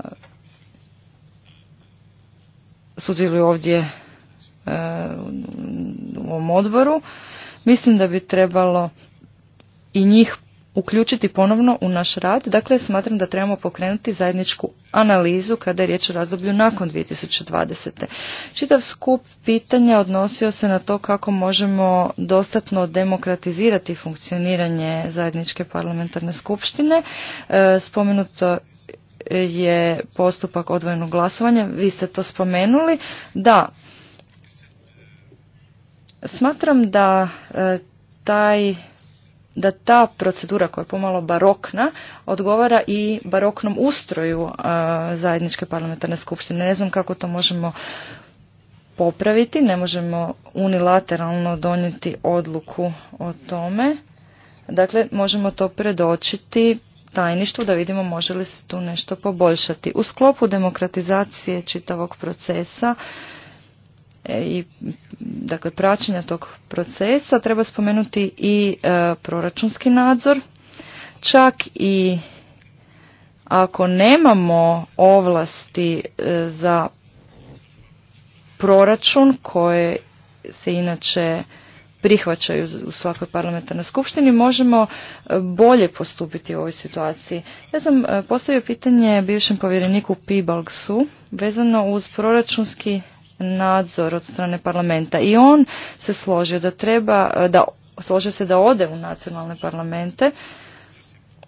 sudjeluju ovdje e, u ovom odboru. Mislim da bi trebalo i njih uključiti ponovno u naš rad. Dakle, smatram da trebamo pokrenuti zajedničku analizu kada je riječ o razdoblju nakon 2020. Čitav skup pitanja odnosio se na to kako možemo dostatno demokratizirati funkcioniranje zajedničke parlamentarne skupštine. E, spomenuto je postupak odvojenog glasovanja. Vi ste to spomenuli. Da, smatram da e, taj da ta procedura koja je pomalo barokna odgovara i baroknom ustroju e, zajedničke parlamentarne skupštine. Ne znam kako to možemo popraviti, ne možemo unilateralno donijeti odluku o tome. Dakle, možemo to predočiti tajništvu da vidimo može li se tu nešto poboljšati. U sklopu demokratizacije čitavog procesa E, i dakle praćenja tog procesa treba spomenuti i e, proračunski nadzor čak i ako nemamo ovlasti e, za proračun koje se inače prihvaćaju u svakoj parlamentarnoj skupštini, možemo bolje postupiti u ovoj situaciji. Ja sam postavio pitanje bivšem povjereniku Pibalgsu vezano uz proračunski nadzor od strane parlamenta i on se složio da treba, da složio se da ode u nacionalne parlamente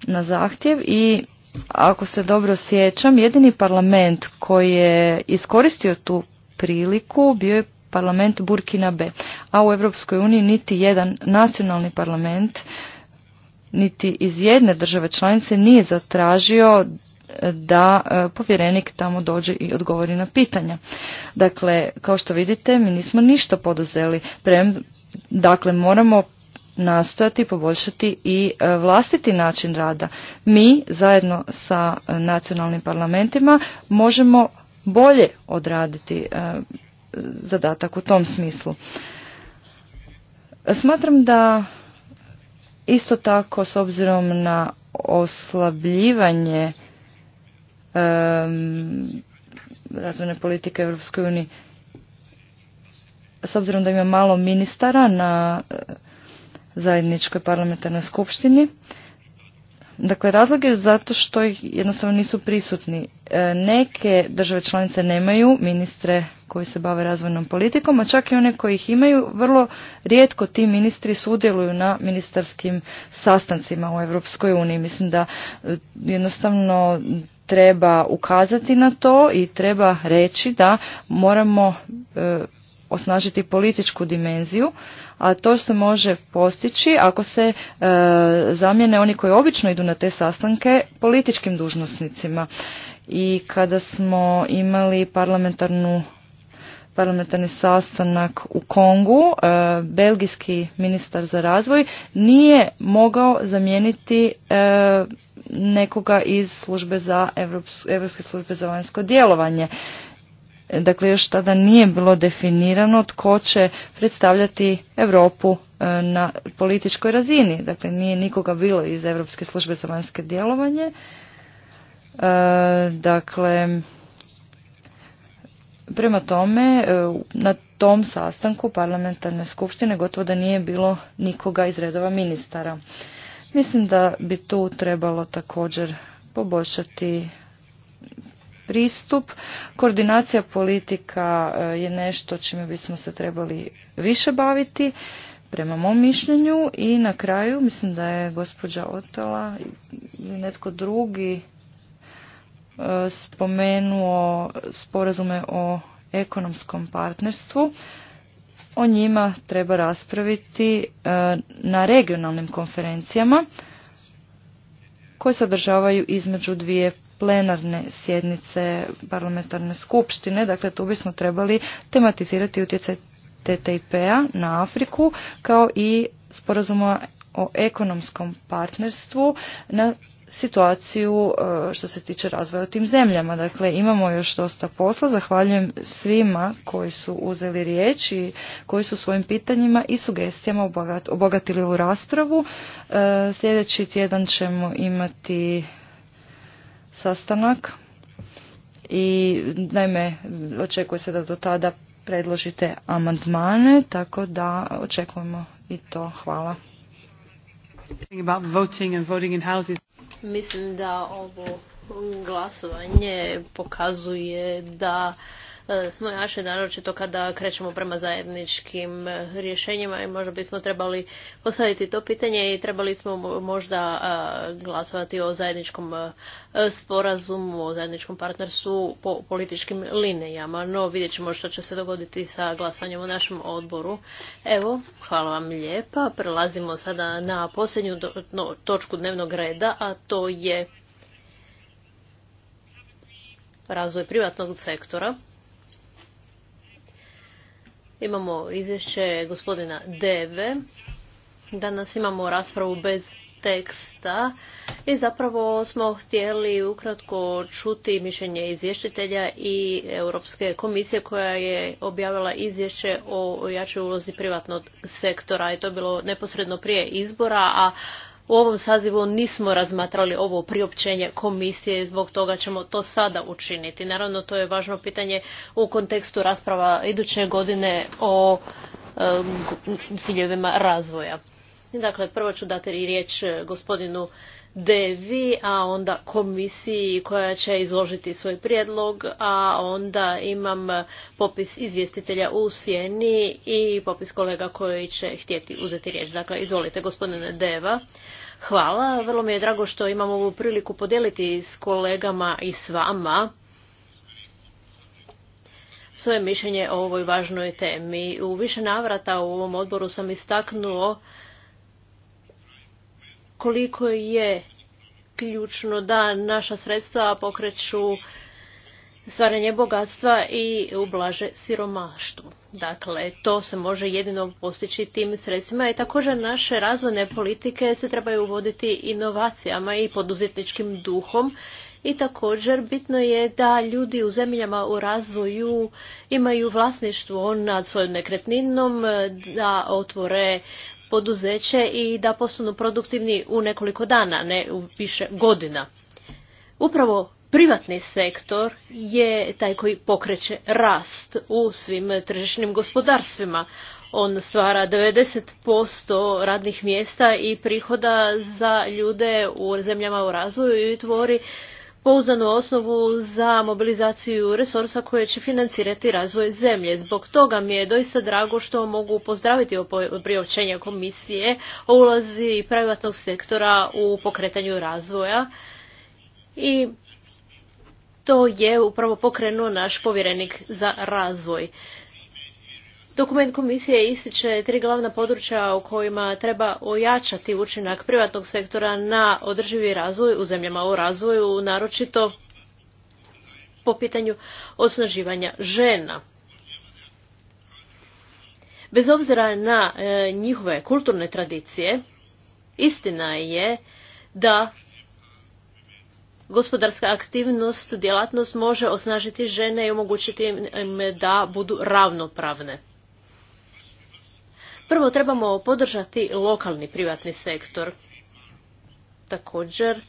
na zahtjev i ako se dobro sjećam, jedini parlament koji je iskoristio tu priliku bio je parlament Burkina B. A u Europskoj uniji niti jedan nacionalni parlament niti iz jedne države članice nije zatražio da e, povjerenik tamo dođe i odgovori na pitanja. Dakle, kao što vidite, mi nismo ništa poduzeli. Prem, dakle, moramo nastojati poboljšati i e, vlastiti način rada. Mi zajedno sa nacionalnim parlamentima možemo bolje odraditi e, zadatak u tom smislu. Smatram da isto tako s obzirom na oslabljivanje razvojne politike Europskoj uniji. S obzirom da ima malo ministara na eh, zajedničkoj parlamentarnoj skupštini, Dakle, razlog je zato što ih jednostavno nisu prisutni. Eh, neke države članice nemaju ministre koji se bave razvojnom politikom, a čak i one koji ih imaju, vrlo rijetko ti ministri sudjeluju na ministarskim sastancima u Europskoj uniji. Mislim da eh, jednostavno treba ukazati na to i treba reći da moramo e, osnažiti političku dimenziju, a to se može postići ako se e, zamijene oni koji obično idu na te sastanke političkim dužnosnicima. I kada smo imali parlamentarnu parlamentarni sastanak u Kongu, e, belgijski ministar za razvoj nije mogao zamijeniti e, nekoga iz službe za Europske službe za vanjsko djelovanje. Dakle, još tada nije bilo definirano tko će predstavljati Europu e, na političkoj razini. Dakle, nije nikoga bilo iz Europske službe za vanjsko djelovanje. Dakle, Prema tome, e, na tom sastanku parlamentarne skupštine gotovo da nije bilo nikoga iz redova ministara. Mislim da bi tu trebalo također poboljšati pristup. Koordinacija politika e, je nešto čime bismo se trebali više baviti, prema mom mišljenju. I na kraju, mislim da je gospođa Otela i netko drugi E, spomenuo sporazume o ekonomskom partnerstvu. O njima treba raspraviti e, na regionalnim konferencijama koje se održavaju između dvije plenarne sjednice parlamentarne skupštine. Dakle, tu bismo trebali tematizirati utjecaj TTIP-a na Afriku kao i sporazuma o ekonomskom partnerstvu na situaciju e, što se tiče razvoja u tim zemljama. Dakle, imamo još dosta posla. Zahvaljujem svima koji su uzeli riječ i koji su svojim pitanjima i sugestijama obogatili ovu raspravu. E, sljedeći tjedan ćemo imati sastanak i naime očekuje se da do tada predložite amandmane, tako da očekujemo i to. Hvala. Mislim da ovo glasovanje pokazuje da E, smo jaše, naročito kada krećemo prema zajedničkim e, rješenjima i možda bismo trebali postaviti to pitanje i trebali smo možda e, glasovati o zajedničkom sporazumu, o zajedničkom partnerstvu po političkim linijama, no vidjet ćemo što će se dogoditi sa glasanjem u našem odboru. Evo, hvala vam lijepa. Prelazimo sada na posljednju točku dnevnog reda, a to je razvoj privatnog sektora. Imamo izvješće gospodina Deve. Danas imamo raspravu bez teksta i zapravo smo htjeli ukratko čuti mišljenje izvještitelja i Europske komisije koja je objavila izvješće o jačoj ulozi privatnog sektora i to je bilo neposredno prije izbora, a u ovom sazivu nismo razmatrali ovo priopćenje komisije i zbog toga ćemo to sada učiniti. Naravno, to je važno pitanje u kontekstu rasprava iduće godine o ciljevima razvoja. Dakle, prvo ću dati riječ gospodinu devi, a onda komisiji koja će izložiti svoj prijedlog, a onda imam popis izvjestitelja u sjeni i popis kolega koji će htjeti uzeti riječ. Dakle, izvolite gospodine Deva. Hvala, vrlo mi je drago što imam ovu priliku podijeliti s kolegama i s vama svoje mišljenje o ovoj važnoj temi. U više navrata u ovom odboru sam istaknuo koliko je ključno da naša sredstva pokreću stvaranje bogatstva i ublaže siromaštvo. Dakle, to se može jedino postići tim sredstvima i također naše razvojne politike se trebaju uvoditi inovacijama i poduzetničkim duhom i također bitno je da ljudi u zemljama u razvoju imaju vlasništvo nad svojom nekretninom, da otvore poduzeće i da postanu produktivni u nekoliko dana, ne u više godina. Upravo privatni sektor je taj koji pokreće rast u svim tržišnim gospodarstvima. On stvara 90% radnih mjesta i prihoda za ljude u zemljama u razvoju i tvori Pouzanu osnovu za mobilizaciju resursa koje će financirati razvoj zemlje. Zbog toga mi je doista drago što mogu pozdraviti priopćenje komisije o ulazi privatnog sektora u pokretanju razvoja i to je upravo pokrenuo naš povjerenik za razvoj. Dokument komisije ističe tri glavna područja u kojima treba ojačati učinak privatnog sektora na održivi razvoj u zemljama u razvoju, naročito po pitanju osnaživanja žena. Bez obzira na e, njihove kulturne tradicije, istina je da gospodarska aktivnost, djelatnost može osnažiti žene i omogućiti im da budu ravnopravne. Prvo trebamo podržati lokalni privatni sektor. Također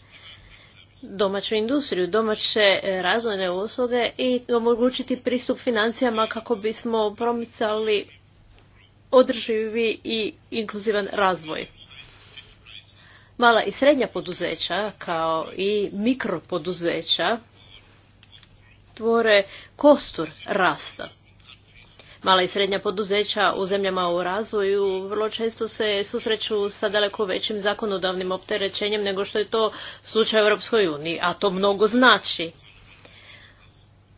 domaću industriju, domaće razvojne usluge i omogućiti pristup financijama kako bismo promicali održivi i inkluzivan razvoj. Mala i srednja poduzeća kao i mikropoduzeća tvore kostur rasta mala i srednja poduzeća u zemljama u razvoju vrlo često se susreću sa daleko većim zakonodavnim opterećenjem nego što je to slučaj u Europskoj uniji, a to mnogo znači.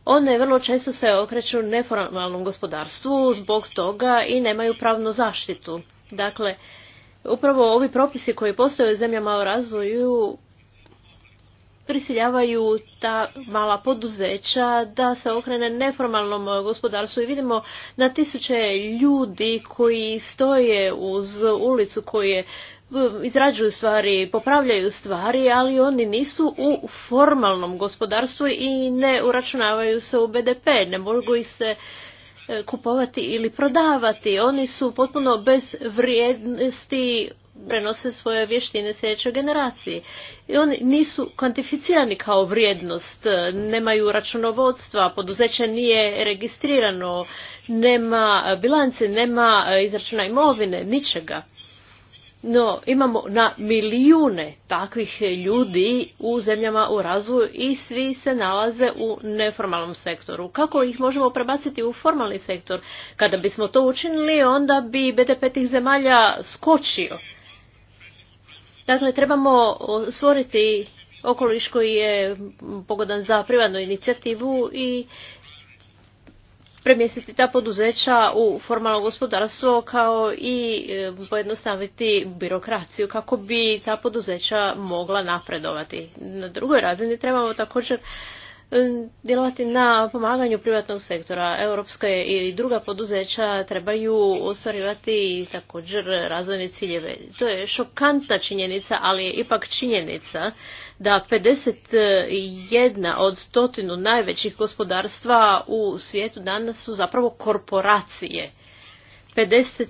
One vrlo često se okreću neformalnom gospodarstvu zbog toga i nemaju pravnu zaštitu. Dakle, upravo ovi propisi koji postoje u zemljama u razvoju prisiljavaju ta mala poduzeća da se okrene neformalnom gospodarstvu i vidimo na tisuće ljudi koji stoje uz ulicu koje izrađuju stvari, popravljaju stvari, ali oni nisu u formalnom gospodarstvu i ne uračunavaju se u BDP, ne mogu ih se e, kupovati ili prodavati. Oni su potpuno bez vrijednosti prenose svoje vještine sljedećoj generaciji. I oni nisu kvantificirani kao vrijednost, e, nemaju računovodstva, poduzeće nije registrirano, nema bilance, nema e, izračuna imovine, ničega. No, imamo na milijune takvih ljudi u zemljama u razvoju i svi se nalaze u neformalnom sektoru. Kako ih možemo prebaciti u formalni sektor? Kada bismo to učinili, onda bi BDP tih zemalja skočio. Dakle, trebamo stvoriti okoliš koji je pogodan za privatnu inicijativu i premjestiti ta poduzeća u formalno gospodarstvo kao i e, pojednostaviti birokraciju kako bi ta poduzeća mogla napredovati. Na drugoj razini trebamo također djelovati na pomaganju privatnog sektora. Europske i druga poduzeća trebaju ostvarivati također razvojne ciljeve. To je šokantna činjenica, ali je ipak činjenica da 51 od stotinu najvećih gospodarstva u svijetu danas su zapravo korporacije. 51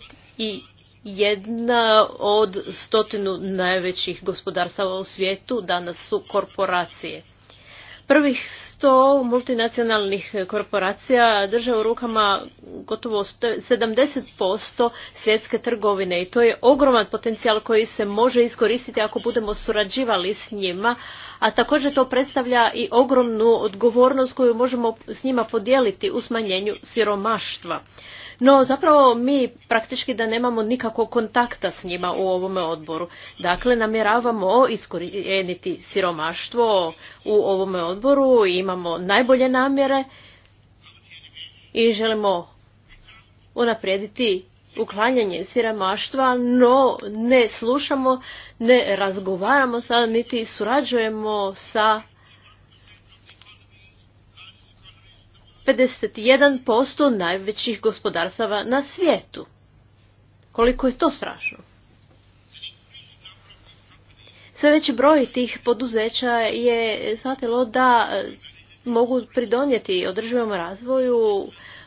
jedna od stotinu najvećih gospodarstava u svijetu danas su korporacije prvih sto multinacionalnih korporacija drže u rukama gotovo 70% svjetske trgovine i to je ogroman potencijal koji se može iskoristiti ako budemo surađivali s njima, a također to predstavlja i ogromnu odgovornost koju možemo s njima podijeliti u smanjenju siromaštva. No zapravo mi praktički da nemamo nikakvog kontakta s njima u ovome odboru. Dakle, namjeravamo iskorijeniti siromaštvo u ovome odboru, imamo najbolje namjere i želimo unaprijediti uklanjanje siromaštva, no ne slušamo, ne razgovaramo sa niti surađujemo sa 51% najvećih gospodarstava na svijetu. Koliko je to strašno? Sve veći broj tih poduzeća je shvatilo da e, mogu pridonijeti održivom razvoju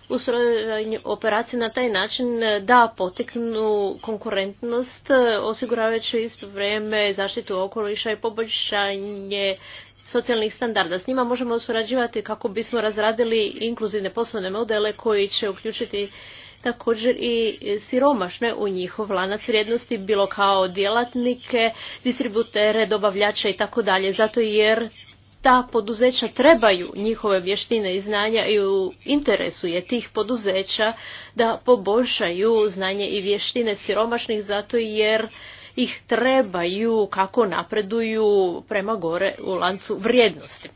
ustrojenju operacije na taj način e, da poteknu konkurentnost e, osiguravajući isto vrijeme zaštitu okoliša i poboljšanje socijalnih standarda. S njima možemo surađivati kako bismo razradili inkluzivne poslovne modele koji će uključiti također i siromašne u njihov lanac vrijednosti, bilo kao djelatnike, distributere, dobavljače i tako dalje, zato jer ta poduzeća trebaju njihove vještine i znanja i u interesu je tih poduzeća da poboljšaju znanje i vještine siromašnih zato jer ih trebaju, kako napreduju prema gore u lancu vrijednosti.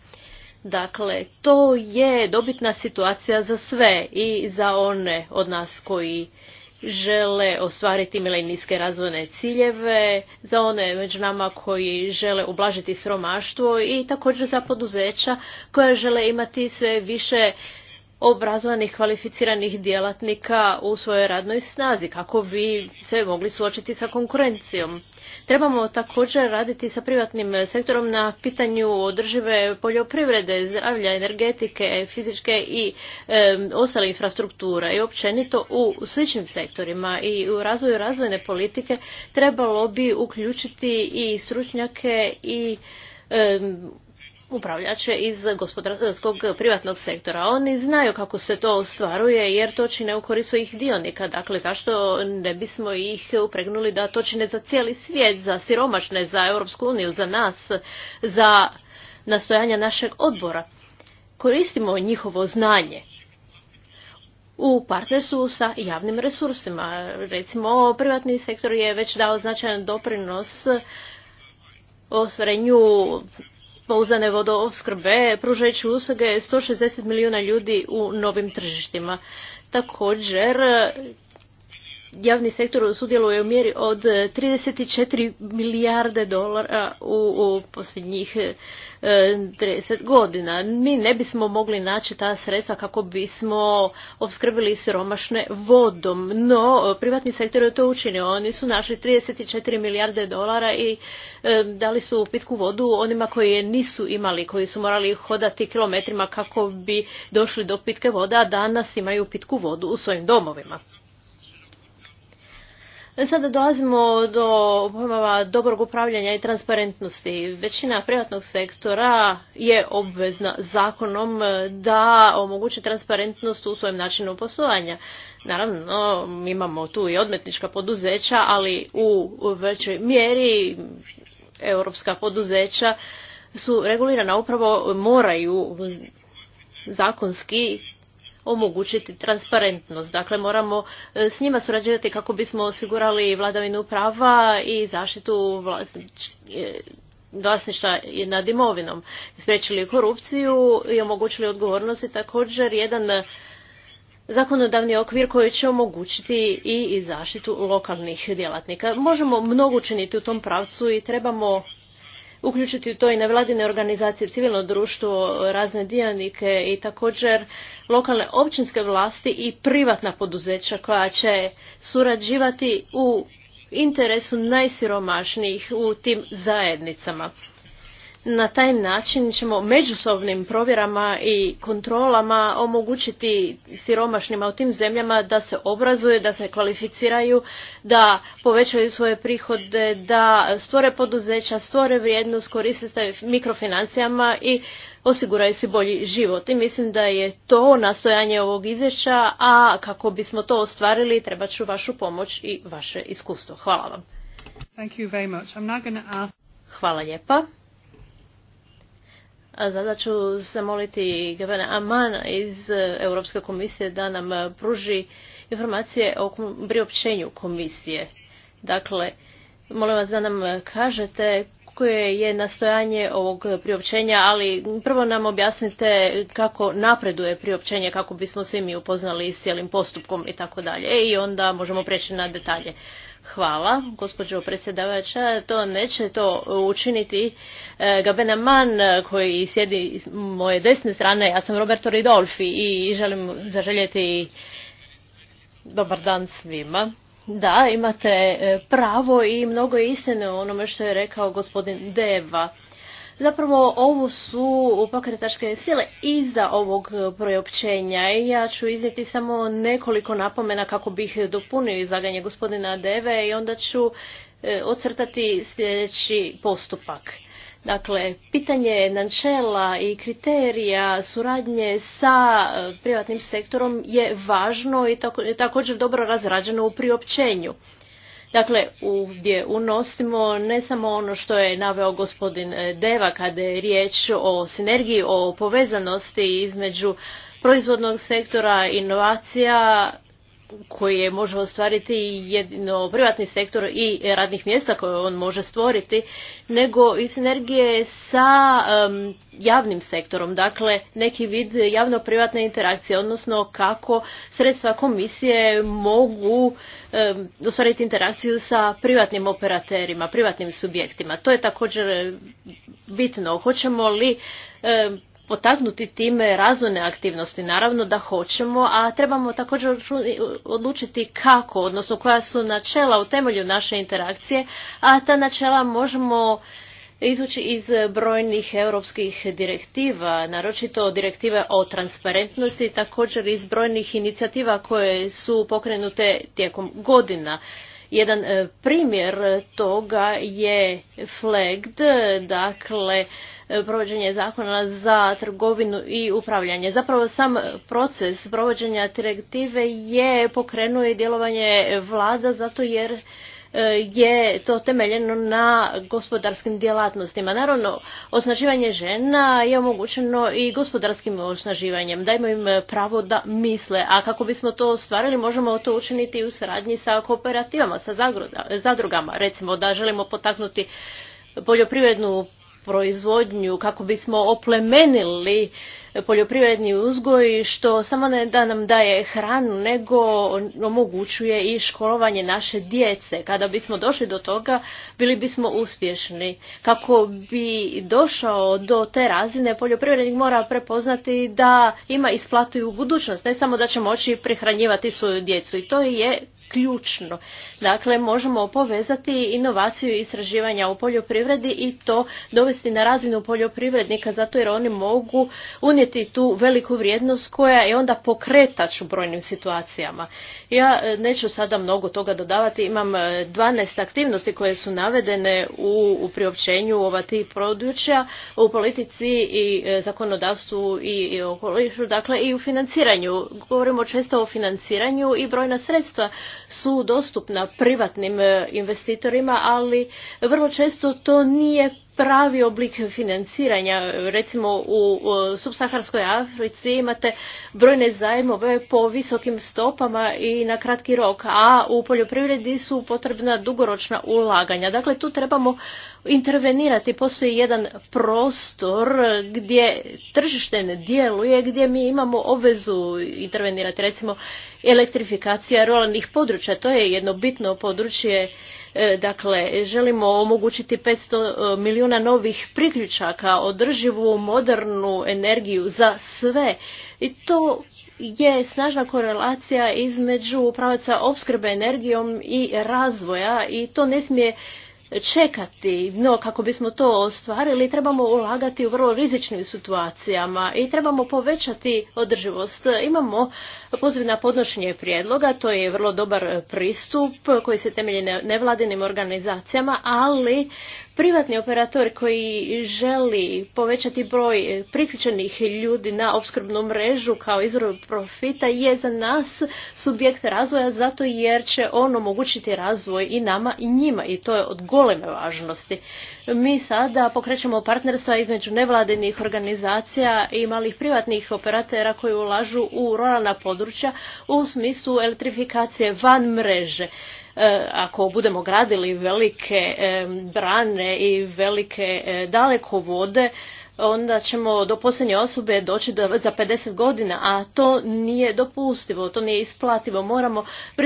Dakle, to je dobitna situacija za sve i za one od nas koji žele ostvariti milenijske razvojne ciljeve, za one među nama koji žele ublažiti sromaštvo i također za poduzeća koja žele imati sve više obrazovanih, kvalificiranih djelatnika u svojoj radnoj snazi kako bi se mogli suočiti sa konkurencijom. Trebamo također raditi sa privatnim sektorom na pitanju održive poljoprivrede, zdravlja, energetike, fizičke i ostale infrastrukture i općenito u sličnim sektorima i u razvoju razvojne politike trebalo bi uključiti i stručnjake i upravljače iz gospodarskog privatnog sektora. Oni znaju kako se to ostvaruje jer to čine u korist svojih dionika. Dakle, zašto ne bismo ih upregnuli da to čine za cijeli svijet, za siromašne, za Europsku uniju, za nas, za nastojanja našeg odbora. Koristimo njihovo znanje u partnerstvu sa javnim resursima. Recimo, privatni sektor je već dao značajan doprinos ostvarenju pouzane vodoopskrbe pružajući usluge 160 milijuna ljudi u novim tržištima. Također javni sektor sudjeluje u mjeri od 34 e, milijarde dolara u, posljednjih 30 e, godina. Mi ne bismo mogli naći ta sredstva kako bismo obskrbili siromašne vodom, no e, privatni sektor je to učinio. Oni su našli 34 milijarde dolara i dali su pitku vodu onima koji je nisu imali, koji su morali hodati kilometrima kako bi došli do pitke voda, a danas imaju pitku vodu u svojim domovima. Sada dolazimo do pojmova dobrog upravljanja i transparentnosti. Većina privatnog sektora je obvezna zakonom da omogući transparentnost u svojem načinu poslovanja. Naravno, imamo tu i odmetnička poduzeća, ali u većoj mjeri europska poduzeća su regulirana upravo moraju zakonski omogućiti transparentnost. Dakle, moramo e, s njima surađivati kako bismo osigurali vladavinu prava i zaštitu e, vlasništva nad imovinom, spriječili korupciju i omogućili odgovornost i također jedan zakonodavni okvir koji će omogućiti i zaštitu lokalnih djelatnika. Možemo mnogo učiniti u tom pravcu i trebamo uključiti u to i nevladine organizacije, civilno društvo, razne dionike i također lokalne općinske vlasti i privatna poduzeća koja će surađivati u interesu najsiromašnijih u tim zajednicama. Na taj način ćemo međusobnim provjerama i kontrolama omogućiti siromašnima u tim zemljama da se obrazuje, da se kvalificiraju, da povećaju svoje prihode, da stvore poduzeća, stvore vrijednost, koriste se mikrofinancijama i osiguraju si bolji život. I mislim da je to nastojanje ovog izvješća, a kako bismo to ostvarili treba ću vašu pomoć i vaše iskustvo. Hvala vam. Hvala lijepa. Zada ću se moliti Gavena Aman iz Europske komisije da nam pruži informacije o priopćenju komisije. Dakle, molim vas da nam kažete koje je nastojanje ovog priopćenja, ali prvo nam objasnite kako napreduje priopćenje, kako bismo svi mi upoznali s cijelim postupkom i tako dalje. E, I onda možemo preći na detalje. Hvala, gospođo predsjedavača. To neće to učiniti e, Gabena Man koji sjedi s moje desne strane. Ja sam Roberto Ridolfi i želim zaželjeti dobar dan svima. Da, imate e, pravo i mnogo istine u onome što je rekao gospodin Deva. Zapravo ovo su pokretačke sile iza ovog projeopćenja i ja ću iznijeti samo nekoliko napomena kako bih dopunio izlaganje gospodina Deve i onda ću e, ocrtati sljedeći postupak. Dakle, pitanje načela i kriterija suradnje sa e, privatnim sektorom je važno i također dobro razrađeno u priopćenju. Dakle, ovdje unosimo ne samo ono što je naveo gospodin e, Deva kada je riječ o sinergiji, o povezanosti između proizvodnog sektora, inovacija koje može ostvariti jedino privatni sektor i radnih mjesta koje on može stvoriti, nego i sinergije sa javnim sektorom, dakle neki vid javno-privatne interakcije, odnosno kako sredstva komisije mogu ostvariti interakciju sa privatnim operaterima, privatnim subjektima. To je također bitno. Hoćemo li potaknuti time razvojne aktivnosti? Naravno da hoćemo, a trebamo također odlučiti kako, odnosno koja su načela u temelju naše interakcije, a ta načela možemo izvući iz brojnih europskih direktiva, naročito direktive o transparentnosti također iz brojnih inicijativa koje su pokrenute tijekom godina. Jedan e, primjer toga je FLEGD, dakle E, provođenje zakona za trgovinu i upravljanje. Zapravo sam proces provođenja direktive je pokrenuo i djelovanje vlada zato jer e, je to temeljeno na gospodarskim djelatnostima. Naravno, osnaživanje žena je omogućeno i gospodarskim osnaživanjem. Dajmo im pravo da misle, a kako bismo to ostvarili možemo to učiniti u suradnji sa kooperativama, sa zadrugama. Recimo da želimo potaknuti poljoprivrednu proizvodnju kako bismo oplemenili poljoprivredni uzgoj što samo ne da nam daje hranu nego omogućuje i školovanje naše djece. Kada bismo došli do toga bili bismo uspješni. Kako bi došao do te razine poljoprivrednik mora prepoznati da ima isplatu i u budućnost, ne samo da će moći prehranjivati svoju djecu i to je ključno. Dakle, možemo povezati inovaciju i istraživanja u poljoprivredi i to dovesti na razinu poljoprivrednika, zato jer oni mogu unijeti tu veliku vrijednost koja je onda pokretač u brojnim situacijama. Ja e, neću sada mnogo toga dodavati, imam 12 e, aktivnosti koje su navedene u, priopćenju ova tri područja u politici i e, zakonodavstvu i, i okolišu, dakle i u financiranju. Govorimo često o financiranju i brojna sredstva su dostupna privatnim investitorima, ali vrlo često to nije pravi oblik financiranja. Recimo u subsaharskoj Africi imate brojne zajmove po visokim stopama i na kratki rok, a u poljoprivredi su potrebna dugoročna ulaganja. Dakle, tu trebamo intervenirati. Postoji jedan prostor gdje tržište ne djeluje, gdje mi imamo obvezu intervenirati. Recimo, elektrifikacija ruralnih područja, to je jedno bitno područje E, dakle, želimo omogućiti 500 e, milijuna novih priključaka, održivu modernu energiju za sve. I to je snažna korelacija između pravaca opskrbe energijom i razvoja i to ne smije čekati, no kako bismo to ostvarili trebamo ulagati u vrlo rizičnim situacijama i trebamo povećati održivost. Imamo poziv na podnošenje prijedloga, to je vrlo dobar pristup koji se temelji na nevladinim organizacijama, ali privatni operator koji želi povećati broj priključenih ljudi na opskrbnu mrežu kao izvor profita je za nas subjekt razvoja zato jer će on omogućiti razvoj i nama i njima i to je od goleme važnosti. Mi sada pokrećemo partnerstva između nevladinih organizacija i malih privatnih operatera koji ulažu u ruralna područja u smislu elektrifikacije van mreže e, ako budemo gradili velike e, brane i velike e, dalekovode, onda ćemo do posljednje osobe doći do, za 50 godina, a to nije dopustivo, to nije isplativo. Moramo eh,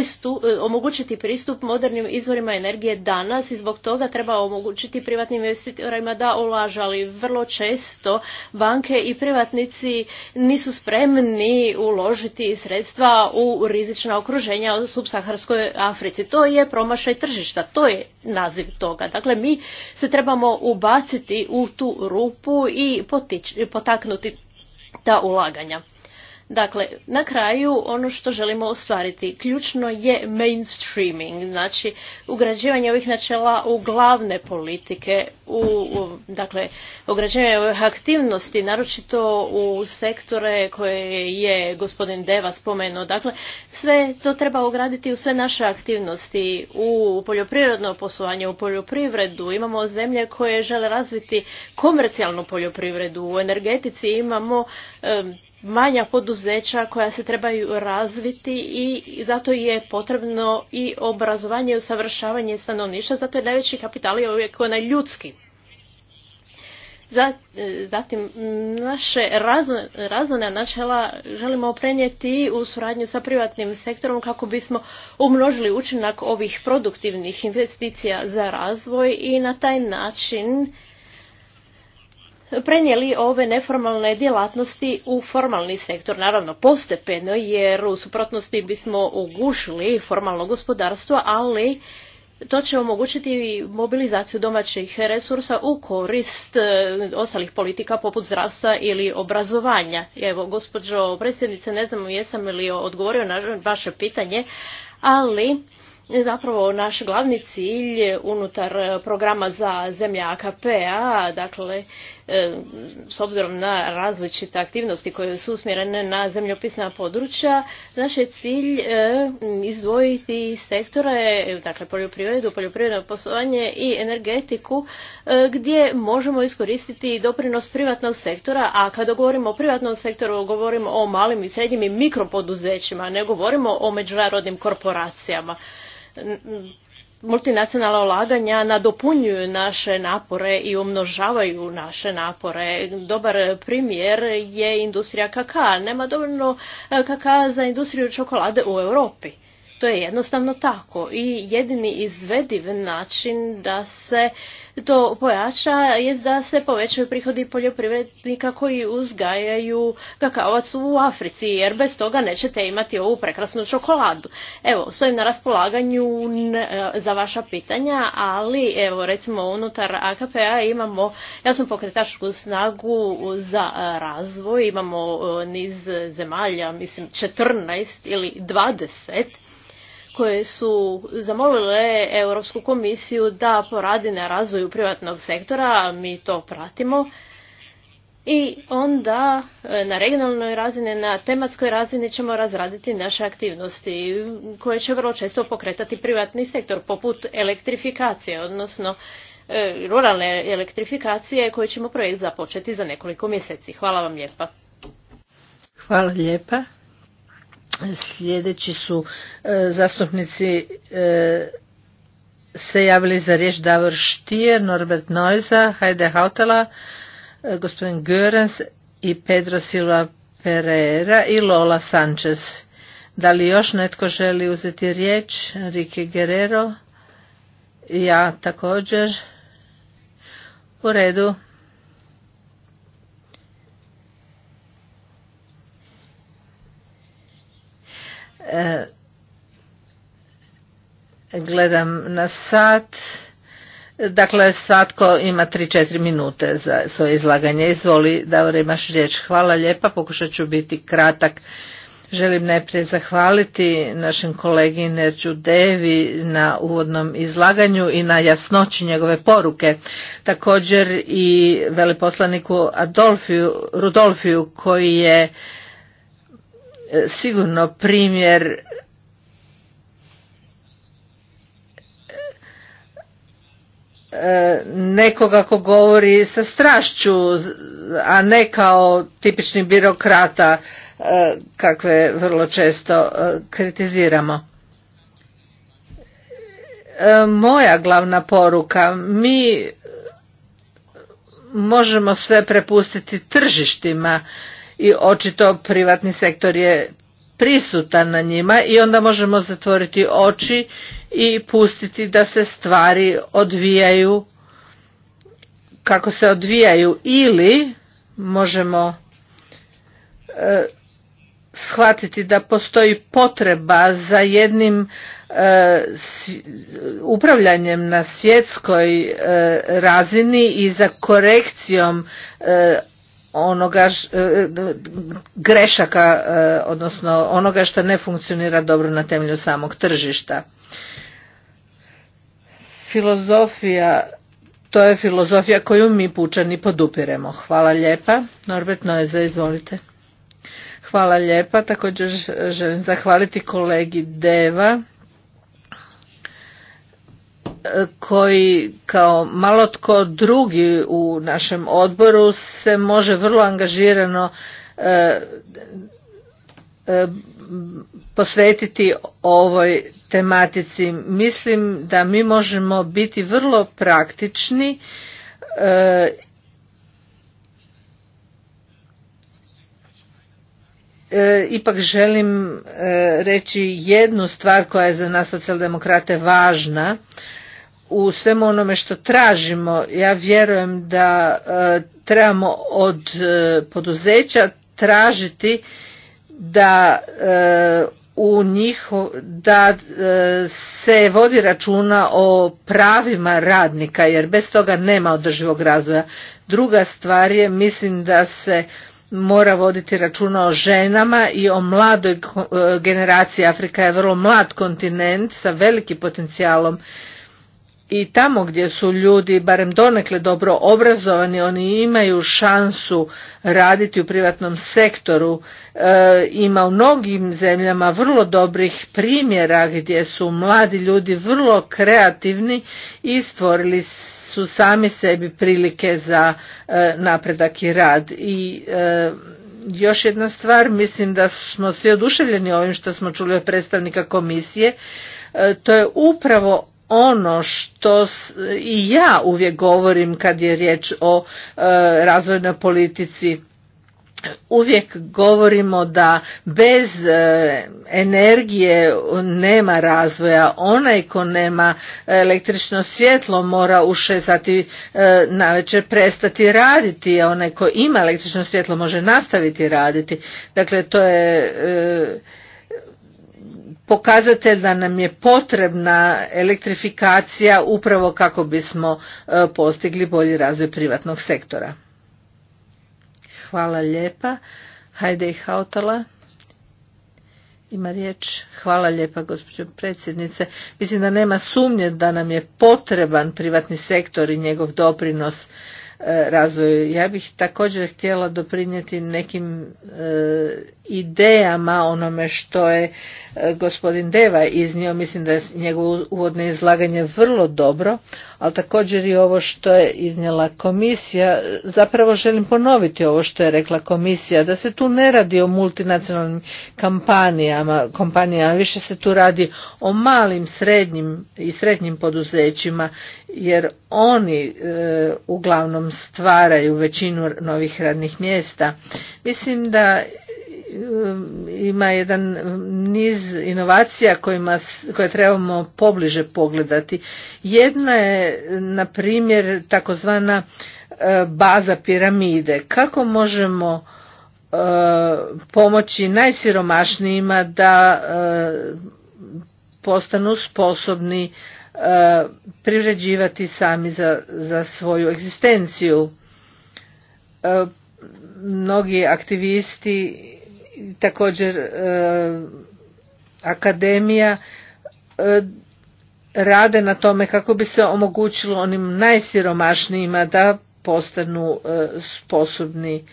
omogućiti pristup modernim izvorima energije danas i zbog toga treba omogućiti privatnim investitorima da ulažu, ali vrlo često banke i privatnici nisu spremni uložiti sredstva u rizična okruženja u subsaharskoj Africi. To je promašaj tržišta, to je naziv toga. Dakle, mi se trebamo ubaciti u tu rupu i i potaknuti ta ulaganja. Dakle, na kraju ono što želimo ostvariti ključno je mainstreaming, znači ugrađivanje ovih načela u glavne politike, u, dakle ugrađivanje ovih aktivnosti, naročito u sektore koje je gospodin Deva spomenuo. Dakle, sve to treba ugraditi u sve naše aktivnosti, u poljoprivredno poslovanje, u poljoprivredu. Imamo zemlje koje žele razviti komercijalnu poljoprivredu, u energetici imamo manja poduzeća koja se trebaju razviti i zato je potrebno i obrazovanje i usavršavanje stanovništva, zato je najveći kapital je uvijek onaj ljudski. E, zatim, naše razvojna načela želimo prenijeti u suradnju sa privatnim sektorom kako bismo umnožili učinak ovih produktivnih investicija za razvoj i na taj način prenijeli ove neformalne djelatnosti u formalni sektor, naravno postepeno jer u suprotnosti bismo ugušili formalno gospodarstvo, ali to će omogućiti mobilizaciju domaćih resursa u korist e, ostalih politika poput zdravstva ili obrazovanja. Evo, gospođo predsjednice, ne znam jesam li odgovorio na vaše pitanje, ali zapravo naš glavni cilj unutar programa za zemlja AKP-a, dakle E, s obzirom na različite aktivnosti koje su usmjerene na zemljopisna područja, naš je cilj e, izdvojiti sektore, dakle poljoprivredu, poljoprivredno poslovanje i energetiku, e, gdje možemo iskoristiti doprinos privatnog sektora, a kada govorimo o privatnom sektoru, govorimo o malim i srednjim i mikropoduzećima, ne govorimo o međunarodnim korporacijama multinacionalna ulaganja nadopunjuju naše napore i umnožavaju naše napore. Dobar primjer je industrija kaka. Nema dovoljno e, kaka za industriju čokolade u Europi. To je jednostavno tako i jedini izvediv način da se to pojača je da se povećaju prihodi poljoprivrednika koji uzgajaju kakavac u Africi, jer bez toga nećete imati ovu prekrasnu čokoladu. Evo, stojim na raspolaganju e, za vaša pitanja, ali evo, recimo unutar AKP-a imamo sam pokretačku snagu za e, razvoj, imamo e, niz zemalja, mislim 14 ili 20 koje su zamolile Europsku komisiju da poradi na razvoju privatnog sektora, mi to pratimo. I onda e, na regionalnoj razini, na tematskoj razini ćemo razraditi naše aktivnosti koje će vrlo često pokretati privatni sektor, poput elektrifikacije, odnosno e, ruralne elektrifikacije koje ćemo projekt započeti za nekoliko mjeseci. Hvala vam lijepa. Hvala lijepa. Sljedeći su e, zastupnici e, se javili za riječ Davor Štijer, Norbert Noiza, Heide Hautala, e, gospodin Görens i Pedro Silva Pereira i Lola Sanchez. Da li još netko želi uzeti riječ? Rike Guerrero. Ja također. U redu. Gledam na sat. Dakle, svatko ima 3-4 minute za svoje izlaganje. Izvoli, Davor, imaš riječ. Hvala lijepa, pokušat ću biti kratak. Želim najprije zahvaliti našem kolegi Nerđu Devi na uvodnom izlaganju i na jasnoći njegove poruke. Također i veleposlaniku Rudolfiju koji je E, sigurno primjer e, nekoga ko govori sa strašću, a ne kao tipični birokrata e, kakve vrlo često kritiziramo. Moja glavna poruka, mi možemo sve prepustiti tržištima i očito privatni sektor je prisutan na njima i onda možemo zatvoriti oči i pustiti da se stvari odvijaju kako se odvijaju ili možemo e, shvatiti da postoji potreba za jednim e, upravljanjem na svjetskoj e, razini i za korekcijom onoga e, grešaka, e, odnosno onoga što ne funkcionira dobro na temelju samog tržišta. Filozofija, to je filozofija koju mi pučani podupiremo. Hvala lijepa. Norbert Noeza, izvolite. Hvala lijepa. Također želim zahvaliti kolegi Deva koji kao malo tko drugi u našem odboru se može vrlo angažirano e, e, posvetiti ovoj tematici. Mislim da mi možemo biti vrlo praktični e, ipak želim reći jednu stvar koja je za nas socijaldemokrate važna u svemu onome što tražimo. Ja vjerujem da e, trebamo od e, poduzeća tražiti da e, u njih da se vodi računa o pravima radnika jer bez toga nema održivog razvoja. Druga stvar je mislim da se mora voditi računa o ženama i o mladoj generaciji. Afrika je vrlo mlad kontinent sa velikim potencijalom i tamo gdje su ljudi barem donekle dobro obrazovani oni imaju šansu raditi u privatnom sektoru e, ima u mnogim zemljama vrlo dobrih primjera gdje su mladi ljudi vrlo kreativni i stvorili su sami sebi prilike za e, napredak i rad i e, još jedna stvar mislim da smo svi oduševljeni ovim što smo čuli od predstavnika komisije to je upravo ono što i ja uvijek govorim kad je riječ o e, razvojnoj politici uvijek govorimo da bez e, energije nema razvoja onaj ko nema električno svjetlo mora u šest sati e, prestati raditi a onaj ko ima električno svjetlo može nastaviti raditi dakle to je pokazatelj da nam je potrebna elektrifikacija upravo kako bismo e, postigli bolji razvoj privatnog sektora. Hvala lijepa. Hajde i Hautala. Ima riječ. Hvala lijepa gospođo predsjednice. Mislim da nema sumnje da nam je potreban privatni sektor i njegov doprinos e, razvoju. Ja bih također htjela doprinijeti nekim e, idejama onome što je gospodin Deva iznio, mislim da je njegovo uvodno izlaganje vrlo dobro, ali također i ovo što je iznijela komisija, zapravo želim ponoviti ovo što je rekla komisija, da se tu ne radi o multinacionalnim kampanijama, kompanijama, više se tu radi o malim, srednjim i srednjim poduzećima, jer oni e, uglavnom stvaraju većinu novih radnih mjesta. Mislim da ima jedan niz inovacija kojima, koje trebamo pobliže pogledati. Jedna je, na primjer, takozvana e, baza piramide. Kako možemo e, pomoći najsiromašnijima da e, postanu sposobni privređivati sami za, za svoju egzistenciju. Mnogi aktivisti također e, akademija e, rade na tome kako bi se omogućilo onim najsiromašnijima da postanu e, sposobni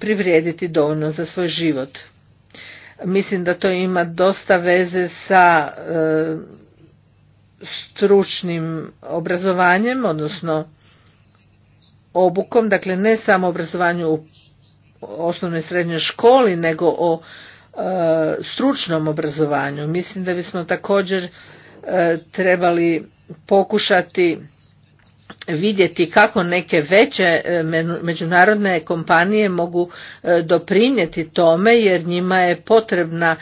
privrijediti dovoljno za svoj život. Mislim da to ima dosta veze sa stručnim obrazovanjem, odnosno obukom, dakle ne samo obrazovanju u osnovnoj i srednjoj školi nego o e, stručnom obrazovanju. Mislim da bismo također e, trebali pokušati vidjeti kako neke veće e, međunarodne kompanije mogu doprinijeti tome jer njima je potrebna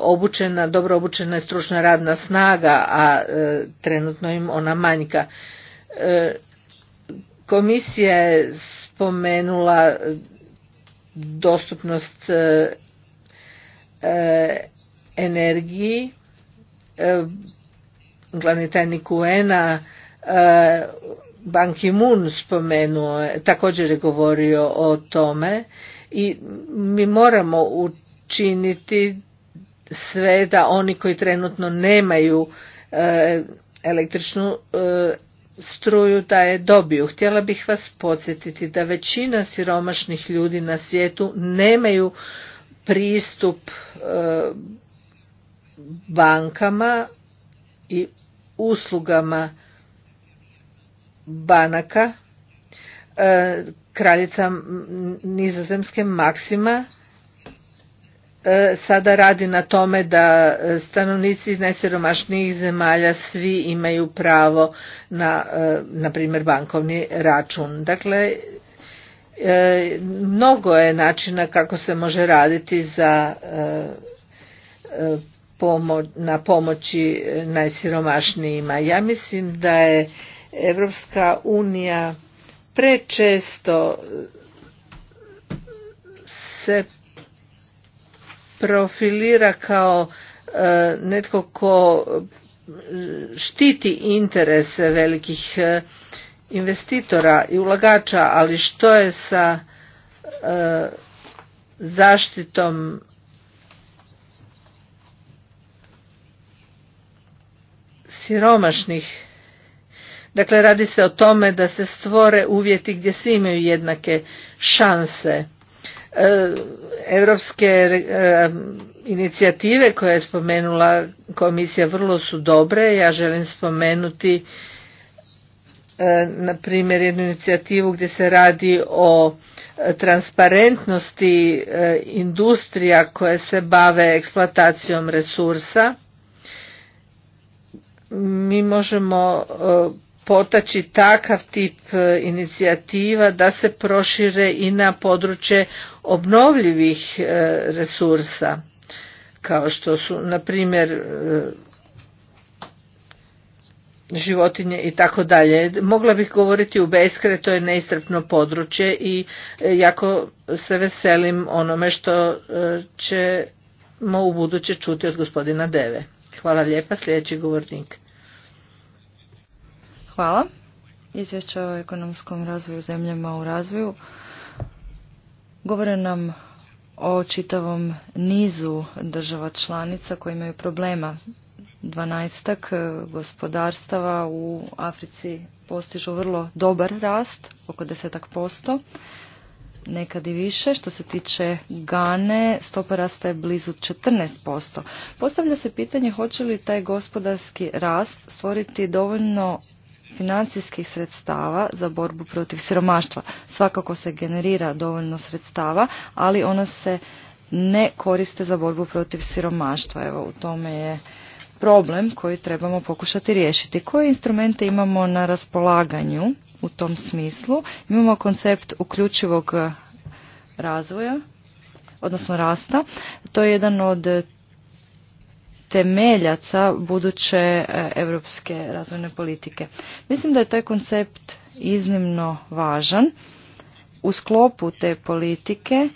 obučena, dobro obučena i stručna radna snaga, a trenutno im ona manjka. Komisija je spomenula dostupnost e, e, energiji. E, glavni tajnik UN-a Ban Ki-moon također je govorio o tome i mi moramo učiniti sve da oni koji trenutno nemaju električnu struju da je dobiju. Htjela bih vas podsjetiti da većina siromašnih ljudi na svijetu nemaju pristup e, bankama i uslugama banaka e, kraljica nizozemske maksima E, sada radi na tome da e, stanovnici iz najsiromašnijih zemalja svi imaju pravo na e, na primjer bankovni račun dakle mnogo je načina kako se može raditi za na pomoći najsiromašnijima ja mislim da je Evropska unija prečesto se profilira kao e, netko ko štiti interese velikih e, investitora i ulagača, ali što je sa e, zaštitom siromašnih. Dakle, radi se o tome da se stvore uvjeti gdje svi imaju jednake šanse. Europske e, inicijative koje je spomenula komisija vrlo su dobre. Ja želim spomenuti e, na primjer jednu inicijativu gdje se radi o transparentnosti e, industrija koje se bave eksploatacijom resursa. Mi možemo potaći takav tip e, inicijativa da se prošire i na područje obnovljivih e, resursa kao što su na primjer e, životinje i tako dalje. Mogla bih govoriti u beskre, to je neistrpno područje i jako se veselim onome što ćemo u buduće čuti od gospodina Deve. Hvala lijepa, sljedeći govornik. Hvala. Izvješća o ekonomskom razvoju zemljama u razvoju govore nam o čitavom nizu država članica koji imaju problema. Dvanaestak gospodarstava u Africi postižu vrlo dobar rast, oko desetak posto, nekad i više. Što se tiče Gane, stopa rasta je blizu 14%. Postavlja se pitanje hoće li taj gospodarski rast stvoriti dovoljno financijskih sredstava za borbu protiv siromaštva. Svakako se generira dovoljno sredstava, ali ona se ne koriste za borbu protiv siromaštva. Evo, u tome je problem koji trebamo pokušati riješiti. Koje instrumente imamo na raspolaganju u tom smislu? Imamo koncept uključivog razvoja, odnosno rasta. To je jedan od temeljaca buduće europske razvojne politike. Mislim da je taj koncept iznimno važan. U sklopu te politike e,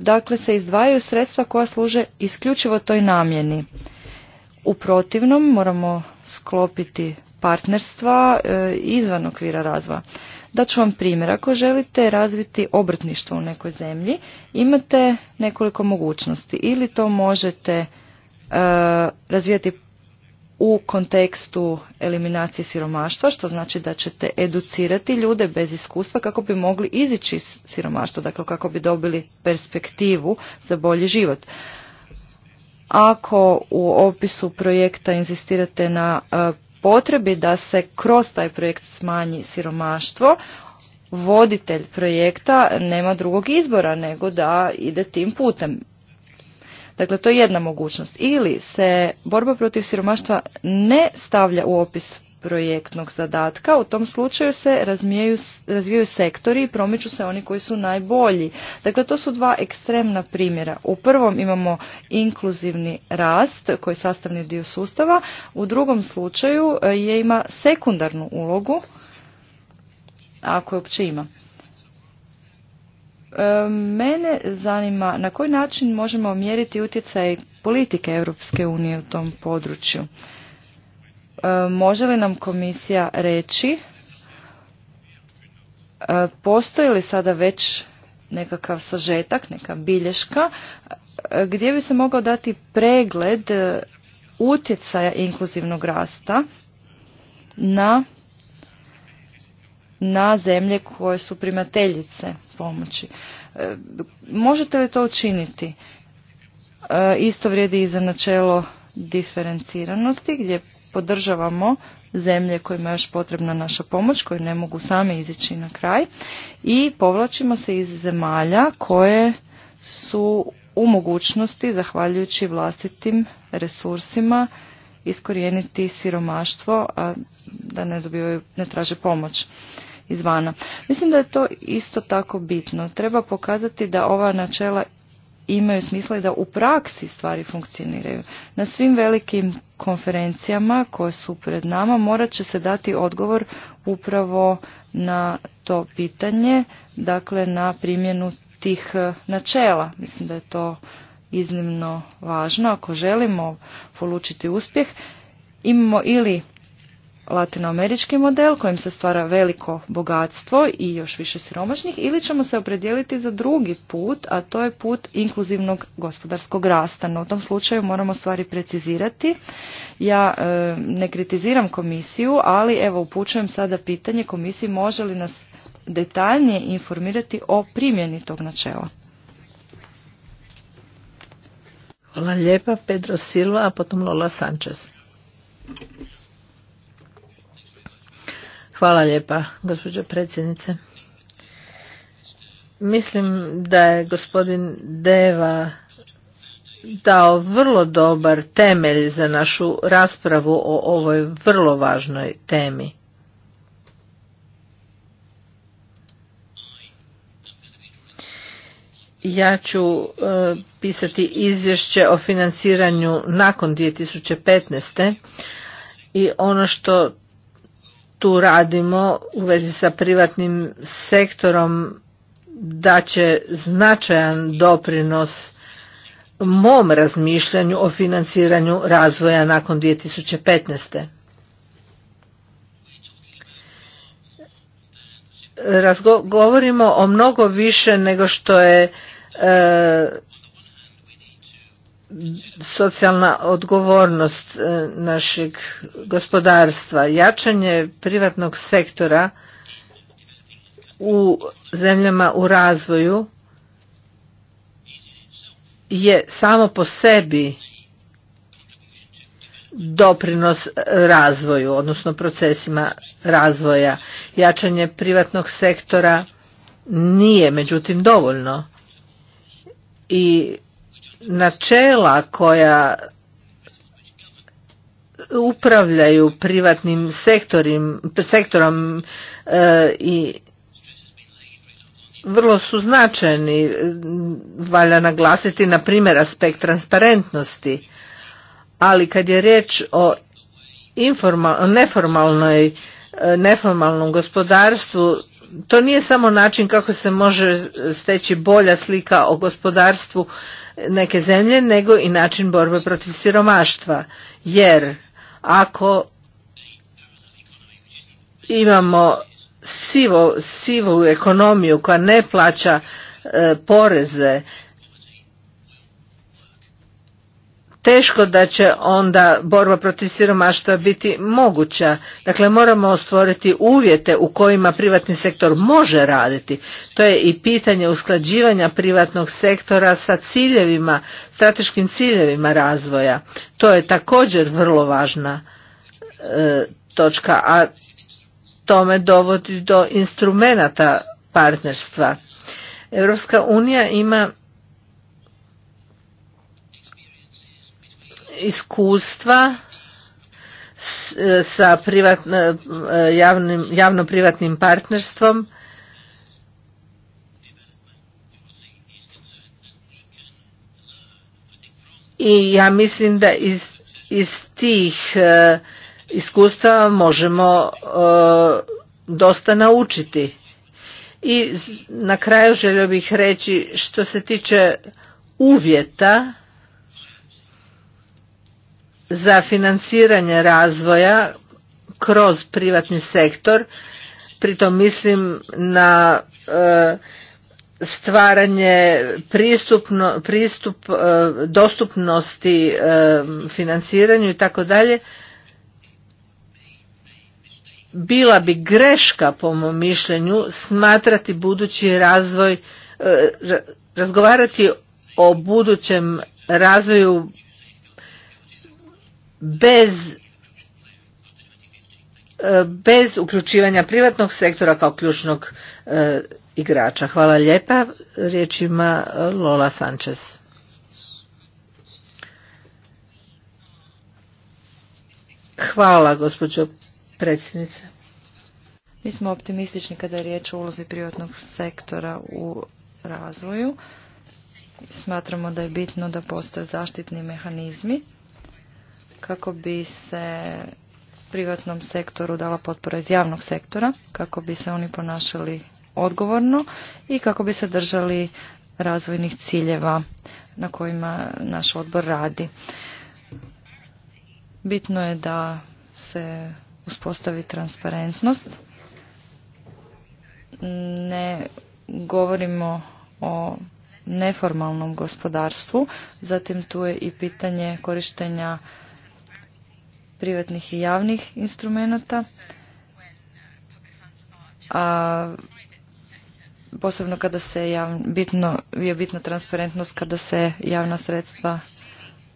dakle se izdvajaju sredstva koja služe isključivo toj namjeni. U protivnom moramo sklopiti partnerstva e, izvan okvira razvoja. Da ću vam primjer, ako želite razviti obrtništvo u nekoj zemlji, imate nekoliko mogućnosti. Ili to možete uh, razvijati u kontekstu eliminacije siromaštva, što znači da ćete educirati ljude bez iskustva kako bi mogli izići iz siromaštva, dakle kako bi dobili perspektivu za bolji život. Ako u opisu projekta insistirate na e, potrebi da se kroz taj projekt smanji siromaštvo, voditelj projekta nema drugog izbora nego da ide tim putem. Dakle, to je jedna mogućnost. Ili se borba protiv siromaštva ne stavlja u opis projektnog zadatka. U tom slučaju se razmijaju, razvijaju sektori i promiču se oni koji su najbolji. Dakle, to su dva ekstremna primjera. U prvom imamo inkluzivni rast koji je sastavni dio sustava. U drugom slučaju e, je ima sekundarnu ulogu, ako je uopće ima. E, mene zanima na koji način možemo mjeriti utjecaj politike Europske unije u tom području. E, može li nam komisija reći e, postoji li sada već nekakav sažetak, neka bilješka e, gdje bi se mogao dati pregled utjecaja inkluzivnog rasta na na zemlje koje su primateljice pomoći. Možete li to učiniti? Isto vrijedi i za načelo diferenciranosti gdje podržavamo zemlje kojima je još potrebna naša pomoć, koje ne mogu same izići na kraj i povlačimo se iz zemalja koje su u mogućnosti, zahvaljujući vlastitim resursima, iskorijeniti siromaštvo, a da ne dobivaju, ne traže pomoć izvana. Mislim da je to isto tako bitno. Treba pokazati da ova načela imaju smisla i da u praksi stvari funkcioniraju. Na svim velikim konferencijama koje su pred nama morat će se dati odgovor upravo na to pitanje, dakle na primjenu tih e, načela. Mislim da je to iznimno važno. Ako želimo polučiti uspjeh, imamo ili latinoamerički model kojim se stvara veliko bogatstvo i još više siromašnih ili ćemo se opredijeliti za drugi put, a to je put inkluzivnog gospodarskog rasta. No u tom slučaju moramo stvari precizirati. Ja e, ne kritiziram komisiju, ali evo upućujem sada pitanje komisiji može li nas detaljnije informirati o primjeni tog načela. Hvala lijepa Pedro Silva, a potom Lola Sanchez. Hvala lijepa, gospođo predsjednice. Mislim da je gospodin Deva dao vrlo dobar temelj za našu raspravu o ovoj vrlo važnoj temi. Ja ću e, pisati izvješće o financiranju nakon 2015. i ono što tu radimo u vezi sa privatnim sektorom da će značajan doprinos mom razmišljanju o financiranju razvoja nakon 2015. Razgo govorimo o mnogo više nego što je e, socijalna odgovornost e, našeg gospodarstva, jačanje privatnog sektora u zemljama u razvoju je samo po sebi doprinos razvoju, odnosno procesima razvoja. Jačanje privatnog sektora nije međutim dovoljno i načela koja upravljaju privatnim sektorim, sektorom e, i vrlo su značajni, valja naglasiti na primjer aspekt transparentnosti, ali kad je riječ o, o neformalnoj, e, neformalnom gospodarstvu, to nije samo način kako se može steći bolja slika o gospodarstvu neke zemlje nego i način borbe protiv siromaštva jer ako imamo sivu ekonomiju koja ne plaća e, poreze teško da će onda borba protiv siromaštva biti moguća. Dakle, moramo stvoriti uvjete u kojima privatni sektor može raditi. To je i pitanje usklađivanja privatnog sektora sa ciljevima, strateškim ciljevima razvoja. To je također vrlo važna e, točka, a tome dovodi do instrumenata partnerstva. Europska unija ima iskustva e, sa e, javno-privatnim partnerstvom i ja mislim da iz, iz tih e, iskustva možemo dosta naučiti. I na kraju želio bih reći što se tiče uvjeta za financiranje razvoja kroz privatni sektor, pritom mislim na e, stvaranje pristupno, pristup e, dostupnosti e, financiranju i tako dalje, bila bi greška po mom mišljenju smatrati budući razvoj, razgovarati o budućem razvoju bez e, bez uključivanja privatnog sektora kao ključnog e, igrača. Hvala lijepa. Riječ ima Lola Sanchez. Hvala, gospođo predsjednice. Mi smo optimistični kada je riječ o ulozi privatnog sektora u razvoju. Smatramo da je bitno da postoje zaštitni mehanizmi kako bi se privatnom sektoru dala potpora iz javnog sektora, kako bi se oni ponašali odgovorno i kako bi se držali razvojnih ciljeva na kojima naš odbor radi. Bitno je da se uspostavi transparentnost. Ne govorimo o neformalnom gospodarstvu, zatim tu je i pitanje korištenja privatnih i javnih instrumenata, a posebno kada se je bitna transparentnost kada se javna sredstva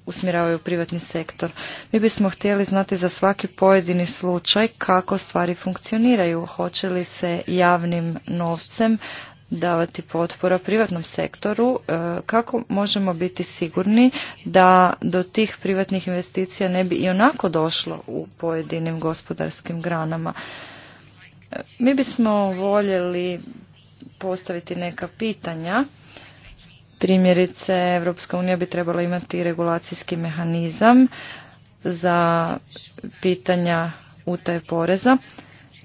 usmjeravaju u privatni sektor. Mi bismo htjeli znati za svaki pojedini slučaj kako stvari funkcioniraju, hoće li se javnim novcem davati potpora privatnom sektoru, e, kako možemo biti sigurni da do tih privatnih investicija ne bi i onako došlo u pojedinim gospodarskim granama? E, mi bismo voljeli postaviti neka pitanja. Primjerice, Evropska unija bi trebala imati regulacijski mehanizam za pitanja utaje poreza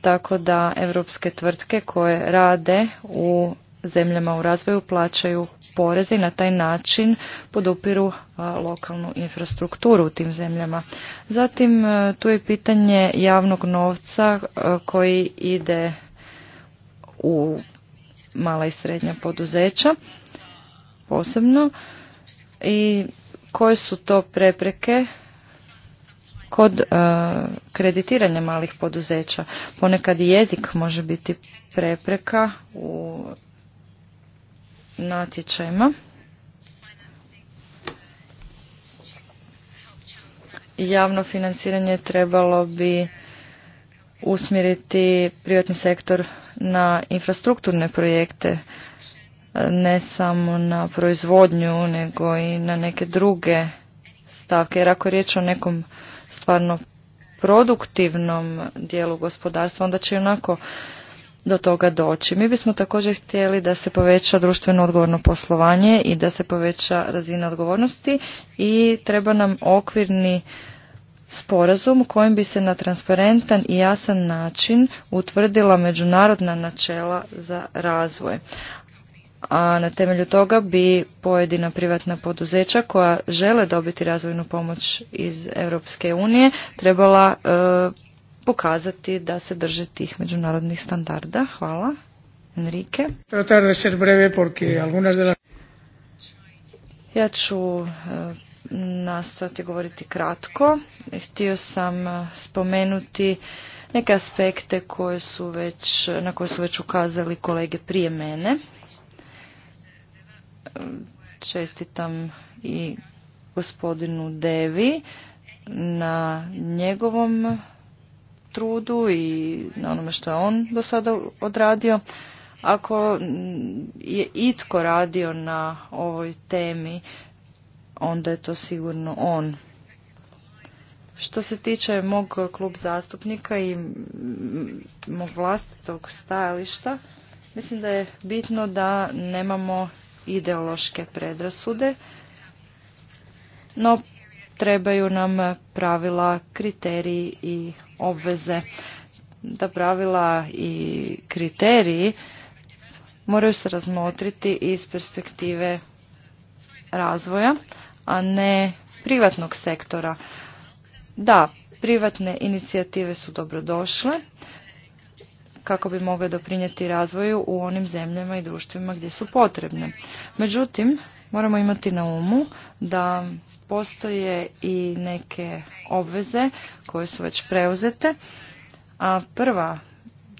tako da europske tvrtke koje rade u zemljama u razvoju plaćaju poreze i na taj način podupiru lokalnu infrastrukturu u tim zemljama. Zatim e, tu je pitanje javnog novca e, koji ide u mala i srednja poduzeća posebno i koje su to prepreke kod e, kreditiranja malih poduzeća. Ponekad i jezik može biti prepreka u natječajima. Javno financiranje trebalo bi usmjeriti privatni sektor na infrastrukturne projekte, ne samo na proizvodnju, nego i na neke druge stavke. Jer ako je riječ o nekom stvarno produktivnom dijelu gospodarstva, onda će onako do toga doći. Mi bismo također htjeli da se poveća društveno odgovorno poslovanje i da se poveća razina odgovornosti i treba nam okvirni sporazum kojim bi se na transparentan i jasan način utvrdila međunarodna načela za razvoj a na temelju toga bi pojedina privatna poduzeća koja žele dobiti razvojnu pomoć iz Europske unije trebala e, pokazati da se drže tih međunarodnih standarda. Hvala. Enrique. Ja ću e, nastojati govoriti kratko. Htio sam e, spomenuti neke aspekte koje su već, na koje su već ukazali kolege prije mene čestitam i gospodinu Devi na njegovom trudu i na onome što je on do sada odradio. Ako je itko radio na ovoj temi, onda je to sigurno on. Što se tiče mog klub zastupnika i mog vlastitog stajališta, mislim da je bitno da nemamo ideološke predrasude, no trebaju nam pravila, kriteriji i obveze. Da pravila i kriteriji moraju se razmotriti iz perspektive razvoja, a ne privatnog sektora. Da, privatne inicijative su dobrodošle, kako bi mogle doprinijeti razvoju u onim zemljama i društvima gdje su potrebne. Međutim, moramo imati na umu da postoje i neke obveze koje su već preuzete, a prva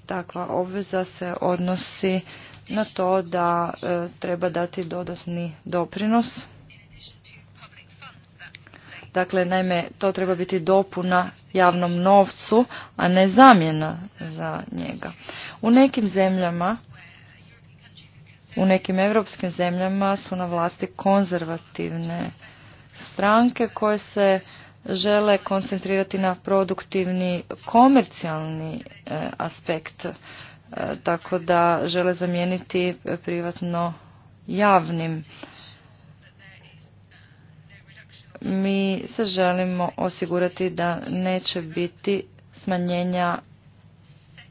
takva obveza se odnosi na to da e, treba dati dodatni doprinos Dakle, naime, to treba biti dopuna javnom novcu, a ne zamjena za njega. U nekim zemljama, u nekim europskim zemljama su na vlasti konzervativne stranke koje se žele koncentrirati na produktivni komercijalni e, aspekt, e, tako da žele zamijeniti privatno javnim mi se želimo osigurati da neće biti smanjenja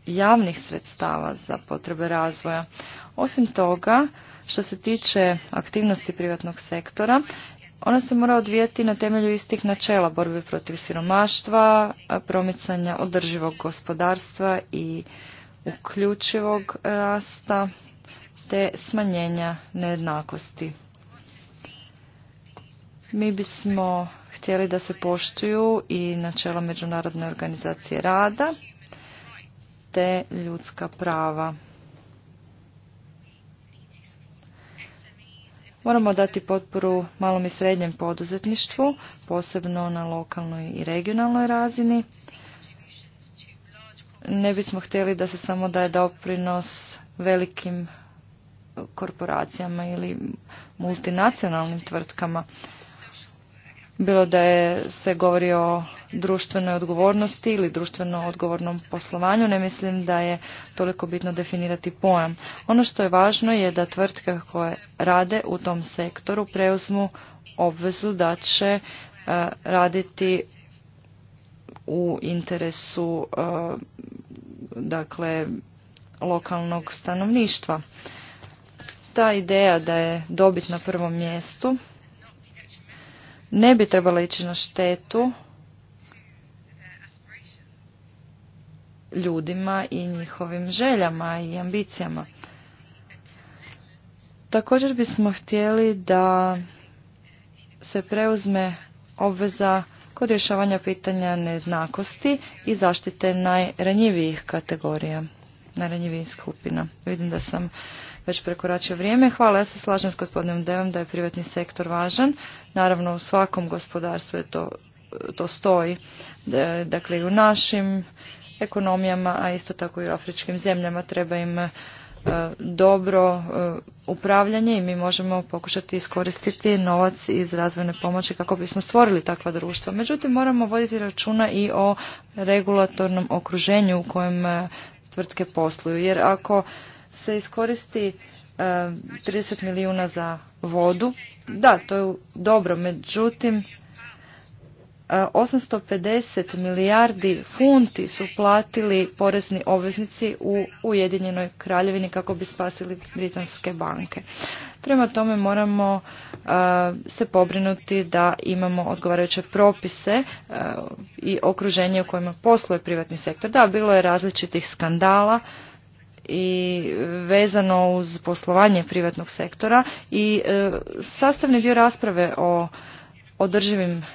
javnih sredstava za potrebe razvoja. Osim toga, što se tiče aktivnosti privatnog sektora, ona se mora odvijeti na temelju istih načela borbe protiv siromaštva, promicanja održivog gospodarstva i uključivog rasta te smanjenja nejednakosti. Mi bismo htjeli da se poštuju i načelo Međunarodne organizacije rada te ljudska prava. Moramo dati potporu malom i srednjem poduzetništvu, posebno na lokalnoj i regionalnoj razini. Ne bismo htjeli da se samo daje doprinos velikim korporacijama ili multinacionalnim tvrtkama bilo da se govori o društvenoj odgovornosti ili društveno odgovornom poslovanju, ne mislim da je toliko bitno definirati pojam. Ono što je važno je da tvrtke koje rade u tom sektoru preuzmu obvezu da će e, raditi u interesu e, dakle lokalnog stanovništva. Ta ideja da je dobit na prvom mjestu ne bi trebalo ići na štetu ljudima i njihovim željama i ambicijama. Također bismo htjeli da se preuzme obveza kod rješavanja pitanja nejednakosti i zaštite najranjivijih kategorija, najranjivijih skupina. Vidim da sam već prekoračio vrijeme. Hvala, ja se slažem s gospodinom Devom da je privatni sektor važan. Naravno, u svakom gospodarstvu je to, to stoji. Dakle, i u našim ekonomijama, a isto tako i u afričkim zemljama treba im e, dobro e, upravljanje i mi možemo pokušati iskoristiti novac iz razvojne pomoći kako bismo stvorili takva društva. Međutim, moramo voditi računa i o regulatornom okruženju u kojem e, tvrtke posluju. Jer ako se iskoristi 30 e, milijuna za vodu. Da, to je dobro, međutim 850 e, milijardi funti su platili porezni obveznici u Ujedinjenoj kraljevini kako bi spasili britanske banke. Prema tome moramo e, se pobrinuti da imamo odgovarajuće propise i okruženje u kojima posluje privatni sektor. Da, bilo je različitih skandala, i vezano uz poslovanje privatnog sektora i e, sastavni dio rasprave o održivim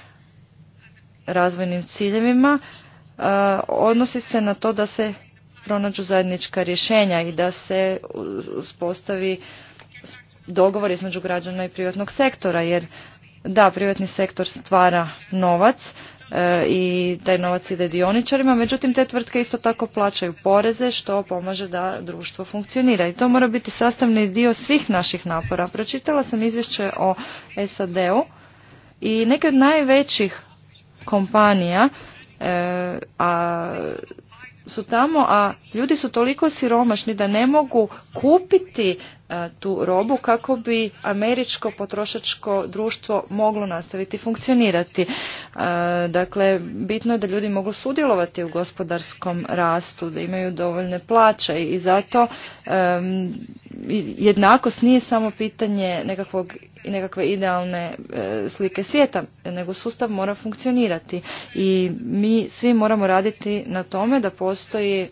razvojnim ciljevima e, odnosi se na to da se pronađu zajednička rješenja i da se uspostavi dogovor između građana i privatnog sektora jer da privatni sektor stvara novac E, i taj novac ide dioničarima, međutim te tvrtke isto tako plaćaju poreze što pomaže da društvo funkcionira i to mora biti sastavni dio svih naših napora. Pročitala sam izvješće o SAD-u i neke od najvećih kompanija e, a su tamo, a ljudi su toliko siromašni da ne mogu kupiti E, tu robu kako bi američko potrošačko društvo moglo nastaviti funkcionirati. E, dakle, bitno je da ljudi mogu sudjelovati u gospodarskom rastu, da imaju dovoljne plaće i zato jednakost nije samo pitanje nekakvog i nekakve idealne e, slike svijeta, nego sustav mora funkcionirati i mi svi moramo raditi na tome da postoji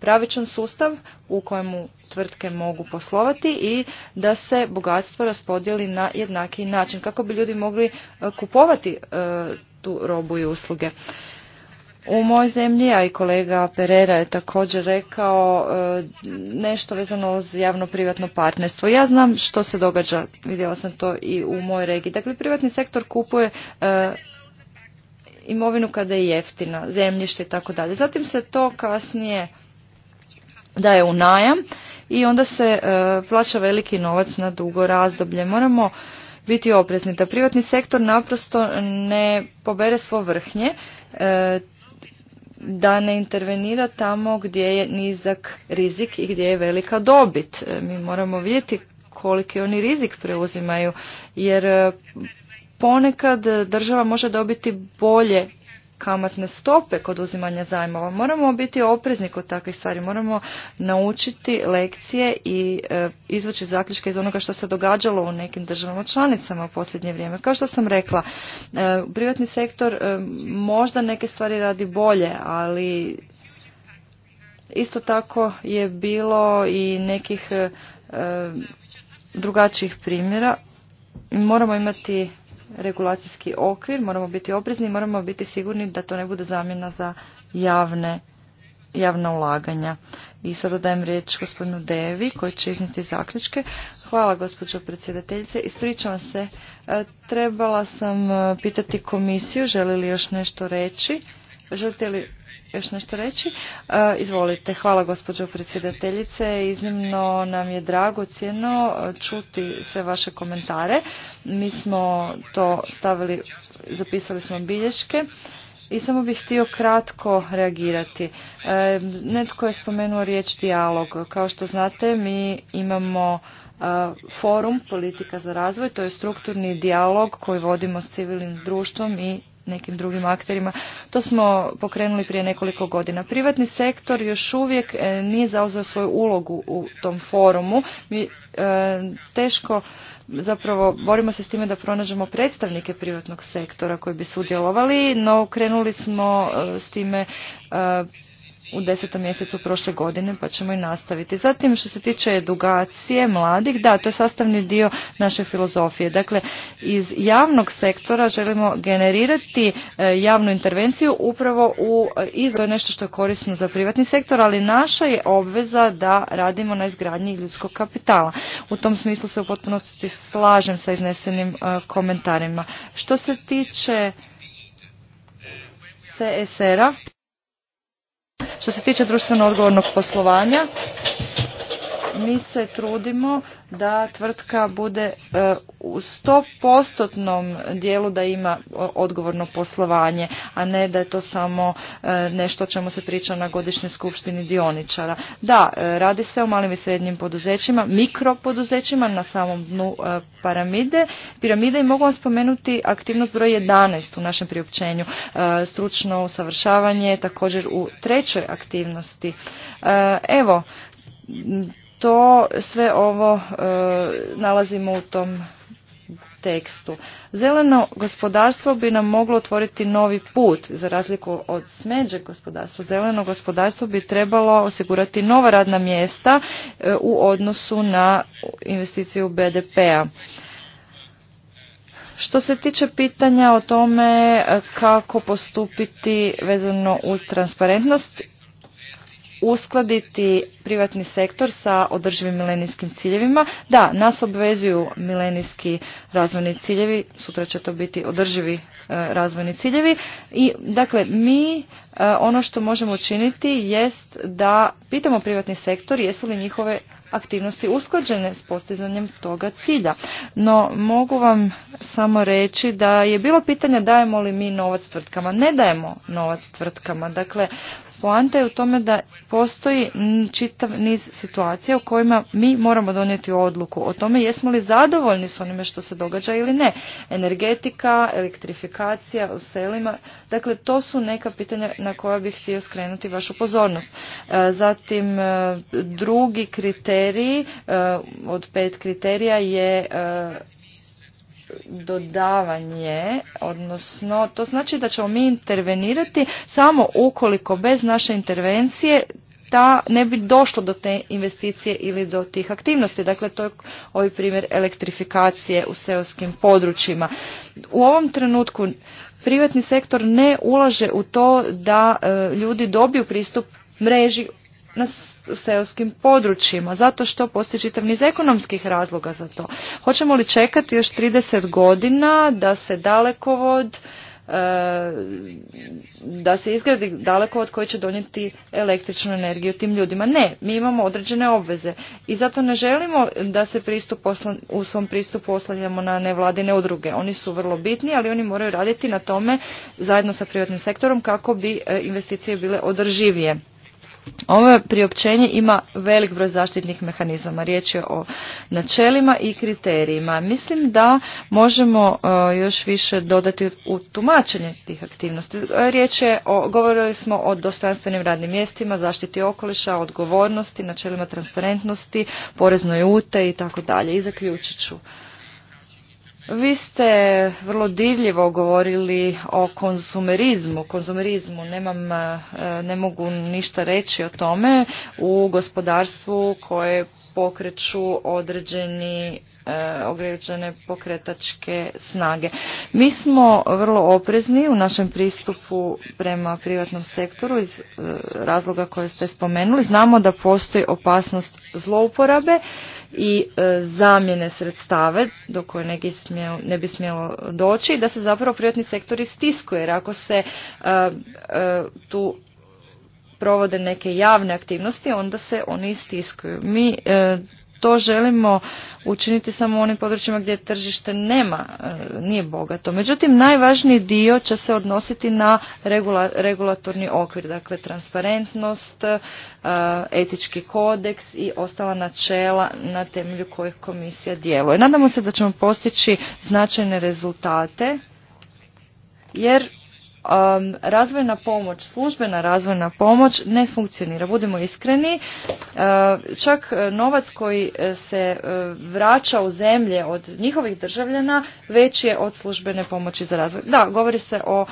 pravičan sustav u kojemu tvrtke mogu poslovati i da se bogatstvo raspodijeli na jednaki način kako bi ljudi mogli e, kupovati e, tu robu i usluge. U mojoj zemlji, a i kolega Perera je također rekao e, nešto vezano uz javno-privatno partnerstvo. Ja znam što se događa, vidjela sam to i u mojoj regiji. Dakle, privatni sektor kupuje imovinu kada je jeftina, zemljište i tako dalje. Zatim se to kasnije daje u najam i onda se e, plaća veliki novac na dugo razdoblje. Moramo biti oprezni da privatni sektor naprosto ne pobere svo vrhnje, e, da ne intervenira tamo gdje je nizak rizik i gdje je velika dobit. E, mi moramo vidjeti koliki oni rizik preuzimaju, jer ponekad država može dobiti bolje kamatne stope kod uzimanja zajmova. Moramo biti oprezni kod takvih stvari, moramo naučiti lekcije i e, izvući zaključke iz onoga što se događalo u nekim državama članicama u posljednje vrijeme. Kao što sam rekla, e, privatni sektor e, možda neke stvari radi bolje, ali isto tako je bilo i nekih drugačijih primjera. Moramo imati regulacijski okvir, moramo biti oprezni, moramo biti sigurni da to ne bude zamjena za javne javna ulaganja. I sada dajem riječ gospodinu Devi koji će iznijeti zaključke. Hvala gospođo predsjedateljice. Ispričavam se, e, trebala sam e, pitati komisiju želi li još nešto reći. Želite li još nešto reći? E, izvolite, hvala gospođo predsjedateljice. Iznimno nam je drago cijeno e, čuti sve vaše komentare. Mi smo to stavili, zapisali smo bilješke. I samo bih htio kratko reagirati. E, netko je spomenuo riječ dijalog. Kao što znate, mi imamo forum politika za razvoj, to je strukturni dijalog koji vodimo s civilnim društvom i nekim drugim akterima. To smo pokrenuli prije nekoliko godina. Privatni sektor još uvijek e, nije zauzeo svoju ulogu u tom forumu. Mi e, teško zapravo borimo se s time da pronađemo predstavnike privatnog sektora koji bi sudjelovali, no krenuli smo e, s time u desetom mjesecu prošle godine, pa ćemo i nastaviti. Zatim, što se tiče edukacije mladih, da, to je sastavni dio naše filozofije. Dakle, iz javnog sektora želimo generirati e, javnu intervenciju upravo u e, izgledu. nešto što je korisno za privatni sektor, ali naša je obveza da radimo na izgradnji ljudskog kapitala. U tom smislu se u potpunosti slažem sa iznesenim e, komentarima. Što se tiče CSR-a, što se tiče društveno odgovornog poslovanja, mi se trudimo da tvrtka bude e, u sto postotnom dijelu da ima odgovorno poslovanje, a ne da je to samo e, nešto o čemu se priča na godišnjoj skupštini dioničara. Da, e, radi se o malim i srednjim poduzećima, mikropoduzećima na samom dnu piramide, piramide i mogu vam spomenuti aktivnost broj 11 u našem priopćenju, stručno usavršavanje također u trećoj aktivnosti. Evo, to sve ovo e, nalazimo u tom tekstu. Zeleno gospodarstvo bi nam moglo otvoriti novi put, za razliku od smeđeg gospodarstva. Zeleno gospodarstvo bi trebalo osigurati nova radna mjesta e, u odnosu na investiciju BDP-a. Što se tiče pitanja o tome e, kako postupiti vezano uz transparentnost, uskladiti privatni sektor sa održivim milenijskim ciljevima. Da, nas obvezuju milenijski razvojni ciljevi, sutra će to biti održivi e, razvojni ciljevi. I dakle, mi e, ono što možemo učiniti jest da pitamo privatni sektor jesu li njihove aktivnosti usklađene s postizanjem toga cilja. No mogu vam samo reći da je bilo pitanje dajemo li mi novac tvrtkama. Ne dajemo novac tvrtkama. Dakle, Poanta je u tome da postoji čitav niz situacija u kojima mi moramo donijeti odluku o tome jesmo li zadovoljni s onime što se događa ili ne. Energetika, elektrifikacija u selima, dakle to su neka pitanja na koja bih htio skrenuti vašu pozornost. E, zatim e, drugi kriterij e, od pet kriterija je dodavanje, odnosno to znači da ćemo mi intervenirati samo ukoliko bez naše intervencije ta ne bi došlo do te investicije ili do tih aktivnosti. Dakle, to je ovaj primjer elektrifikacije u seoskim područjima. U ovom trenutku privatni sektor ne ulaže u to da e, ljudi dobiju pristup mreži na seoskim područjima, zato što postoji čitav niz ekonomskih razloga za to. Hoćemo li čekati još 30 godina da se dalekovod e, da se izgradi dalekovod koji će donijeti električnu energiju tim ljudima. Ne, mi imamo određene obveze i zato ne želimo da se pristup u svom pristupu oslanjamo na nevladine udruge. Oni su vrlo bitni, ali oni moraju raditi na tome zajedno sa privatnim sektorom kako bi e, investicije bile održivije. Ovo priopćenje ima velik broj zaštitnih mehanizama. Riječ je o načelima i kriterijima. Mislim da možemo e, još više dodati u tumačenje tih aktivnosti. E, riječ je o, govorili smo o dostojanstvenim radnim mjestima, zaštiti okoliša, odgovornosti, načelima transparentnosti, poreznoj ute i tako dalje. I zaključit ću. Vi ste vrlo dirljivo govorili o konzumerizmu. Konzumerizmu nemam, eh, ne mogu ništa reći o tome u gospodarstvu koje pokreću određeni, e, određene pokretačke snage. Mi smo vrlo oprezni u našem pristupu prema privatnom sektoru iz e, razloga koje ste spomenuli. Znamo da postoji opasnost zlouporabe i e, zamjene sredstave do koje ne bi, smjelo, doći i da se zapravo privatni sektor istiskuje ako se tu provode neke javne aktivnosti, onda se oni istiskuju. Mi e, to želimo učiniti samo u onim područjima gdje tržište nema, e, nije bogato. Međutim, najvažniji dio će se odnositi na regulatorni okvir, dakle transparentnost, e, etički kodeks i ostala načela na temelju kojih komisija djeluje. Nadamo se da ćemo postići značajne rezultate jer Um, razvojna pomoć, službena razvojna pomoć ne funkcionira. Budimo iskreni, uh, čak uh, novac koji uh, se vraća u zemlje od njihovih državljana već je od službene pomoći za razvoj. Da, govori se o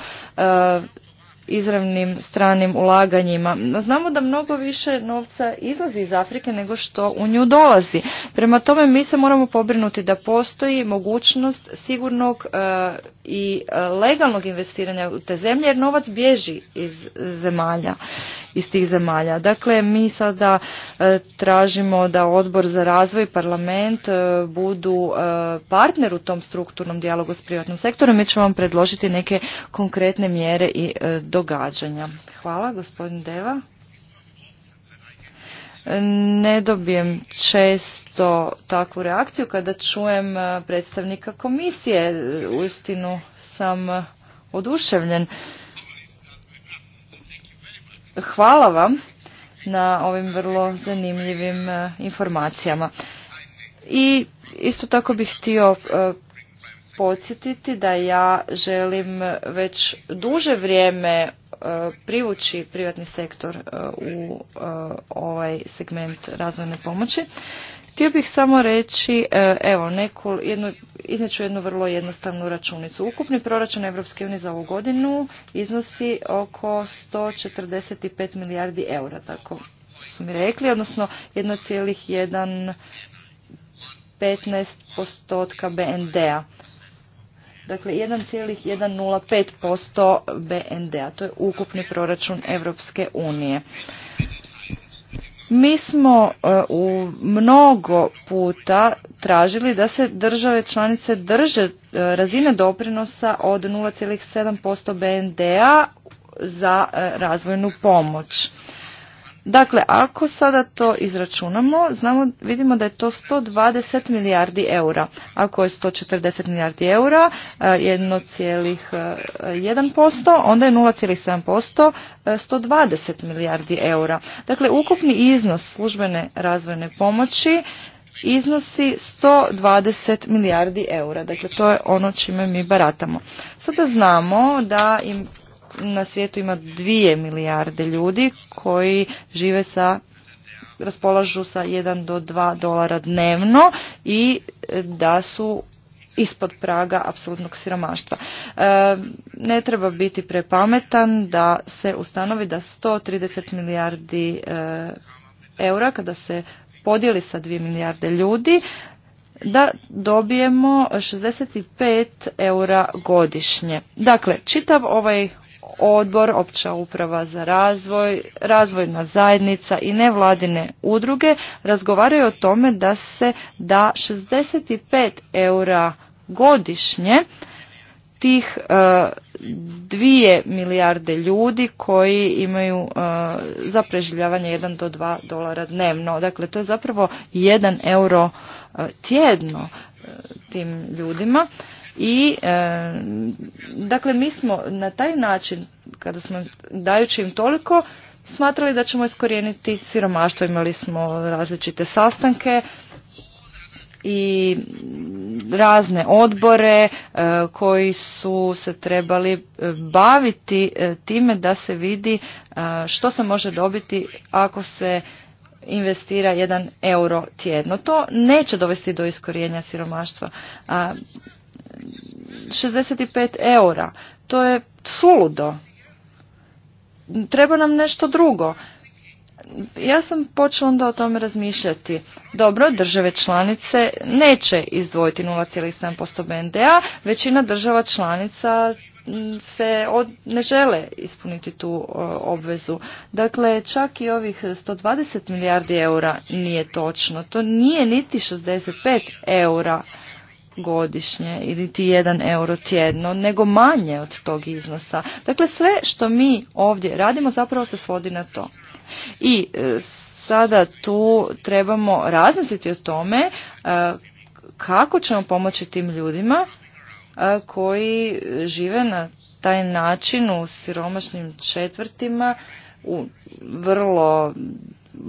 izravnim stranim ulaganjima. Znamo da mnogo više novca izlazi iz Afrike nego što u nju dolazi. Prema tome mi se moramo pobrinuti da postoji mogućnost sigurnog e, i e, legalnog investiranja u te zemlje jer novac bježi iz zemalja iz tih zemalja. Dakle, mi sada e, tražimo da odbor za razvoj i parlament budu partner u tom strukturnom dijalogu s privatnim sektorom. Mi ćemo vam predložiti neke konkretne mjere i događanja. Hvala, gospodin Deva. Ne dobijem često takvu reakciju kada čujem e, predstavnika komisije. Uistinu sam oduševljen. Hvala vam na ovim vrlo zanimljivim e, informacijama. I isto tako bih htio e, podsjetiti da ja želim već duže vrijeme e, privući privatni sektor e, u e, ovaj segment razvojne pomoći. Htio bih samo reći, evo, neku, jednu, izneću jednu vrlo jednostavnu računicu. Ukupni proračun Europske unije za ovu godinu iznosi oko 145 milijardi eura, tako su mi rekli, odnosno 1,1 15 postotka BND-a. Dakle, 1,105% BND-a, to je ukupni proračun Europske unije. Mi smo e, u mnogo puta tražili da se države članice drže e, razine doprinosa od 0,7% BND-a za e, razvojnu pomoć. Dakle, ako sada to izračunamo, znamo, vidimo da je to 120 milijardi eura. Ako je 140 milijardi eura, 1,1%, e, e, onda je 0,7%, 120 e, milijardi eura. Dakle, ukupni iznos službene razvojne pomoći iznosi 120 milijardi eura. Dakle, to je ono čime mi baratamo. Sada znamo da im na svijetu ima dvije milijarde ljudi koji žive sa raspolažu sa 1 do 2 dolara dnevno i e, da su ispod praga apsolutnog siromaštva. E, ne treba biti prepametan da se ustanovi da 130 milijardi e, eura kada se podijeli sa 2 milijarde ljudi da dobijemo 65 eura godišnje. Dakle, čitav ovaj odbor, opća uprava za razvoj, razvojna zajednica i nevladine udruge razgovaraju o tome da se da 65 eura godišnje tih e, dvije milijarde ljudi koji imaju e, za preživljavanje 1 do 2 dolara dnevno. Dakle, to je zapravo 1 euro e, tjedno e, tim ljudima. I e, dakle mi smo na taj način kada smo dajući im toliko smatrali da ćemo iskorijeniti siromaštvo. Imali smo različite sastanke i razne odbore e, koji su se trebali e, baviti time da se vidi što se može dobiti ako se investira jedan euro tjedno. To neće dovesti do iskorijenja siromaštva. 65 eura. To je suludo. Treba nam nešto drugo. Ja sam počela onda o tome razmišljati. Dobro, države članice neće izdvojiti 0,7% BND-a. Većina država članica se ne žele ispuniti tu obvezu. Dakle, čak i ovih 120 milijardi eura nije točno. To nije niti 65 eura godišnje ili ti jedan euro tjedno, nego manje od tog iznosa. Dakle, sve što mi ovdje radimo zapravo se svodi na to. I e, sada tu trebamo razmisliti o tome e, kako ćemo pomoći tim ljudima e, koji žive na taj način u siromašnim četvrtima, u vrlo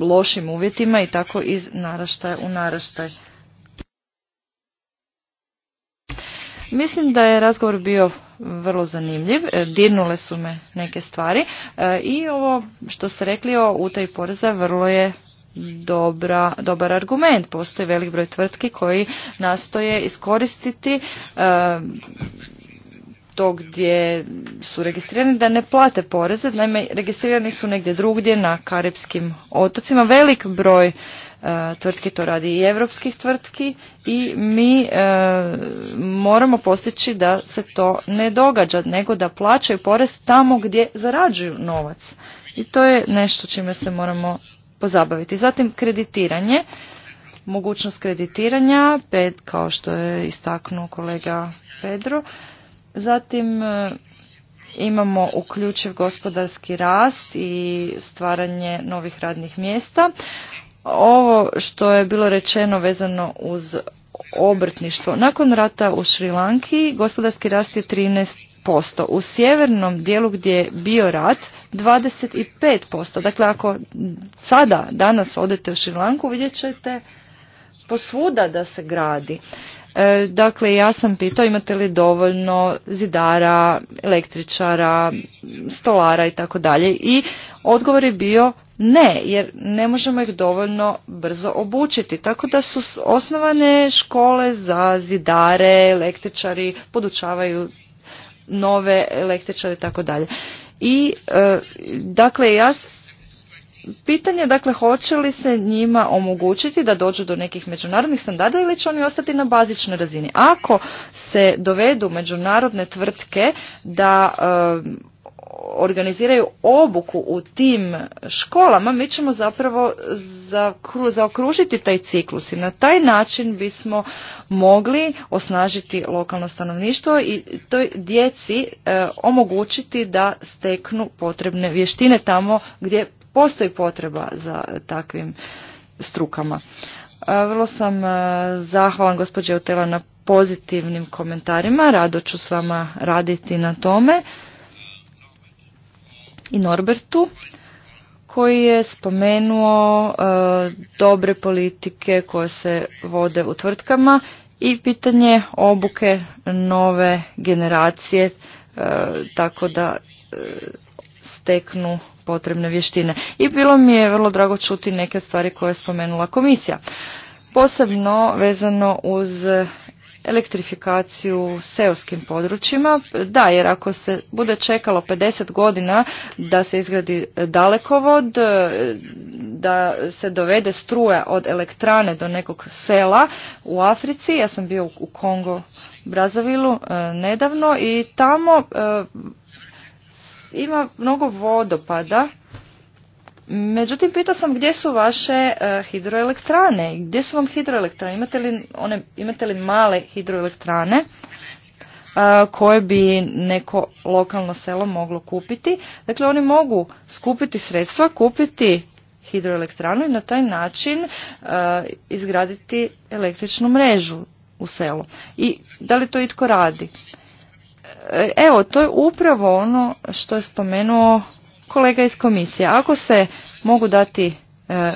lošim uvjetima i tako iz naraštaja u naraštaj. Mislim da je razgovor bio vrlo zanimljiv, e, dirnule su me neke stvari e, i ovo što ste rekli o utaji poreza vrlo je dobra, dobar argument. Postoji velik broj tvrtki koji nastoje iskoristiti e, to gdje su registrirani da ne plate poreze. Naime, registrirani su negdje drugdje na Karibskim otocima. Velik broj e, tvrtki to radi i europskih tvrtki i mi e, moramo postići da se to ne događa nego da plaćaju porez tamo gdje zarađuju novac i to je nešto čime se moramo pozabaviti zatim kreditiranje mogućnost kreditiranja pet kao što je istaknuo kolega Pedro Zatim e, imamo uključiv gospodarski rast i stvaranje novih radnih mjesta. Ovo što je bilo rečeno vezano uz obrtništvo. Nakon rata u Šrilanki gospodarski rast je 13%. U sjevernom dijelu gdje je bio rat 25%. Dakle, ako sada, danas odete u Šrilanku, vidjet ćete posvuda da se gradi. E, dakle, ja sam pitao imate li dovoljno zidara, električara, stolara i tako dalje i odgovor je bio ne, jer ne možemo ih dovoljno brzo obučiti. Tako da su osnovane škole za zidare, električari, podučavaju nove električare i tako dalje. I, e, dakle, ja Pitanje dakle hoće li se njima omogućiti da dođu do nekih međunarodnih standarda ili će oni ostati na bazičnoj razini. Ako se dovedu međunarodne tvrtke da eh, organiziraju obuku u tim školama, mi ćemo zapravo zaokružiti taj ciklus i na taj način bismo mogli osnažiti lokalno stanovništvo i toj djeci eh, omogućiti da steknu potrebne vještine tamo gdje postoji potreba za takvim strukama. E, vrlo sam e, zahvalan gospođe Otela na pozitivnim komentarima. Rado ću s vama raditi na tome. I Norbertu koji je spomenuo e, dobre politike koje se vode u tvrtkama i pitanje obuke nove generacije tako da steknu potrebne vještine. I bilo mi je vrlo drago čuti neke stvari koje je spomenula komisija. Posebno vezano uz elektrifikaciju seoskim područjima. Da, jer ako se bude čekalo 50 godina da se izgradi dalekovod, da se dovede struja od elektrane do nekog sela u Africi, ja sam bio u Kongo Brazavilu eh, nedavno i tamo eh, ima mnogo vodopada. Međutim, pitao sam gdje su vaše e, hidroelektrane, gdje su vam hidroelektrane, imate li, male hidroelektrane e, koje bi neko lokalno selo moglo kupiti. Dakle, oni mogu skupiti sredstva, kupiti hidroelektranu i na taj način e, izgraditi električnu mrežu u selu. I da li to itko radi? E, evo, to je upravo ono što je spomenuo kolega iz komisije. Ako se mogu dati e,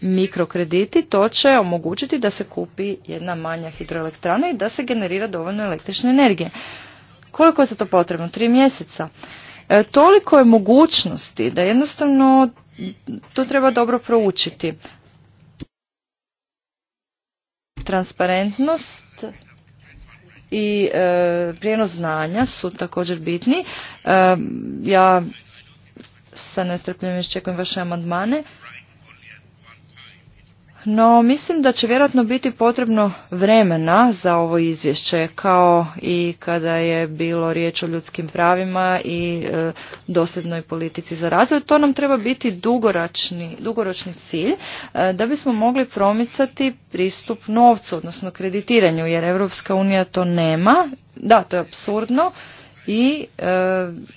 mikrokrediti, to će omogućiti da se kupi jedna manja hidroelektrana i da se generira dovoljno električne energije. Koliko je za to potrebno? Tri mjeseca. E, toliko je mogućnosti da jednostavno to treba dobro proučiti. Transparentnost i e, prijenos znanja su također bitni. E, ja sa nestrpljenjem iščekujem vaše amandmane. No, mislim da će vjerojatno biti potrebno vremena za ovo izvješće, kao i kada je bilo riječ o ljudskim pravima i e, dosljednoj politici za razvoj. To nam treba biti dugoročni, dugoročni cilj e, da bismo mogli promicati pristup novcu, odnosno kreditiranju, jer Europska unija to nema. Da, to je absurdno i e,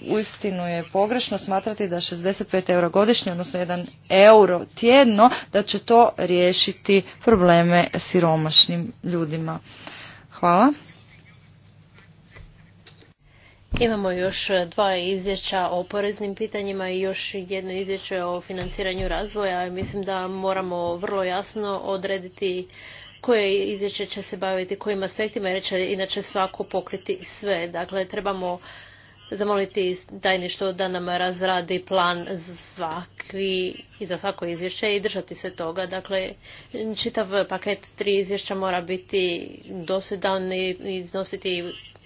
uistinu je pogrešno smatrati da 65 eura godišnje, odnosno 1 euro tjedno, da će to riješiti probleme siromašnim ljudima. Hvala. Imamo još dva izvješća o poreznim pitanjima i još jedno izvješće o financiranju razvoja. Mislim da moramo vrlo jasno odrediti koje izvješće će se baviti kojim aspektima jer će inače svako pokriti sve. Dakle, trebamo zamoliti tajništvo da nam razradi plan za svaki i za svako izvješće i držati se toga. Dakle, čitav paket tri izvješća mora biti dosedan i iznositi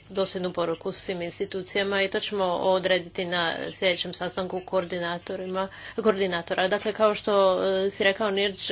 dosljednu poruku svim institucijama i to ćemo odrediti na sljedećem sastanku koordinatorima, koordinatora. Dakle, kao što e, si rekao Nirč,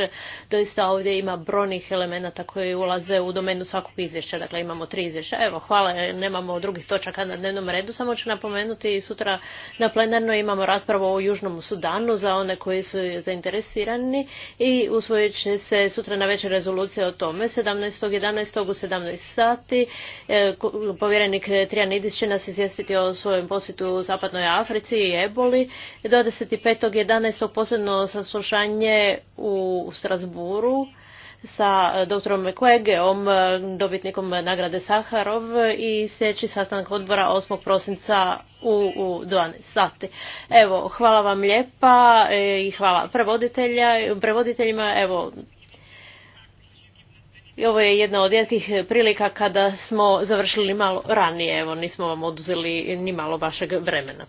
doista ovdje ima brojnih elemenata koji ulaze u domenu svakog izvješća. Dakle, imamo tri izvješća. Evo, hvala, e, nemamo drugih točaka na dnevnom redu. Samo ću napomenuti, sutra na plenarno imamo raspravu o Južnom Sudanu za one koji su zainteresirani i usvojit će se sutra na večer rezolucija o tome. 17.11. u 17 sati e, povjerenje povjerenik Trijanidis će nas izvijestiti o svojem posjetu u Zapadnoj Africi i Eboli. 25.11. posebno saslušanje u Strasburu sa doktorom Mekwegeom, dobitnikom nagrade Saharov i sljedeći sastanak odbora 8. prosinca u, u 12 sati. Evo, hvala vam lijepa i hvala prevoditeljima. Evo, i ovo je jedna od rijetkih eh, prilika kada smo završili malo ranije. Evo, nismo vam oduzeli ni malo vašeg vremena.